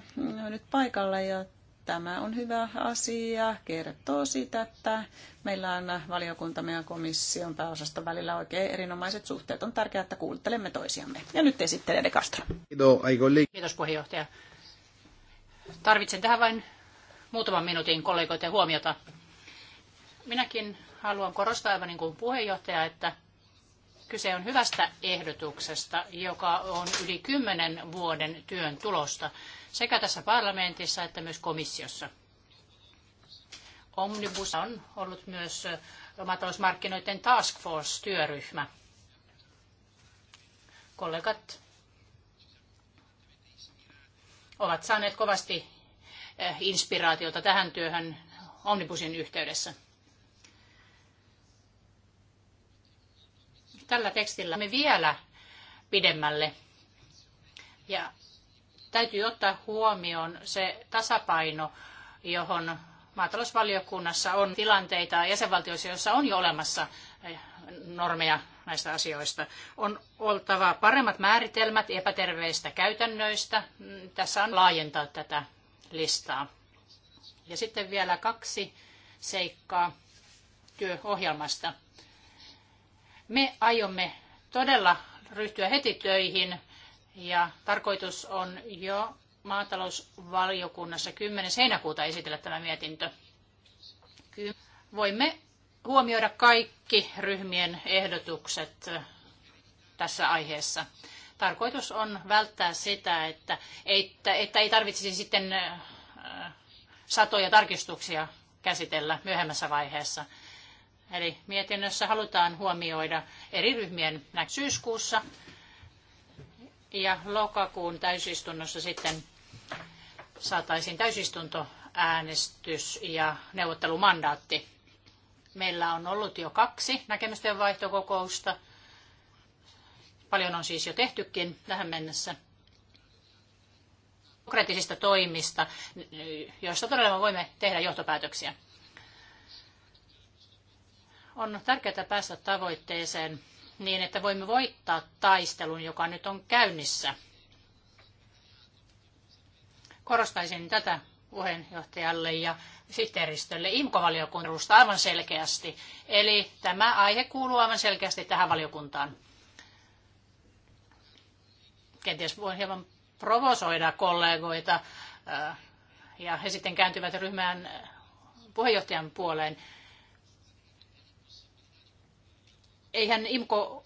nyt paikalla ja tämä on hyvä asia. Kertoo siitä, että meillä on valiokuntamme ja komission pääosaston välillä oikein erinomaiset suhteet. On tärkeää, että kuuntelemme toisiamme. Ja nyt esittelee De Castro. Kiitos puheenjohtaja. Tarvitsen tähän vain muutaman minuutin kollegoiden huomiota. Minäkin haluan korostaa aivan niin kuin puheenjohtaja, että Kyse on hyvästä ehdotuksesta, joka on yli kymmenen vuoden työn tulosta sekä tässä parlamentissa että myös komissiossa. Omnibus on ollut myös maatalousmarkkinoiden task force-työryhmä. Kollegat ovat saaneet kovasti inspiraatiota tähän työhön Omnibusin yhteydessä. tällä tekstillä me vielä pidemmälle. Ja täytyy ottaa huomioon se tasapaino, johon maatalousvaliokunnassa on tilanteita jäsenvaltioissa, joissa on jo olemassa eh, normeja näistä asioista. On oltava paremmat määritelmät epäterveistä käytännöistä. Mm, tässä on laajentaa tätä listaa. Ja sitten vielä kaksi seikkaa työohjelmasta. Me aiomme todella ryhtyä heti töihin ja tarkoitus on jo maatalousvaliokunnassa 10. heinäkuuta esitellä tämä mietintö. Voimme huomioida kaikki ryhmien ehdotukset tässä aiheessa. Tarkoitus on välttää sitä, että, että, että ei tarvitsisi sitten satoja tarkistuksia käsitellä myöhemmässä vaiheessa. Eli mietinnössä halutaan huomioida eri ryhmien syyskuussa ja lokakuun täysistunnossa sitten saataisiin täysistuntoäänestys ja neuvottelumandaatti. Meillä on ollut jo kaksi näkemysten vaihtokokousta. Paljon on siis jo tehtykin tähän mennessä konkreettisista toimista, joista todella voimme tehdä johtopäätöksiä. On tärkeää päästä tavoitteeseen niin, että voimme voittaa taistelun, joka nyt on käynnissä. Korostaisin tätä puheenjohtajalle ja sihteeristölle IMKO-valiokunnasta aivan selkeästi. Eli tämä aihe kuuluu aivan selkeästi tähän valiokuntaan. Kenties voin hieman provosoida kollegoita äh, ja he sitten kääntyvät ryhmään äh, puheenjohtajan puoleen. eihän IMKO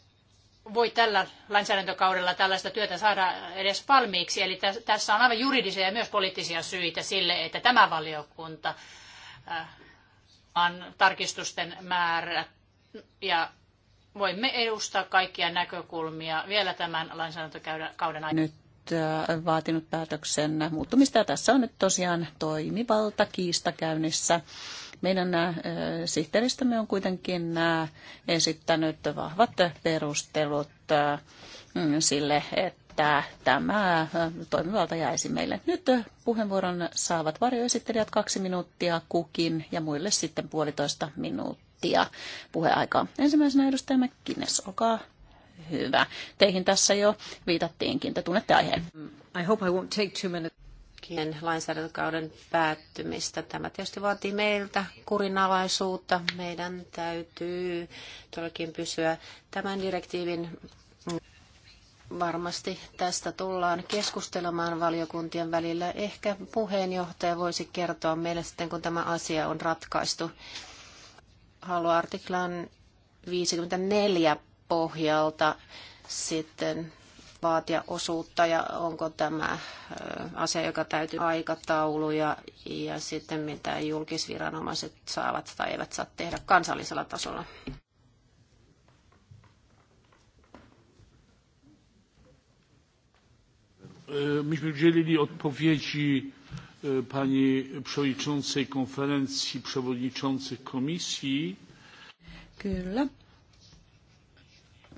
voi tällä lainsäädäntökaudella tällaista työtä saada edes valmiiksi. Eli tässä on aivan juridisia ja myös poliittisia syitä sille, että tämä valiokunta äh, on tarkistusten määrä ja voimme edustaa kaikkia näkökulmia vielä tämän lainsäädäntökauden aikana. Nyt Äh, vaatinut päätöksen muuttumista. Ja tässä on nyt tosiaan toimivalta kiista käynnissä. Meidän äh, sihteeristömme on kuitenkin äh, esittänyt vahvat perustelut mm, sille, että tämä toimivalta jäisi meille. Nyt puheenvuoron saavat varjoesittelijät kaksi minuuttia kukin ja muille sitten puolitoista minuuttia puheaikaa. Ensimmäisenä edustaja Mäkkines, olkaa hyvä. Teihin tässä jo viitattiinkin, te tunnette aiheen. I hope I won't take too many lainsäädäntökauden päättymistä. Tämä tietysti vaatii meiltä kurinalaisuutta. Meidän täytyy todellakin pysyä tämän direktiivin Varmasti tästä tullaan keskustelemaan valiokuntien välillä. Ehkä puheenjohtaja voisi kertoa meille sitten, kun tämä asia on ratkaistu. Haluan artiklan 54 pohjalta sitten vaatia osuutta ja onko tämä asia, joka täytyy aikatauluja ja sitten mitä julkisviranomaiset saavat tai eivät saa tehdä kansallisella tasolla. E, myśmy udzielili odpowiedzi e, pani przewodniczącej konferencji przewodniczących komisji. Kyllä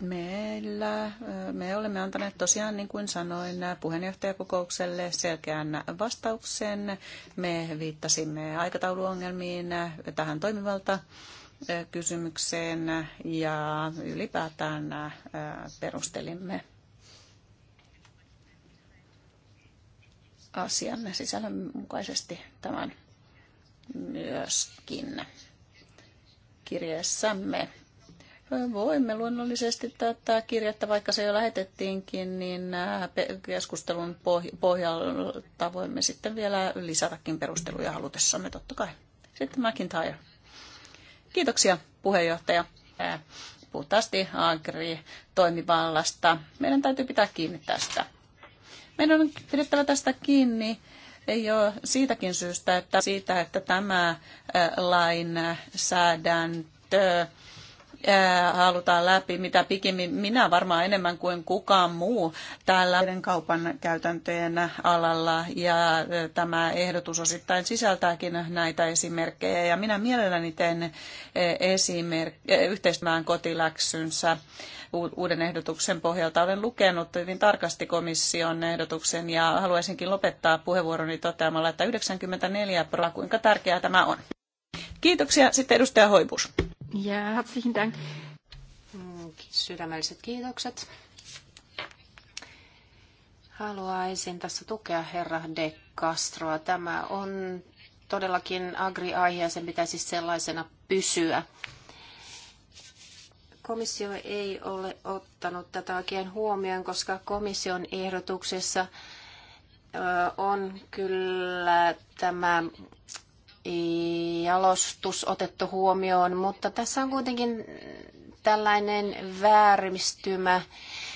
Meillä, äh, me olemme antaneet tosiaan, niin kuin sanoin, puheenjohtajakokoukselle selkeän vastauksen. Me viittasimme aikatauluongelmiin äh, tähän toimivalta äh, kysymykseen ja ylipäätään perustelimme asian sisällön mukaisesti tämän myöskin kirjeessämme. Voimme luonnollisesti tätä kirjettä, vaikka se jo lähetettiinkin, niin äh, keskustelun pohjalta voimme sitten vielä lisätäkin perusteluja halutessamme totta kai. Sitten McIntyre. Kiitoksia puheenjohtaja äh, puhtaasti Agri-toimivallasta. Meidän täytyy pitää kiinni tästä. Meidän on pidettävä tästä kiinni ei ole siitäkin syystä, että siitä, että tämä äh, lainsäädäntö halutaan läpi, mitä pikimmin minä varmaan enemmän kuin kukaan muu täällä kaupan käytäntöjen alalla. Ja tämä ehdotus osittain sisältääkin näitä esimerkkejä. Ja minä mielelläni teen esimerk- yhteistyön kotiläksynsä uuden ehdotuksen pohjalta. Olen lukenut hyvin tarkasti komission ehdotuksen ja haluaisinkin lopettaa puheenvuoroni toteamalla, että 94 kuinka tärkeää tämä on. Kiitoksia. Sitten edustaja Hoibus. Ja herzlichen Dank. Sydämelliset kiitokset. Haluaisin tässä tukea herra De Castroa. Tämä on todellakin agri-aihe ja sen pitäisi sellaisena pysyä. Komissio ei ole ottanut tätä oikein huomioon, koska komission ehdotuksessa on kyllä tämä jalostus otettu huomioon, mutta tässä on kuitenkin tällainen vääristymä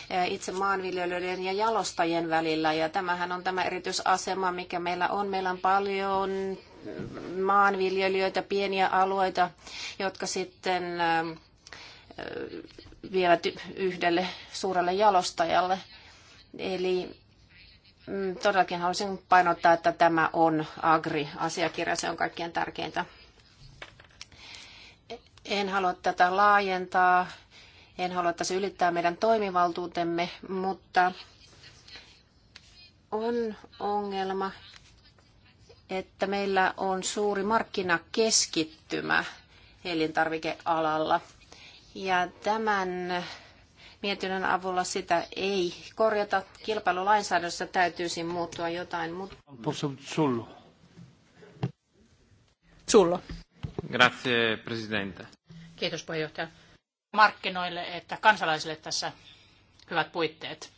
eh, itse maanviljelijöiden ja jalostajien välillä. Ja tämähän on tämä erityisasema, mikä meillä on. Meillä on paljon maanviljelijöitä, pieniä alueita, jotka sitten eh, eh, vievät yhdelle suurelle jalostajalle. Eli Mm, todellakin haluaisin painottaa, että tämä on Agri-asiakirja, se on kaikkien tärkeintä. En halua tätä laajentaa, en halua, että se ylittää meidän toimivaltuutemme, mutta on ongelma, että meillä on suuri markkinakeskittymä elintarvikealalla. Ja tämän mietinnön avulla sitä ei korjata. Kilpailulainsäädännössä täytyisi muuttua jotain. Mut... Zullo. Grazie, presidente. Kiitos puheenjohtaja. Markkinoille että kansalaisille tässä hyvät puitteet.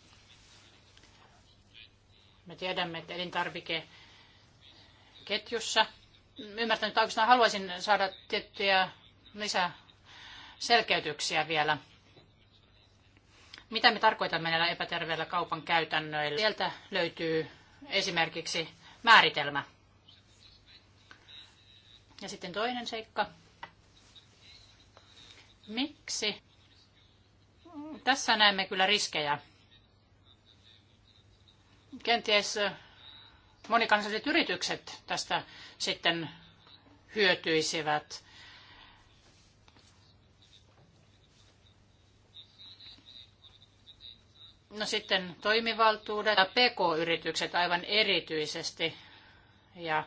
Me tiedämme, että elintarvikeketjussa ymmärtänyt, että oikeastaan haluaisin saada tiettyjä lisää selkeytyksiä vielä mitä me tarkoitamme näillä epäterveillä kaupan käytännöillä? Sieltä löytyy esimerkiksi määritelmä. Ja sitten toinen seikka. Miksi? Tässä näemme kyllä riskejä. Kenties monikansalliset yritykset tästä sitten hyötyisivät No sitten toimivaltuudet ja PK-yritykset aivan erityisesti. Ja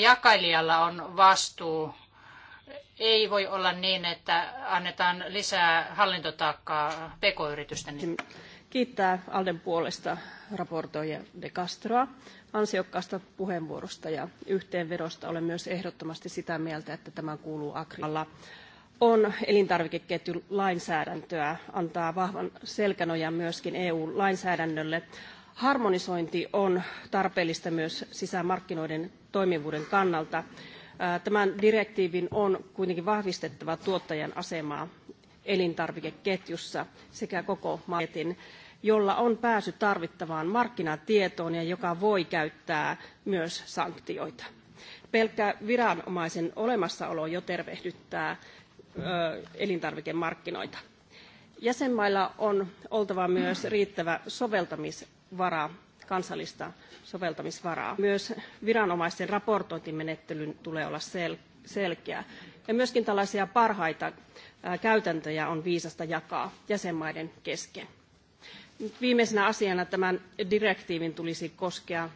jakailijalla on vastuu. Ei voi olla niin, että annetaan lisää hallintotaakkaa PK-yritysten. Kiittää Alden puolesta raportoija De Castroa ansiokkaasta puheenvuorosta ja yhteenvedosta. Olen myös ehdottomasti sitä mieltä, että tämä kuuluu Agrialla on elintarvikeketjulainsäädäntöä, antaa vahvan selkänojan myöskin EU-lainsäädännölle. Harmonisointi on tarpeellista myös sisämarkkinoiden toimivuuden kannalta. Tämän direktiivin on kuitenkin vahvistettava tuottajan asemaa elintarvikeketjussa sekä koko marketin, jolla on pääsy tarvittavaan markkinatietoon ja joka voi käyttää myös sanktioita. Pelkkä viranomaisen olemassaolo jo tervehdyttää elintarvikemarkkinoita. Jäsenmailla on oltava myös riittävä soveltamisvara, kansallista soveltamisvaraa. Myös viranomaisten raportointimenettelyn tulee olla sel- selkeä. Ja myöskin tällaisia parhaita käytäntöjä on viisasta jakaa jäsenmaiden kesken. viimeisenä asiana tämän direktiivin tulisi koskea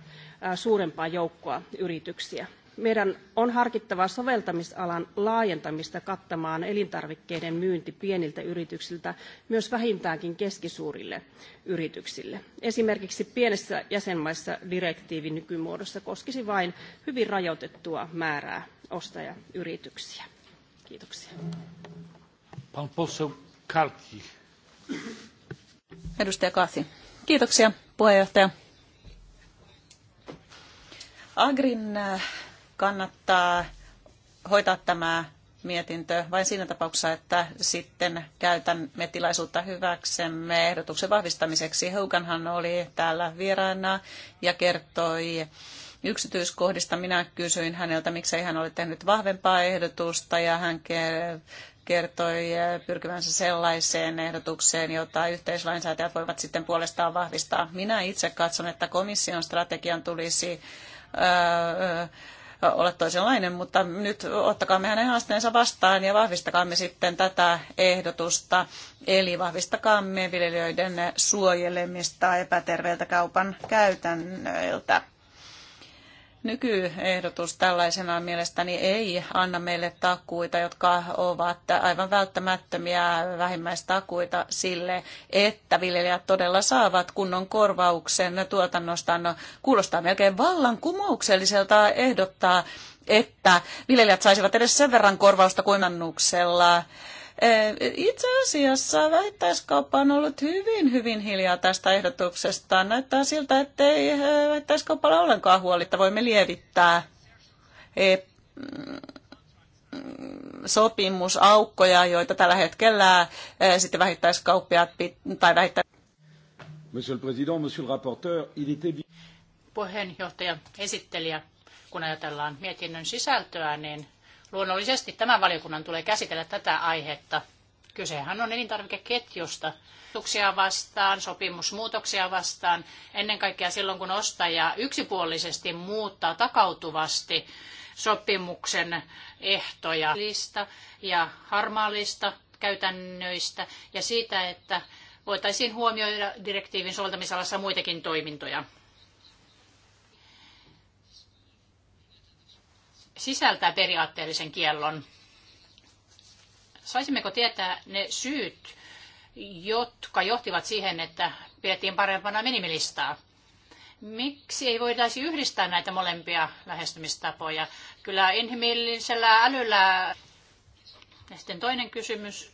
suurempaa joukkoa yrityksiä meidän on harkittava soveltamisalan laajentamista kattamaan elintarvikkeiden myynti pieniltä yrityksiltä myös vähintäänkin keskisuurille yrityksille. Esimerkiksi pienissä jäsenmaissa direktiivi nykymuodossa koskisi vain hyvin rajoitettua määrää ostajayrityksiä. Kiitoksia. Edustaja Kasi. Kiitoksia puheenjohtaja. Agrin äh, kannattaa hoitaa tämä mietintö vain siinä tapauksessa, että sitten käytämme tilaisuutta hyväksemme ehdotuksen vahvistamiseksi. Houkanhan oli täällä vieraana ja kertoi yksityiskohdista. Minä kysyin häneltä, miksei hän ole tehnyt vahvempaa ehdotusta ja hän kertoi pyrkivänsä sellaiseen ehdotukseen, jota yhteislainsäätäjät voivat sitten puolestaan vahvistaa. Minä itse katson, että komission strategian tulisi öö, olla toisenlainen, mutta nyt ottakaa meidän haasteensa vastaan ja vahvistakaamme sitten tätä ehdotusta, eli vahvistakaamme viljelijöiden suojelemista epäterveiltä kaupan käytännöiltä nykyehdotus tällaisena mielestäni ei anna meille takuita, jotka ovat aivan välttämättömiä vähimmäistakuita sille, että viljelijät todella saavat kunnon korvauksen tuotannostaan. No, kuulostaa melkein vallankumoukselliselta ehdottaa, että viljelijät saisivat edes sen verran korvausta annuksella. Itse asiassa vähittäiskauppa on ollut hyvin, hyvin hiljaa tästä ehdotuksesta. Näyttää siltä, ettei vähittäiskauppalla ollenkaan että Voimme lievittää e, mm, sopimusaukkoja, joita tällä hetkellä sitten vähittäiskauppiaat tai vähittäis... Monsieur le Président, Monsieur le Rapporteur, il était... Puheenjohtaja, esittelijä, kun ajatellaan mietinnön sisältöä, niin Luonnollisesti tämän valiokunnan tulee käsitellä tätä aihetta. Kysehän on elintarvikeketjusta. Sopimuksia vastaan, sopimusmuutoksia vastaan, ennen kaikkea silloin kun ostaja yksipuolisesti muuttaa takautuvasti sopimuksen ehtoja lista ja harmaalista käytännöistä ja siitä, että voitaisiin huomioida direktiivin soveltamisalassa muitakin toimintoja. sisältää periaatteellisen kiellon. Saisimmeko tietää ne syyt, jotka johtivat siihen, että pidettiin parempana minimilistaa? Miksi ei voitaisi yhdistää näitä molempia lähestymistapoja? Kyllä inhimillisellä älyllä. Ja sitten toinen kysymys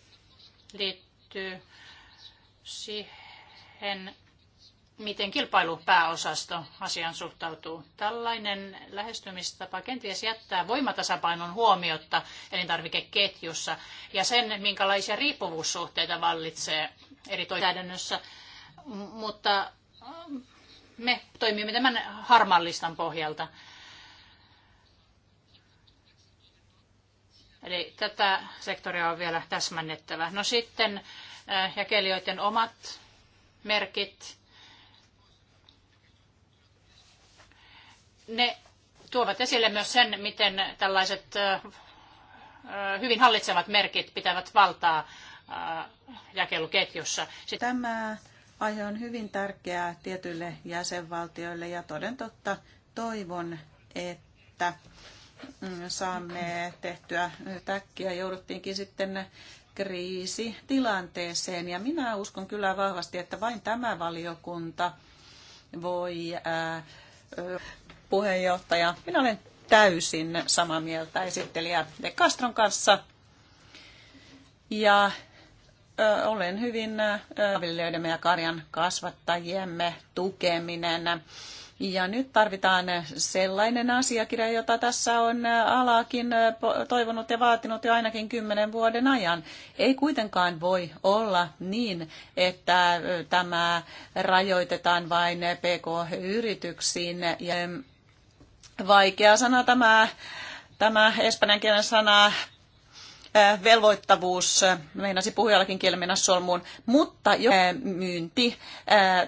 liittyy siihen, miten kilpailupääosasto asiaan suhtautuu. Tällainen lähestymistapa kenties jättää voimatasapainon huomiotta elintarvikeketjussa ja sen, minkälaisia riippuvuussuhteita vallitsee eri toimidännössä, mutta äh, me toimimme tämän harmallistan pohjalta. Eli tätä sektoria on vielä täsmännettävä. No sitten äh, jakelijoiden omat merkit, ne tuovat esille myös sen, miten tällaiset hyvin hallitsevat merkit pitävät valtaa jakeluketjussa. Tämä aihe on hyvin tärkeää tietyille jäsenvaltioille ja toden totta toivon, että mm, saamme tehtyä täkkiä. Jouduttiinkin sitten kriisitilanteeseen ja minä uskon kyllä vahvasti, että vain tämä valiokunta voi puheenjohtaja. Minä olen täysin samaa mieltä esittelijä De Castron kanssa. Ja ö, olen hyvin avilleidemme ja karjan kasvattajiemme tukeminen. Ja nyt tarvitaan sellainen asiakirja, jota tässä on alakin toivonut ja vaatinut jo ainakin kymmenen vuoden ajan. Ei kuitenkaan voi olla niin, että tämä rajoitetaan vain PK-yrityksiin. Vaikea sana tämä, tämä espanjan kielen sana velvoittavuus, meinasi puhujallakin kieli mennä solmuun, mutta jo myynti,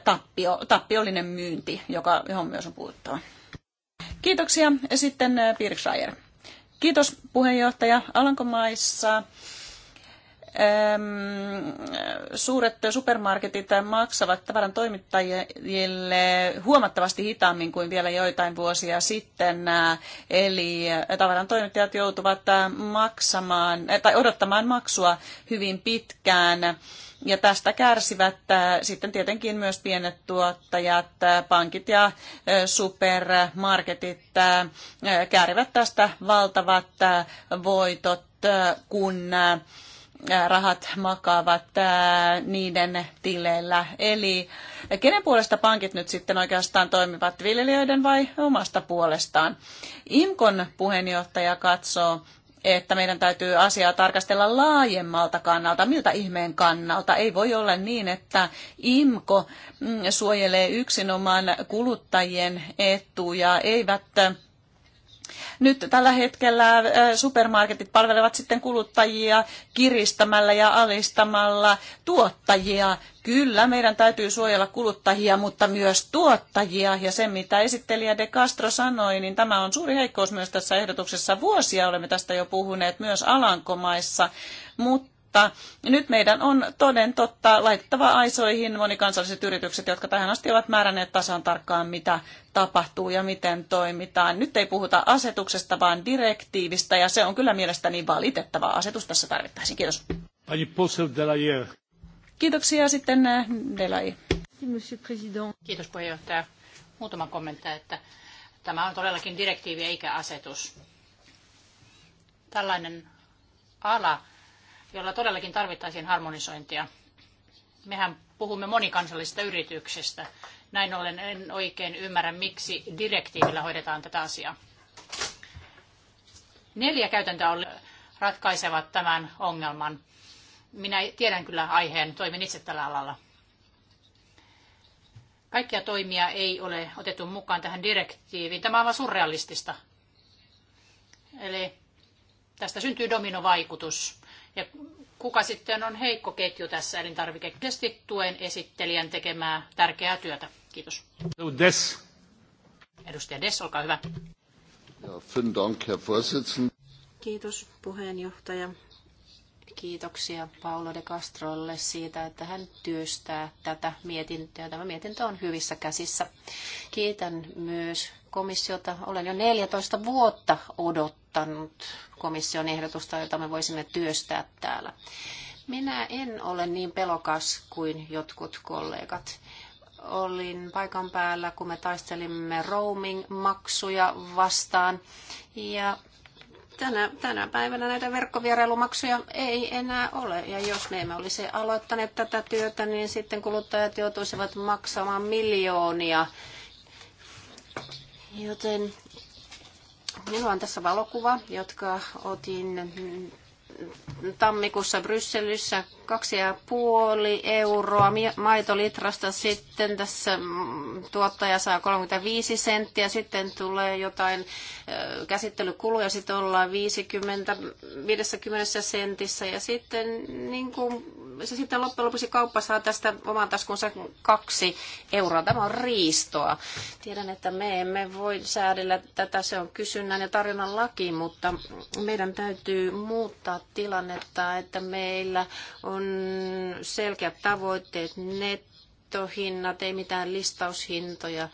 tappio, tappiollinen myynti, joka, johon myös on puhuttava. Kiitoksia. Sitten Pirk Schreier. Kiitos puheenjohtaja Alankomaissa. Ehm, suuret supermarketit maksavat tavaran toimittajille huomattavasti hitaammin kuin vielä joitain vuosia sitten. Eli eh, tavaran toimittajat joutuvat eh, maksamaan eh, tai odottamaan maksua hyvin pitkään. Ja tästä kärsivät sitten tietenkin myös pienet tuottajat, pankit ja supermarketit käärivät tästä valtavat voitot, kun rahat makaavat niiden tileillä. Eli kenen puolesta pankit nyt sitten oikeastaan toimivat, viljelijöiden vai omasta puolestaan? IMKON puheenjohtaja katsoo, että meidän täytyy asiaa tarkastella laajemmalta kannalta, miltä ihmeen kannalta. Ei voi olla niin, että IMKO mm, suojelee yksinomaan kuluttajien etuja, eivät nyt tällä hetkellä äh, supermarketit palvelevat sitten kuluttajia kiristämällä ja alistamalla tuottajia. Kyllä, meidän täytyy suojella kuluttajia, mutta myös tuottajia. Ja se, mitä esittelijä De Castro sanoi, niin tämä on suuri heikkous myös tässä ehdotuksessa. Vuosia olemme tästä jo puhuneet myös Alankomaissa, mutta mutta nyt meidän on toden totta laittava aisoihin monikansalliset yritykset, jotka tähän asti ovat määränneet tasan tarkkaan, mitä tapahtuu ja miten toimitaan. Nyt ei puhuta asetuksesta, vaan direktiivistä, ja se on kyllä mielestäni valitettava asetus tässä tarvittaisiin. Kiitos. Kiitoksia sitten eh, Delay. Kiitos puheenjohtaja. Muutama kommentti, että tämä on todellakin direktiivi eikä asetus. Tällainen ala jolla todellakin tarvittaisiin harmonisointia. Mehän puhumme monikansallisista yrityksistä. Näin ollen en oikein ymmärrä, miksi direktiivillä hoidetaan tätä asiaa. Neljä käytäntöä on ratkaisevat tämän ongelman. Minä tiedän kyllä aiheen, toimin itse tällä alalla. Kaikkia toimia ei ole otettu mukaan tähän direktiiviin. Tämä on aivan surrealistista. Eli tästä syntyy dominovaikutus. Ja kuka sitten on heikko ketju tässä elintarvikekesti tuen esittelijän tekemää tärkeää työtä. Kiitos. Des. Edustaja Des, olkaa hyvä. Ja, vielen Dank, Herr Kiitos puheenjohtaja. Kiitoksia Paolo de Castrolle siitä, että hän työstää tätä mietintöä. Tämä mietintö on hyvissä käsissä. Kiitän myös komissiota. Olen jo 14 vuotta odottanut komission ehdotusta, jota me voisimme työstää täällä. Minä en ole niin pelokas kuin jotkut kollegat. Olin paikan päällä, kun me taistelimme roaming-maksuja vastaan. Ja tänä, tänä päivänä näitä verkkovierailumaksuja ei enää ole. Ja jos me emme olisi aloittaneet tätä työtä, niin sitten kuluttajat joutuisivat maksamaan miljoonia Joten minulla on tässä valokuva, jotka otin tammikuussa Brysselissä kaksi ja puoli euroa maitolitrasta, sitten tässä mm, tuottaja saa 35 senttiä, sitten tulee jotain käsittelykuluja, sitten ollaan 50, 50 sentissä ja sitten niin kuin, se sitten loppujen lopuksi kauppa saa tästä oman taskunsa kaksi euroa. Tämä on riistoa. Tiedän, että me emme voi säädellä tätä, se on kysynnän ja tarjonnan laki, mutta meidän täytyy muuttaa tilannetta, että meillä on on selkeät tavoitteet, nettohinnat, ei mitään listaushintoja.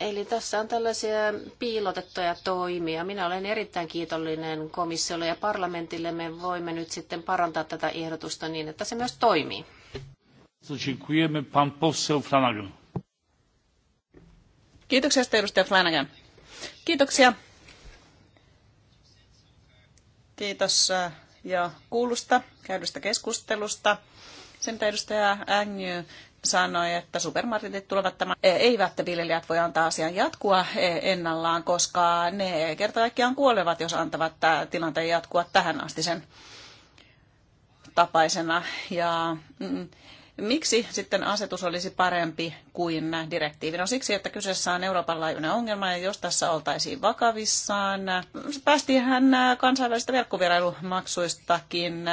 Eli tässä on tällaisia piilotettuja toimia. Minä olen erittäin kiitollinen komissiolle ja parlamentille. Me voimme nyt sitten parantaa tätä ehdotusta niin, että se myös toimii. Kiitoksia, edustaja Flanagan. Kiitoksia. Kiitos ja kuulusta käydystä keskustelusta. Sen mitä edustaja Agnew sanoi, että supermarketit tulevat tämän, e, eivät viljelijät voi antaa asian jatkua e, ennallaan, koska ne kerta kaikkiaan kuolevat, jos antavat tilanteen jatkua tähän asti sen tapaisena. Ja, mm, Miksi sitten asetus olisi parempi kuin direktiivi? No siksi, että kyseessä on Euroopan laajuinen ongelma ja jos tässä oltaisiin vakavissaan, päästiinhän kansainvälistä verkkovierailumaksuistakin.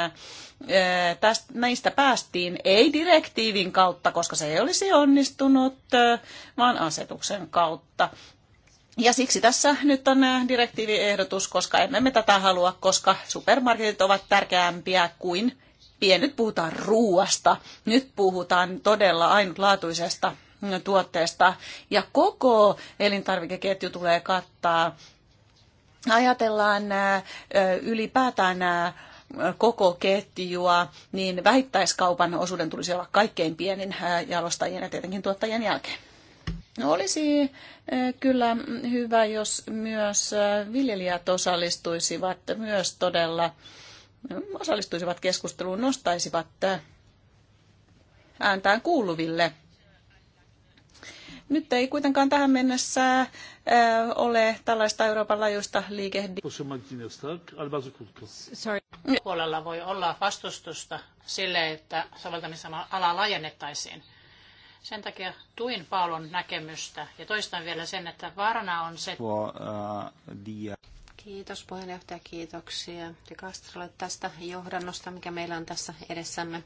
Tästä, näistä päästiin ei direktiivin kautta, koska se ei olisi onnistunut, e, vaan asetuksen kautta. Ja siksi tässä nyt on e, direktiiviehdotus, koska emme me tätä halua, koska supermarketit ovat tärkeämpiä kuin pieni. Nyt puhutaan ruuasta, nyt puhutaan todella ainutlaatuisesta tuotteesta ja koko elintarvikeketju tulee kattaa. Ajatellaan äh, ylipäätään äh, koko ketjua, niin vähittäiskaupan osuuden tulisi olla kaikkein pienin äh, jalostajien ja tietenkin tuottajien jälkeen. No olisi kyllä hyvä, jos myös viljelijät osallistuisivat myös todella osallistuisivat keskusteluun, nostaisivat ääntään kuuluville. Nyt ei kuitenkaan tähän mennessä ole tällaista Euroopan laajuista liikehdintää. Puolella voi olla vastustusta sille, että ala laajennettaisiin. Sen takia tuin Paulon näkemystä ja toistan vielä sen, että vaarana on se, Kiitos puheenjohtaja, kiitoksia De Castrolle tästä johdannosta, mikä meillä on tässä edessämme.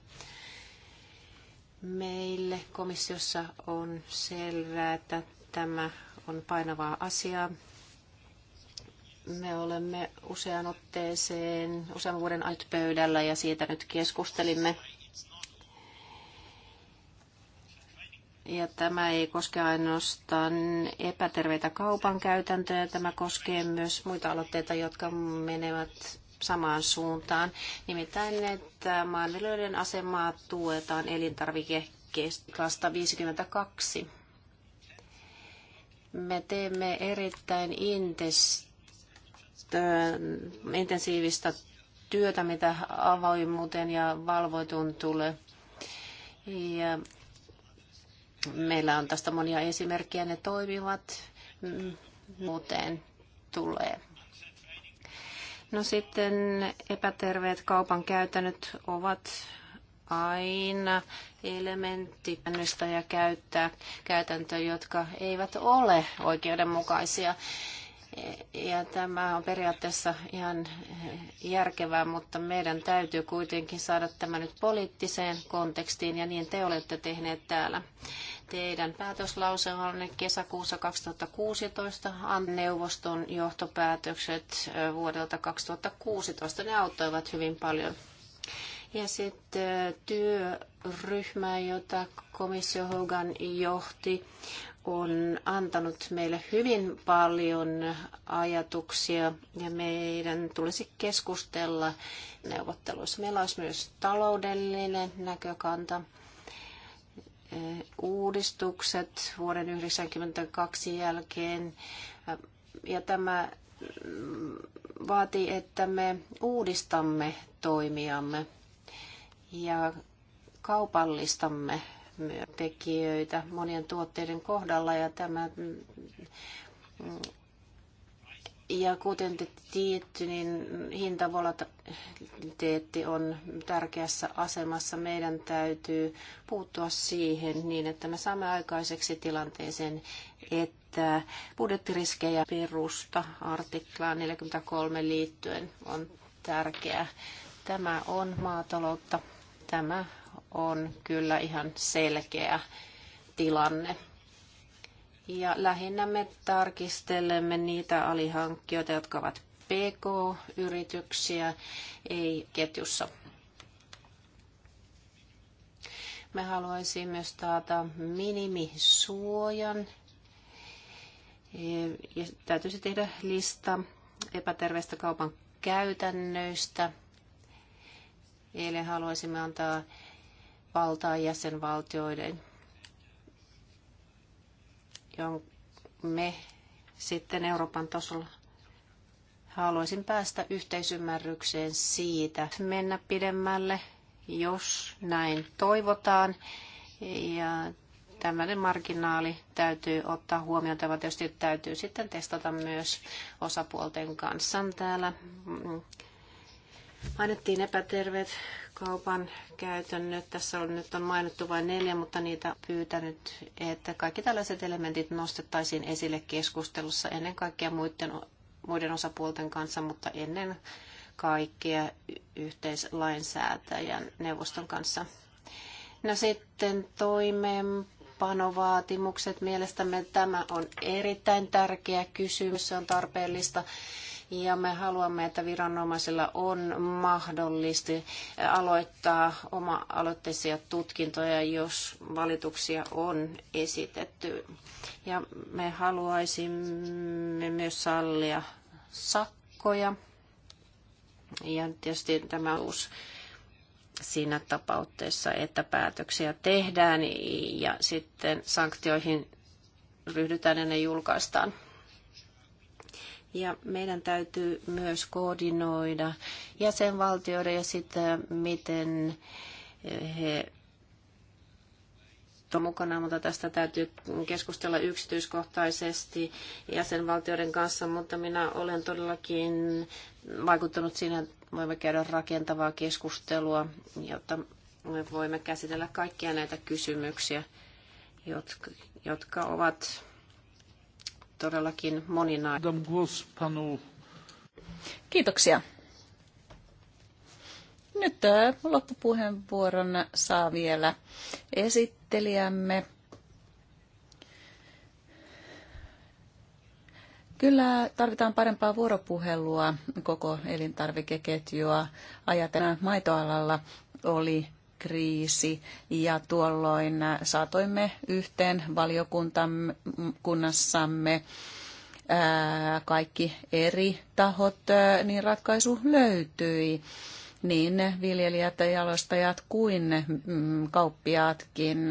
Meille komissiossa on selvää, että tämä on painavaa asiaa. Me olemme usean otteeseen, usean vuoden alt pöydällä ja siitä nyt keskustelimme. Ja tämä ei koske ainoastaan epäterveitä kaupan käytäntöjä, tämä koskee myös muita aloitteita, jotka menevät samaan suuntaan. Nimittäin, että maanviljelijöiden asemaa tuetaan elintarvikekasta 52. Me teemme erittäin intensiivistä työtä, mitä avoimuuteen ja valvoituun tulee. Ja Meillä on tästä monia esimerkkejä, ne toimivat, mm, muuten tulee. No sitten epäterveet kaupan käytännöt ovat aina elementti ja käyttää käytäntöjä, jotka eivät ole oikeudenmukaisia. Ja tämä on periaatteessa ihan järkevää, mutta meidän täytyy kuitenkin saada tämä nyt poliittiseen kontekstiin ja niin te olette tehneet täällä teidän päätöslauselmanne kesäkuussa 2016 neuvoston johtopäätökset vuodelta 2016. Ne auttoivat hyvin paljon. Ja sitten työryhmä, jota komissio Hogan johti, on antanut meille hyvin paljon ajatuksia ja meidän tulisi keskustella neuvotteluissa. Meillä olisi myös taloudellinen näkökanta uudistukset vuoden 1992 jälkeen. Ja tämä vaatii, että me uudistamme toimiamme ja kaupallistamme tekijöitä monien tuotteiden kohdalla ja tämä ja kuten te tiedätte, niin hintavolatiliteetti on tärkeässä asemassa. Meidän täytyy puuttua siihen niin, että me saamme aikaiseksi tilanteeseen, että budjettiriskejä perusta artiklaan 43 liittyen on tärkeää. Tämä on maataloutta. Tämä on kyllä ihan selkeä tilanne. Ja lähinnä me tarkistelemme niitä alihankkijoita, jotka ovat PK-yrityksiä, ei ketjussa. Me haluaisimme myös taata minimisuojan. Ja täytyisi tehdä lista epäterveistä kaupan käytännöistä. Eli haluaisimme antaa valtaa jäsenvaltioiden jonka me sitten Euroopan tasolla haluaisin päästä yhteisymmärrykseen siitä, mennä pidemmälle, jos näin toivotaan. Ja tämmöinen marginaali täytyy ottaa huomioon. Tämä tietysti täytyy sitten testata myös osapuolten kanssa täällä Mainittiin epäterveet kaupan käytännöt. Tässä on, nyt on mainittu vain neljä, mutta niitä pyytänyt, että kaikki tällaiset elementit nostettaisiin esille keskustelussa ennen kaikkea muiden, muiden osapuolten kanssa, mutta ennen kaikkea yhteislainsäätäjän neuvoston kanssa. No sitten toimeenpanovaatimukset. Mielestämme tämä on erittäin tärkeä kysymys. Se on tarpeellista ja me haluamme, että viranomaisilla on mahdollista aloittaa oma-aloitteisia tutkintoja, jos valituksia on esitetty. Ja me haluaisimme myös sallia sakkoja. Ja tietysti tämä uusi siinä tapauksessa, että päätöksiä tehdään ja sitten sanktioihin ryhdytään ja ne julkaistaan. Ja meidän täytyy myös koordinoida jäsenvaltioiden ja sitä, miten eh, he mukana, mutta tästä täytyy keskustella yksityiskohtaisesti jäsenvaltioiden kanssa, mutta minä olen todellakin vaikuttanut siinä, että voimme käydä rakentavaa keskustelua, jotta me voimme käsitellä kaikkia näitä kysymyksiä, jotka, jotka ovat todellakin moninainen. Kiitoksia. Nyt äh, loppupuheenvuoron saa vielä esittelijämme. Kyllä tarvitaan parempaa vuoropuhelua koko elintarvikeketjua. Ajatellen maitoalalla oli kriisi ja tuolloin saatoimme yhteen valiokunnassamme kaikki eri tahot, niin ratkaisu löytyi. Niin viljelijät ja jalostajat kuin mm, kauppiaatkin.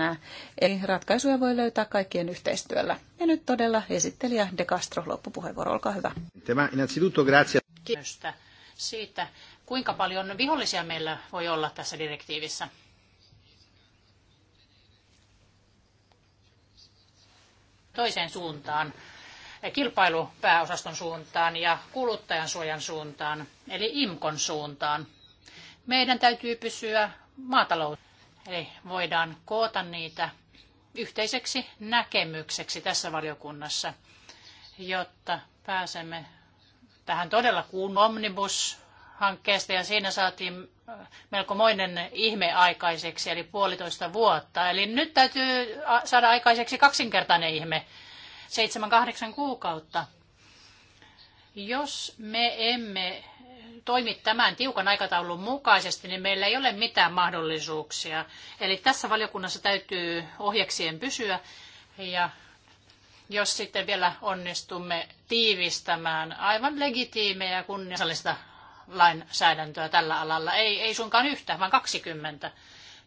Eli ratkaisuja voi löytää kaikkien yhteistyöllä. Ja nyt todella esittelijä De Castro loppupuheenvuoro, olkaa hyvä. Tämä, Kiitos siitä, kuinka paljon vihollisia meillä voi olla tässä direktiivissä? Toiseen suuntaan, kilpailupääosaston suuntaan ja kuluttajansuojan suuntaan, eli IMKON suuntaan. Meidän täytyy pysyä maatalous. Eli voidaan koota niitä yhteiseksi näkemykseksi tässä valiokunnassa, jotta pääsemme tähän todella kuun omnibus hankkeesta ja siinä saatiin äh, melkomoinen ihme aikaiseksi, eli puolitoista vuotta. Eli nyt täytyy äh, saada aikaiseksi kaksinkertainen ihme, seitsemän kahdeksan kuukautta. Jos me emme toimi tämän tiukan aikataulun mukaisesti, niin meillä ei ole mitään mahdollisuuksia. Eli tässä valiokunnassa täytyy ohjeksien pysyä ja jos sitten vielä onnistumme tiivistämään aivan legitiimejä kunniallista lainsäädäntöä tällä alalla. Ei, ei suinkaan yhtä, vaan 20.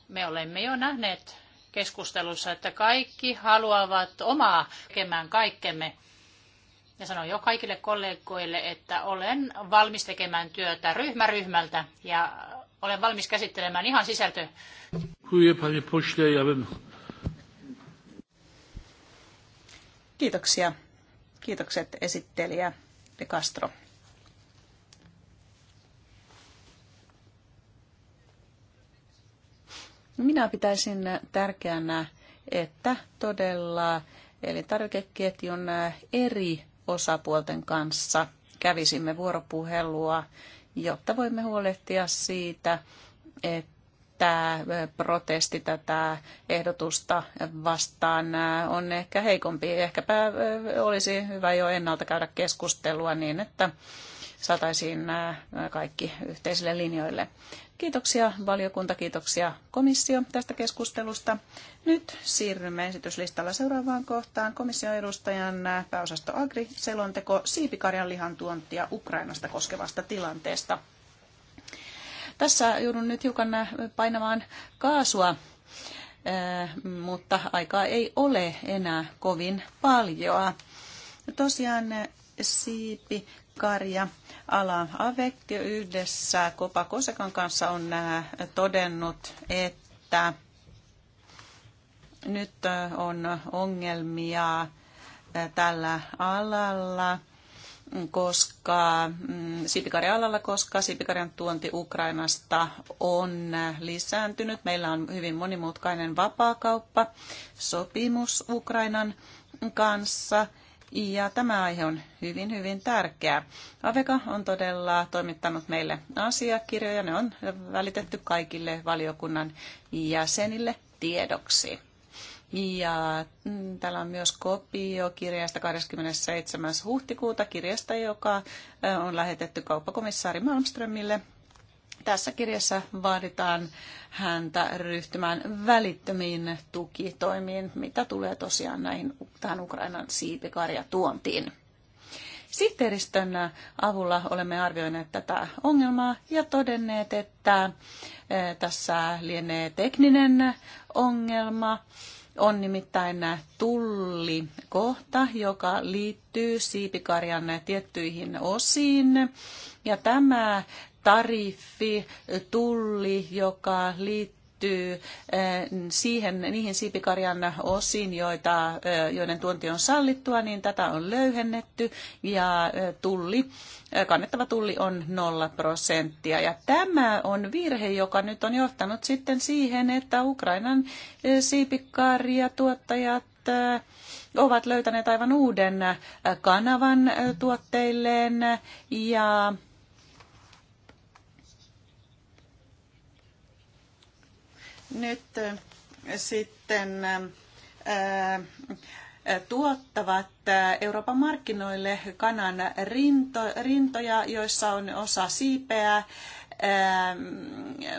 Me olemme jo nähneet keskustelussa, että kaikki haluavat omaa tekemään kaikkemme. Ja sanon jo kaikille kollegoille, että olen valmis tekemään työtä ryhmä ryhmältä ja olen valmis käsittelemään ihan sisältö. Kiitoksia. Kiitokset esittelijä De Castro. Minä pitäisin tärkeänä, että todella eli tarvikeketjun eri osapuolten kanssa kävisimme vuoropuhelua, jotta voimme huolehtia siitä, että tämä protesti tätä ehdotusta vastaan on ehkä heikompi. Ehkäpä olisi hyvä jo ennalta käydä keskustelua niin, että saataisiin kaikki yhteisille linjoille. Kiitoksia valiokunta, kiitoksia komissio tästä keskustelusta. Nyt siirrymme esityslistalla seuraavaan kohtaan. Komission edustajan pääosasto Agri, selonteko siipikarjan lihan tuontia Ukrainasta koskevasta tilanteesta. Tässä joudun nyt hiukan painamaan kaasua, eh, mutta aikaa ei ole enää kovin paljoa. Tosiaan eh, siipikarja ala AVEC yhdessä Kopa Kosekan kanssa on äh, todennut, että nyt äh, on ongelmia äh, tällä alalla mm, koska mm, siipikarja-alalla, koska sipikarjan tuonti Ukrainasta on lisääntynyt. Meillä on hyvin monimutkainen vapaakauppa sopimus Ukrainan kanssa – ja tämä aihe on hyvin, hyvin tärkeä. Aveka on todella toimittanut meille asiakirjoja. Ne on välitetty kaikille valiokunnan jäsenille tiedoksi. Ja mm, täällä on myös kopio kirjasta 27. huhtikuuta kirjasta, joka on lähetetty kauppakomissaari Malmströmille tässä kirjassa vaaditaan häntä ryhtymään välittömiin tukitoimiin, mitä tulee tosiaan näihin, tähän Ukrainan siipikarjatuontiin. Sihteeristön avulla olemme arvioineet tätä ongelmaa ja todenneet, että eh, tässä lienee tekninen ongelma. On nimittäin tullikohta, joka liittyy siipikarjan tiettyihin osiin. Ja tämä tariffi, tulli, joka liittyy eh, siihen, niihin siipikarjan osiin, joita, eh, joiden tuonti on sallittua, niin tätä on löyhennetty ja eh, tulli, kannettava tulli on nolla prosenttia. Ja tämä on virhe, joka nyt on johtanut sitten siihen, että Ukrainan siipikarjatuottajat ovat löytäneet aivan uuden kanavan tuotteilleen ja Nyt äh, sitten äh, äh, tuottavat Euroopan markkinoille kanan rinto, rintoja, joissa on osa siipeä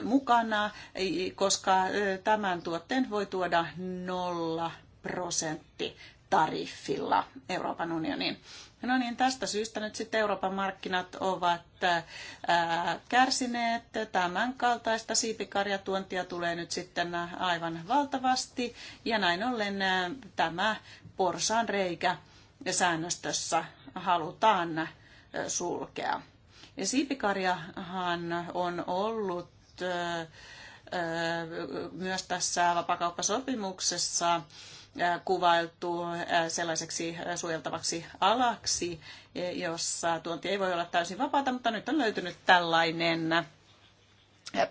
mukana, koska tämän tuotteen voi tuoda nolla prosentti tariffilla Euroopan unioniin. No niin, tästä syystä nyt sitten Euroopan markkinat ovat ää, äh, kärsineet. Tämän kaltaista siipikarjatuontia tulee nyt sitten äh, aivan valtavasti. Ja näin ollen ää, äh, tämä porsaan reikä säännöstössä halutaan ää, sulkea. Ja siipikarjahan on ollut ää, myös tässä vapakauppasopimuksessa kuvailtu sellaiseksi suojeltavaksi alaksi, e, jossa tuonti ei voi olla täysin vapaata, mutta nyt on löytynyt tällainen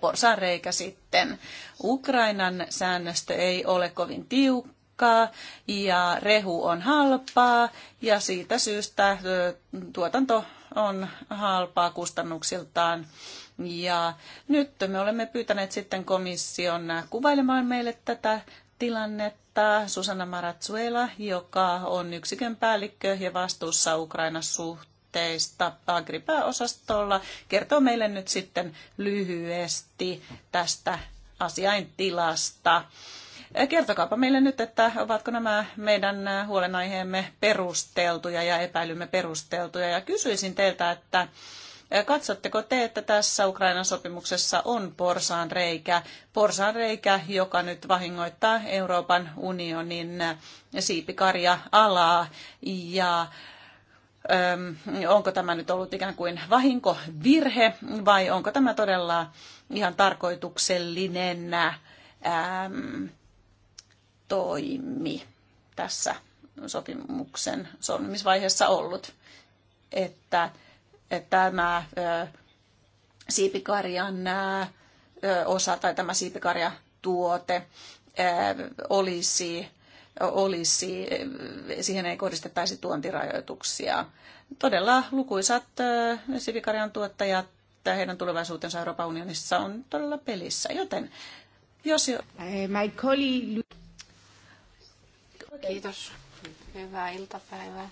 porsareikä sitten. Ukrainan säännöstö ei ole kovin tiukkaa ja rehu on halpaa ja siitä syystä tuotanto on halpaa kustannuksiltaan. Ja nyt me olemme pyytäneet sitten komission kuvailemaan meille tätä tilannetta johtaa Susanna Maratsuela, joka on yksikön päällikkö ja vastuussa Ukrainan suhteista agripa osastolla Kertoo meille nyt sitten lyhyesti tästä asiaintilasta. Kertokaapa meille nyt, että ovatko nämä meidän huolenaiheemme perusteltuja ja epäilymme perusteltuja. Ja kysyisin teiltä, että Katsotteko te, että tässä Ukrainan sopimuksessa on porsaanreikä, porsaanreikä, joka nyt vahingoittaa Euroopan unionin siipikarja-alaa ja onko tämä nyt ollut ikään kuin vahinko virhe vai onko tämä todella ihan tarkoituksellinen toimi tässä sopimuksen solmimisvaiheessa ollut, että tämä siipikarjan osa tai tämä siipikarjatuote olisi, olisi, siihen ei kohdistettaisi tuontirajoituksia. Todella lukuisat siipikarjan tuottajat että heidän tulevaisuutensa Euroopan unionissa on todella pelissä. Joten jos jo... Eh, my colleague... Kiitos. Hyvää iltapäivää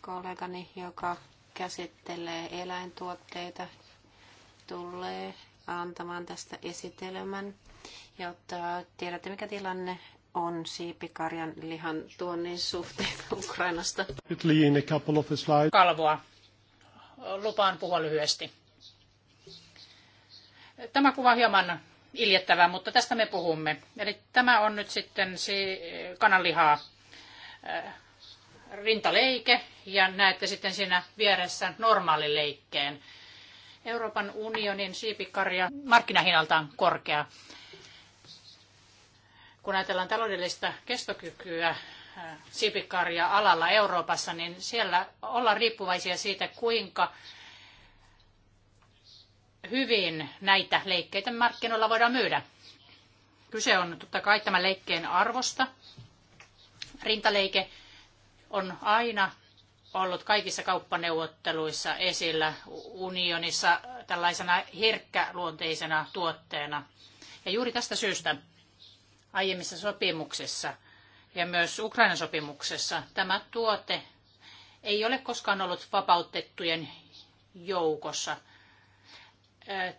kollegani, joka käsittelee eläintuotteita, tulee antamaan tästä esitelmän, jotta tiedätte mikä tilanne on siipikarjan lihan tuonnin suhteen Ukrainasta. Kalvoa. Lupaan puhua lyhyesti. Tämä kuva on hieman iljettävää, mutta tästä me puhumme. Eli tämä on nyt sitten kananlihaa äh, rintaleike ja näette sitten siinä vieressä normaalileikkeen. Euroopan unionin siipikarja markkinahinnaltaan korkea. Kun ajatellaan taloudellista kestokykyä äh, siipikarja-alalla Euroopassa, niin siellä ollaan riippuvaisia siitä, kuinka hyvin näitä leikkeitä markkinoilla voidaan myydä. Kyse on totta kai tämän leikkeen arvosta. Rintaleike on aina ollut kaikissa kauppaneuvotteluissa esillä unionissa tällaisena herkkäluonteisena tuotteena. Ja juuri tästä syystä aiemmissa sopimuksissa ja myös Ukrainan sopimuksessa tämä tuote ei ole koskaan ollut vapautettujen joukossa.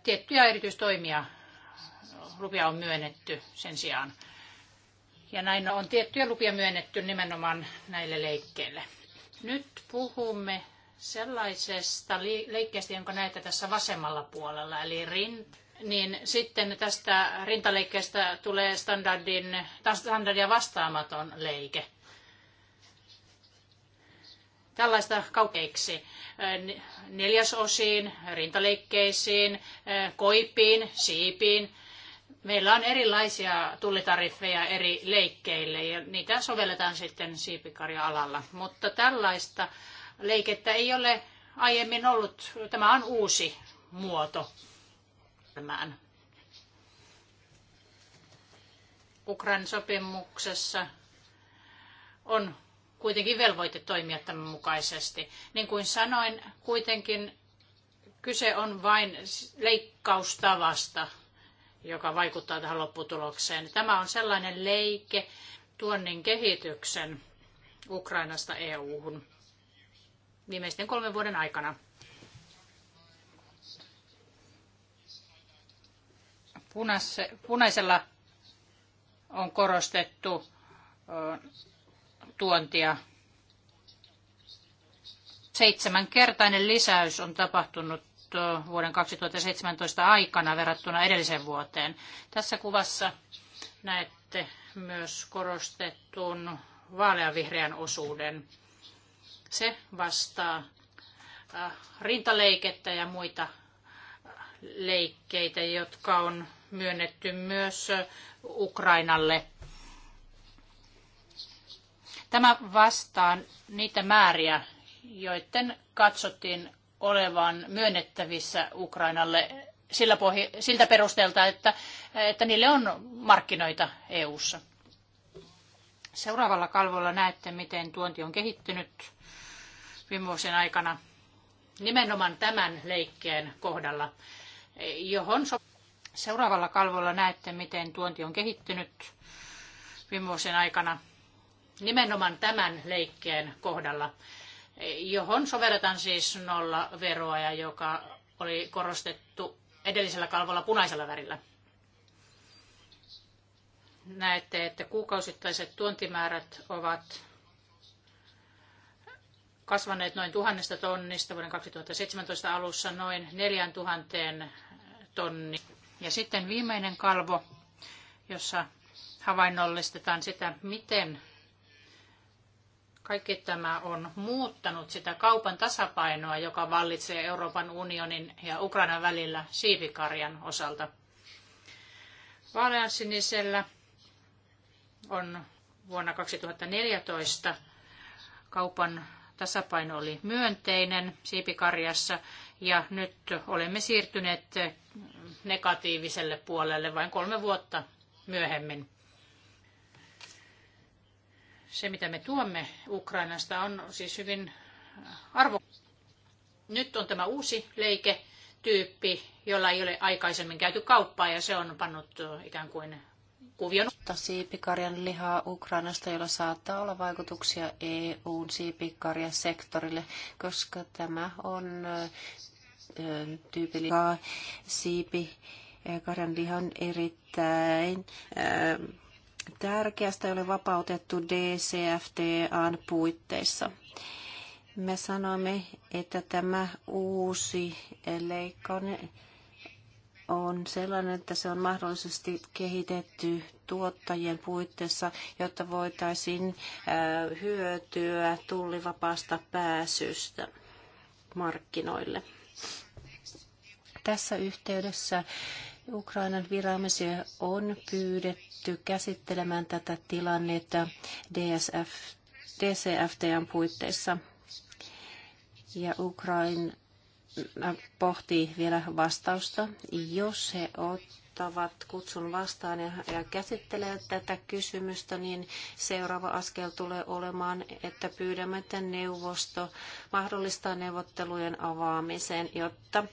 Tiettyjä erityistoimia lupia on myönnetty sen sijaan. Ja näin on tiettyjä lupia myönnetty nimenomaan näille leikkeille. Nyt puhumme sellaisesta leikkeestä, jonka näette tässä vasemmalla puolella, eli rint, niin sitten tästä rintaleikkeestä tulee standardin, standardia vastaamaton leike. Tällaista kaukeiksi neljäsosiin, rintaleikkeisiin, koipiin, siipiin, Meillä on erilaisia tullitariffeja eri leikkeille ja niitä sovelletaan sitten siipikarja-alalla. Mutta tällaista leikettä ei ole aiemmin ollut. Tämä on uusi muoto. Tämän. Ukrainan sopimuksessa on kuitenkin velvoite toimia tämän mukaisesti. Niin kuin sanoin, kuitenkin kyse on vain leikkaustavasta joka vaikuttaa tähän lopputulokseen. Tämä on sellainen leike tuonnin kehityksen Ukrainasta EU-hun viimeisten kolmen vuoden aikana. punaisella on korostettu tuontia. Seitsemänkertainen lisäys on tapahtunut vuoden 2017 aikana verrattuna edelliseen vuoteen. Tässä kuvassa näette myös korostetun vaaleanvihreän osuuden. Se vastaa rintaleikettä ja muita leikkeitä, jotka on myönnetty myös Ukrainalle. Tämä vastaa niitä määriä, joiden katsottiin olevan myönnettävissä Ukrainalle sillä pohj- siltä perusteelta, että, että niille on markkinoita EU:ssa. Seuraavalla kalvolla näette, miten tuonti on kehittynyt viime vuosien aikana nimenomaan tämän leikkeen kohdalla, johon so- Seuraavalla kalvolla näette, miten tuonti on kehittynyt viime vuosien aikana nimenomaan tämän leikkeen kohdalla, johon sovelletaan siis nolla veroa ja joka oli korostettu edellisellä kalvolla punaisella värillä. Näette, että kuukausittaiset tuontimäärät ovat kasvaneet noin tuhannesta tonnista vuoden 2017 alussa noin neljän tuhanteen tonni. Ja sitten viimeinen kalvo, jossa havainnollistetaan sitä, miten kaikki tämä on muuttanut sitä kaupan tasapainoa, joka vallitsee Euroopan unionin ja Ukrainan välillä siipikarjan osalta. Vaaleansinisellä on vuonna 2014 kaupan tasapaino oli myönteinen siipikarjassa ja nyt olemme siirtyneet negatiiviselle puolelle vain kolme vuotta myöhemmin. Se, mitä me tuomme Ukrainasta, on siis hyvin arvo. Nyt on tämä uusi leiketyyppi, jolla ei ole aikaisemmin käyty kauppaa ja se on pannut ikään kuin kuvion. Siipikarjan lihaa Ukrainasta, jolla saattaa olla vaikutuksia EUn siipikarjasektorille, koska tämä on tyypillinen siipi. Karjan liha on erittäin tärkeästä, jolle vapautettu DCFTAn puitteissa. Me sanomme, että tämä uusi leikkaus on sellainen, että se on mahdollisesti kehitetty tuottajien puitteissa, jotta voitaisiin hyötyä tullivapaasta pääsystä markkinoille. Tässä yhteydessä Ukrainan viranomaisia on pyydetty pysty käsittelemään tätä tilannetta DSF, DCFTn puitteissa. Ja Ukraina pohtii vielä vastausta, jos he ottavat ottavat kutsun vastaan ja, ja käsittelevät tätä kysymystä, niin seuraava askel tulee olemaan, että pyydämme, että neuvosto mahdollistaa neuvottelujen avaamisen, jotta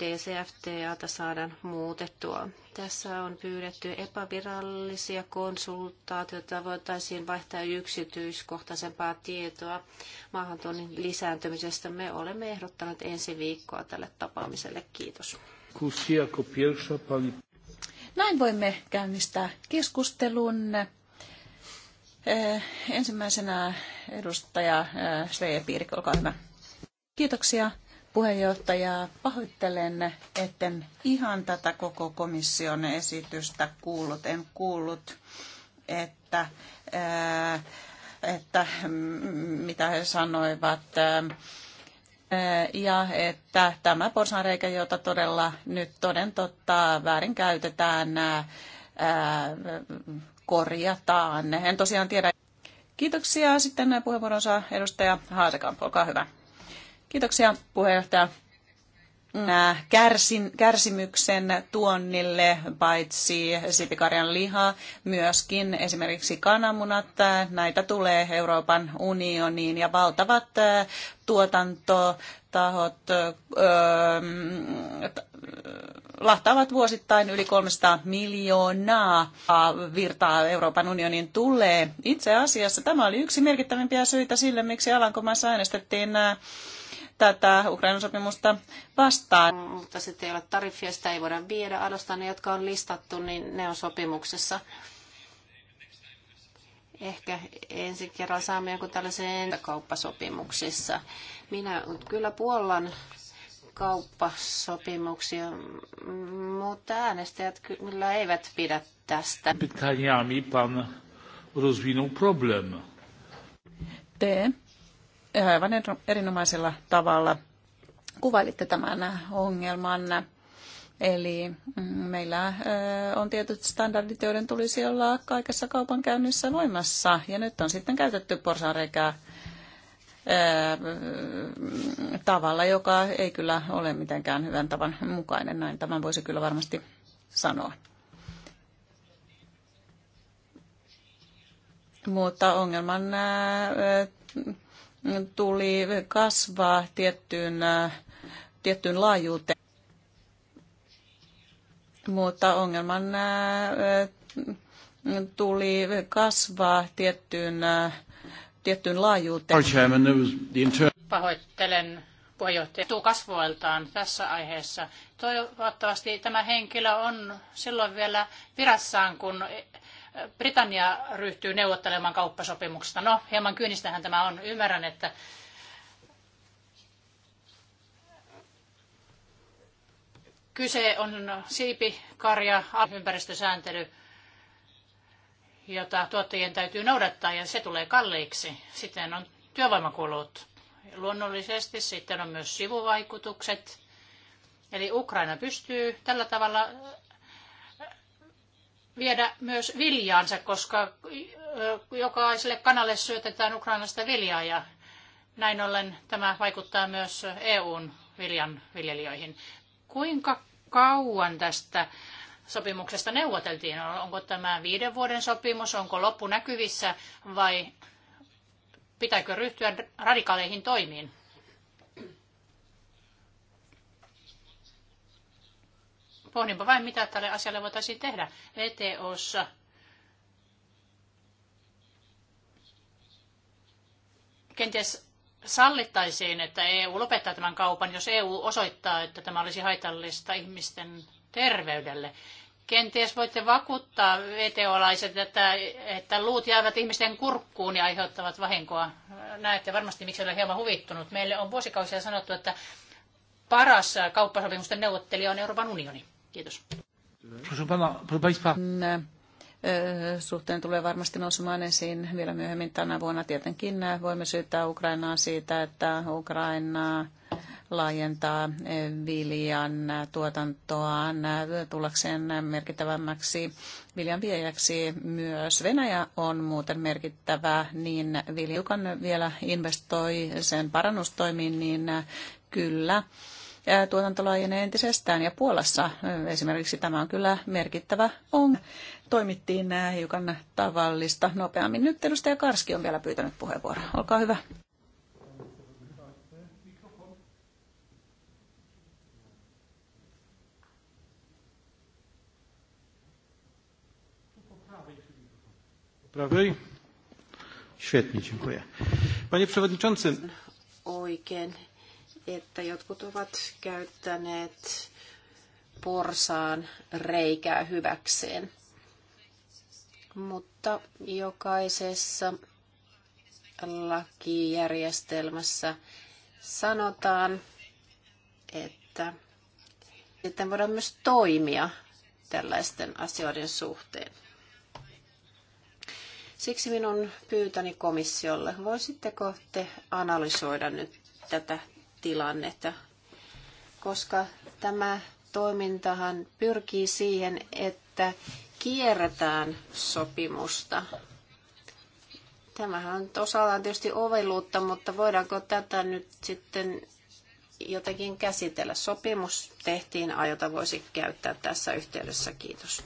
DCFTAta saadaan muutettua. Tässä on pyydetty epävirallisia konsultaatioita, voitaisiin vaihtaa yksityiskohtaisempaa tietoa maahantuonnin lisääntymisestä. Me olemme ehdottaneet ensi viikkoa tälle tapaamiselle. Kiitos. Näin voimme käynnistää keskustelun. Eh, ensimmäisenä edustaja eh, Sveja Piirik, olkaa hyvä. Kiitoksia puheenjohtaja. Pahoittelen, etten ihan tätä koko komission esitystä kuullut. En kuullut, että, eh, että mitä he sanoivat ja että tämä porsanreikä, jota todella nyt toden totta käytetään korjataan. En tosiaan tiedä. Kiitoksia. Sitten puheenvuoronsa edustaja Haasekamp, olkaa hyvä. Kiitoksia puheenjohtaja. Mm. kärsin, kärsimyksen tuonnille, paitsi siipikarjan liha, myöskin esimerkiksi kananmunat. Äh, näitä tulee Euroopan unioniin ja valtavat äh, tuotantotahot öö, lahtaavat vuosittain yli 300 miljoonaa virtaa Euroopan unionin tulee. Itse asiassa tämä oli yksi merkittävimpiä syitä sille, miksi Alankomaissa äänestettiin tätä Ukrainan sopimusta vastaan. Mm, mutta sitten ei ole tariffia, sitä ei voida viedä. Ainoastaan ne, jotka on listattu, niin ne on sopimuksessa. Ehkä ensi kerran saamme joku tällaisen kauppasopimuksissa. Minä kyllä puollan kauppasopimuksia, mutta äänestäjät kyllä eivät pidä tästä. Pytaniami pan rozwinął problem. Te aivan erinomaisella tavalla kuvailitte tämän ongelman. Eli mm, meillä on tietyt standardit, joiden tulisi olla kaikessa kaupankäynnissä voimassa. Ja nyt on sitten käytetty porsareikää tavalla, joka ei kyllä ole mitenkään hyvän tavan mukainen. Näin tämän voisi kyllä varmasti sanoa. Mutta ongelman tuli kasvaa tiettyyn, äh, tiettyyn laajuuteen. Mutta ongelman äh, tuli kasvaa tiettyyn, äh, tiettyyn laajuuteen. Pahoittelen puheenjohtaja tuu kasvoiltaan tässä aiheessa. Toivottavasti tämä henkilö on silloin vielä virassaan, kun Britannia ryhtyy neuvottelemaan kauppasopimuksesta. No, hieman kyynistähän tämä on. Ymmärrän, että kyse on siipikarja ympäristösääntely, jota tuottajien täytyy noudattaa ja se tulee kalliiksi. Sitten on työvoimakulut. Luonnollisesti sitten on myös sivuvaikutukset. Eli Ukraina pystyy tällä tavalla viedä myös viljaansa, koska jokaiselle kanalle syötetään Ukrainasta viljaa ja näin ollen tämä vaikuttaa myös EUn viljan viljelijöihin. Kuinka kauan tästä sopimuksesta neuvoteltiin? Onko tämä viiden vuoden sopimus, onko loppu näkyvissä vai pitääkö ryhtyä radikaaleihin toimiin? Pohdinpa vain, mitä tälle asialle voitaisiin tehdä VTOssa. E Kenties sallittaisiin, että EU lopettaa tämän kaupan, jos EU osoittaa, että tämä olisi haitallista ihmisten terveydelle. Kenties voitte vakuuttaa VTO-laiset, e että, että luut jäävät ihmisten kurkkuun ja aiheuttavat vahinkoa. Näette varmasti, miksi olen hieman huvittunut. Meille on vuosikausia sanottu, että paras kauppasopimusten neuvottelija on Euroopan unioni. Kiitos. E, suhteen tulee varmasti nousemaan esiin vielä myöhemmin tänä vuonna. Tietenkin voimme syyttää Ukrainaa siitä, että Ukraina laajentaa e, viljan tuotantoaan e, tullakseen merkittävämmäksi viljan viejäksi myös. Venäjä on muuten merkittävä, niin viljukan vielä investoi sen parannustoimiin, niin kyllä tuotanto laajenee entisestään. Ja Puolassa esimerkiksi tämä on kyllä merkittävä on. Toimittiin hiukan tavallista nopeammin. Nyt edustaja Karski on vielä pyytänyt puheenvuoroa. Olkaa hyvä. prawej. Świetnie, dziękuję. Panie Przewodniczący. Oikein että jotkut ovat käyttäneet porsaan reikää hyväkseen. Mutta jokaisessa lakijärjestelmässä sanotaan, että sitten voidaan myös toimia tällaisten asioiden suhteen. Siksi minun pyytäni komissiolle, voisitteko te analysoida nyt tätä tilannetta, koska tämä toimintahan pyrkii siihen, että kierretään sopimusta. Tämähän on osallaan tietysti oveluutta, mutta voidaanko tätä nyt sitten jotenkin käsitellä? Sopimus tehtiin, ajota voisi käyttää tässä yhteydessä. Kiitos.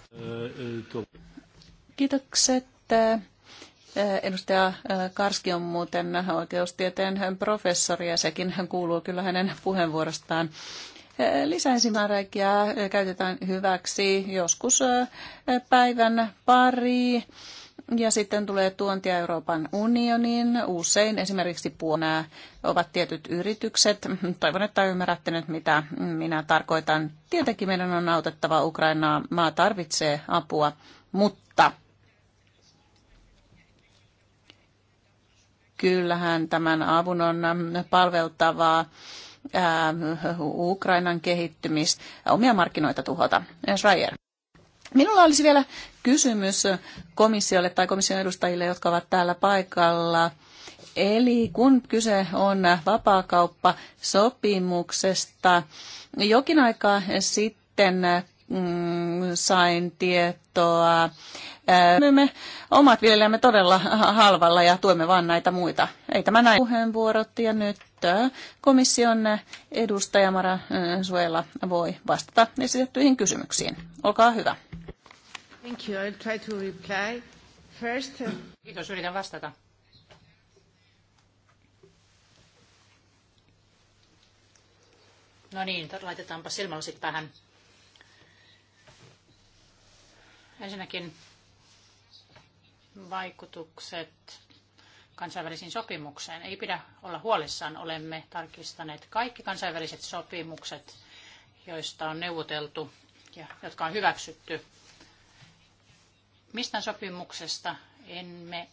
Kiitokset Eh, edustaja eh, Karski on muuten oikeustieteen professori ja sekin hän kuuluu kyllä hänen puheenvuorostaan. Eh, Lisäensimääräikiä käytetään hyväksi joskus päivän pari ja sitten tulee tuontia Euroopan unioniin. Usein esimerkiksi puonää ovat tietyt yritykset. Toivon, että ymmärrätte nyt, mitä minä tarkoitan. Tietenkin meidän on autettava Ukrainaa. Maa tarvitsee apua, mutta – kyllähän tämän avun on palveltavaa Ukrainan kehittymistä, omia markkinoita tuhota. Schreier. Minulla olisi vielä kysymys komissiolle tai komission edustajille, jotka ovat täällä paikalla. Eli kun kyse on vapaakauppasopimuksesta, jokin aika sitten Mm, sain tietoa. Myymme äh, omat viljelijämme todella halvalla ja tuemme vain näitä muita. Ei tämä näin. Puheenvuorot ja nyt äh, komission edustaja Mara äh, Suela voi vastata esitettyihin kysymyksiin. Olkaa hyvä. Thank you. I'll try to reply. First... Uh, Kiitos, yritän vastata. No niin, laitetaanpa silmälasit tähän. Ensinnäkin vaikutukset kansainvälisiin sopimukseen. Ei pidä olla huolissaan. Olemme tarkistaneet kaikki kansainväliset sopimukset, joista on neuvoteltu ja jotka on hyväksytty. Mistään sopimuksesta emme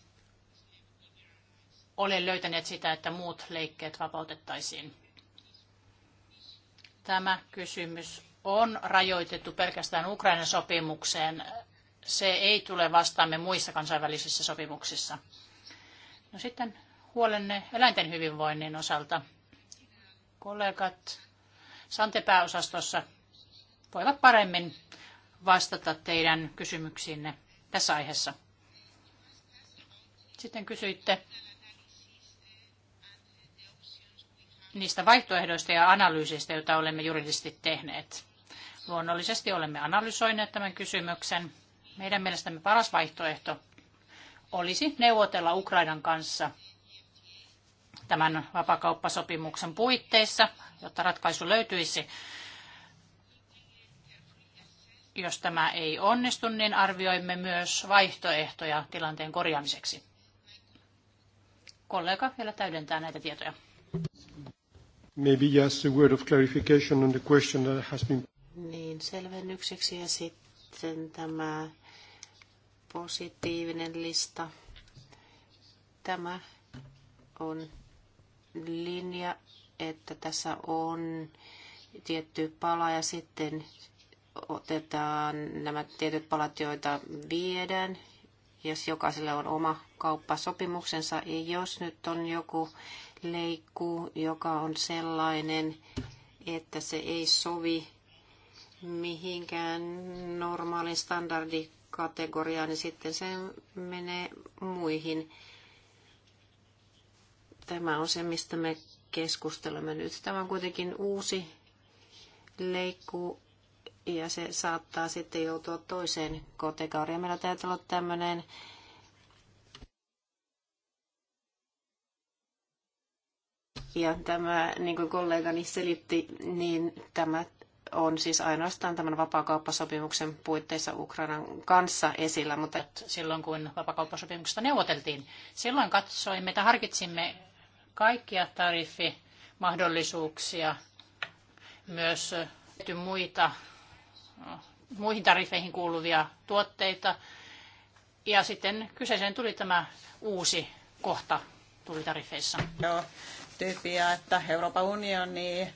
ole löytäneet sitä, että muut leikkeet vapautettaisiin. Tämä kysymys on rajoitettu pelkästään Ukrainan sopimukseen se ei tule vastaamme muissa kansainvälisissä sopimuksissa. No sitten huolenne eläinten hyvinvoinnin osalta. Kollegat Santepääosastossa voivat paremmin vastata teidän kysymyksiinne tässä aiheessa. Sitten kysyitte niistä vaihtoehdoista ja analyysistä, joita olemme juridisesti tehneet. Luonnollisesti olemme analysoineet tämän kysymyksen meidän mielestämme paras vaihtoehto olisi neuvotella Ukrainan kanssa tämän vapakauppasopimuksen puitteissa, jotta ratkaisu löytyisi. Jos tämä ei onnistu, niin arvioimme myös vaihtoehtoja tilanteen korjaamiseksi. Kollega vielä täydentää näitä tietoja. Maybe just a word of clarification on the question that has been... Niin, selvennykseksi ja sitten tämä positiivinen lista. Tämä on linja, että tässä on tietty pala ja sitten otetaan nämä tietyt palat, joita viedään, jos jokaiselle on oma kauppasopimuksensa. Ja jos nyt on joku leikku, joka on sellainen, että se ei sovi mihinkään normaalin standardi kategoriaa, niin sitten se menee muihin. Tämä on se, mistä me keskustelemme nyt. Tämä on kuitenkin uusi leikku ja se saattaa sitten joutua toiseen kategoriaan. Meillä täytyy olla tämmöinen Ja tämä, niin kuin kollegani selitti, niin tämä on siis ainoastaan tämän vapaakauppasopimuksen puitteissa Ukrainan kanssa esillä. Mutta silloin kun vapaakauppasopimuksesta neuvoteltiin, silloin katsoimme että harkitsimme kaikkia tariffimahdollisuuksia, myös muita, muihin tariffeihin kuuluvia tuotteita. Ja sitten kyseeseen tuli tämä uusi kohta tuli tariffeissa. Joo, tyyppiä, että Euroopan unioni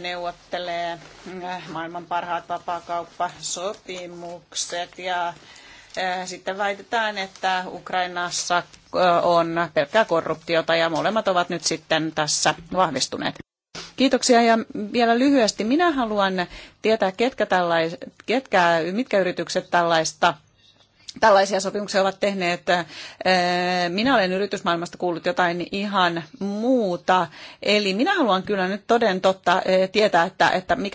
neuvottelee äh, maailman parhaat vapaakauppasopimukset ja äh, sitten väitetään, että Ukrainassa äh, on pelkkää korruptiota ja molemmat ovat nyt sitten tässä vahvistuneet. Kiitoksia ja vielä lyhyesti. Minä haluan tietää, ketkä, tällais, ketkä mitkä yritykset tällaista tällaisia sopimuksia ovat tehneet. Minä olen yritysmaailmasta kuullut jotain ihan muuta. Eli minä haluan kyllä nyt toden totta tietää, että, että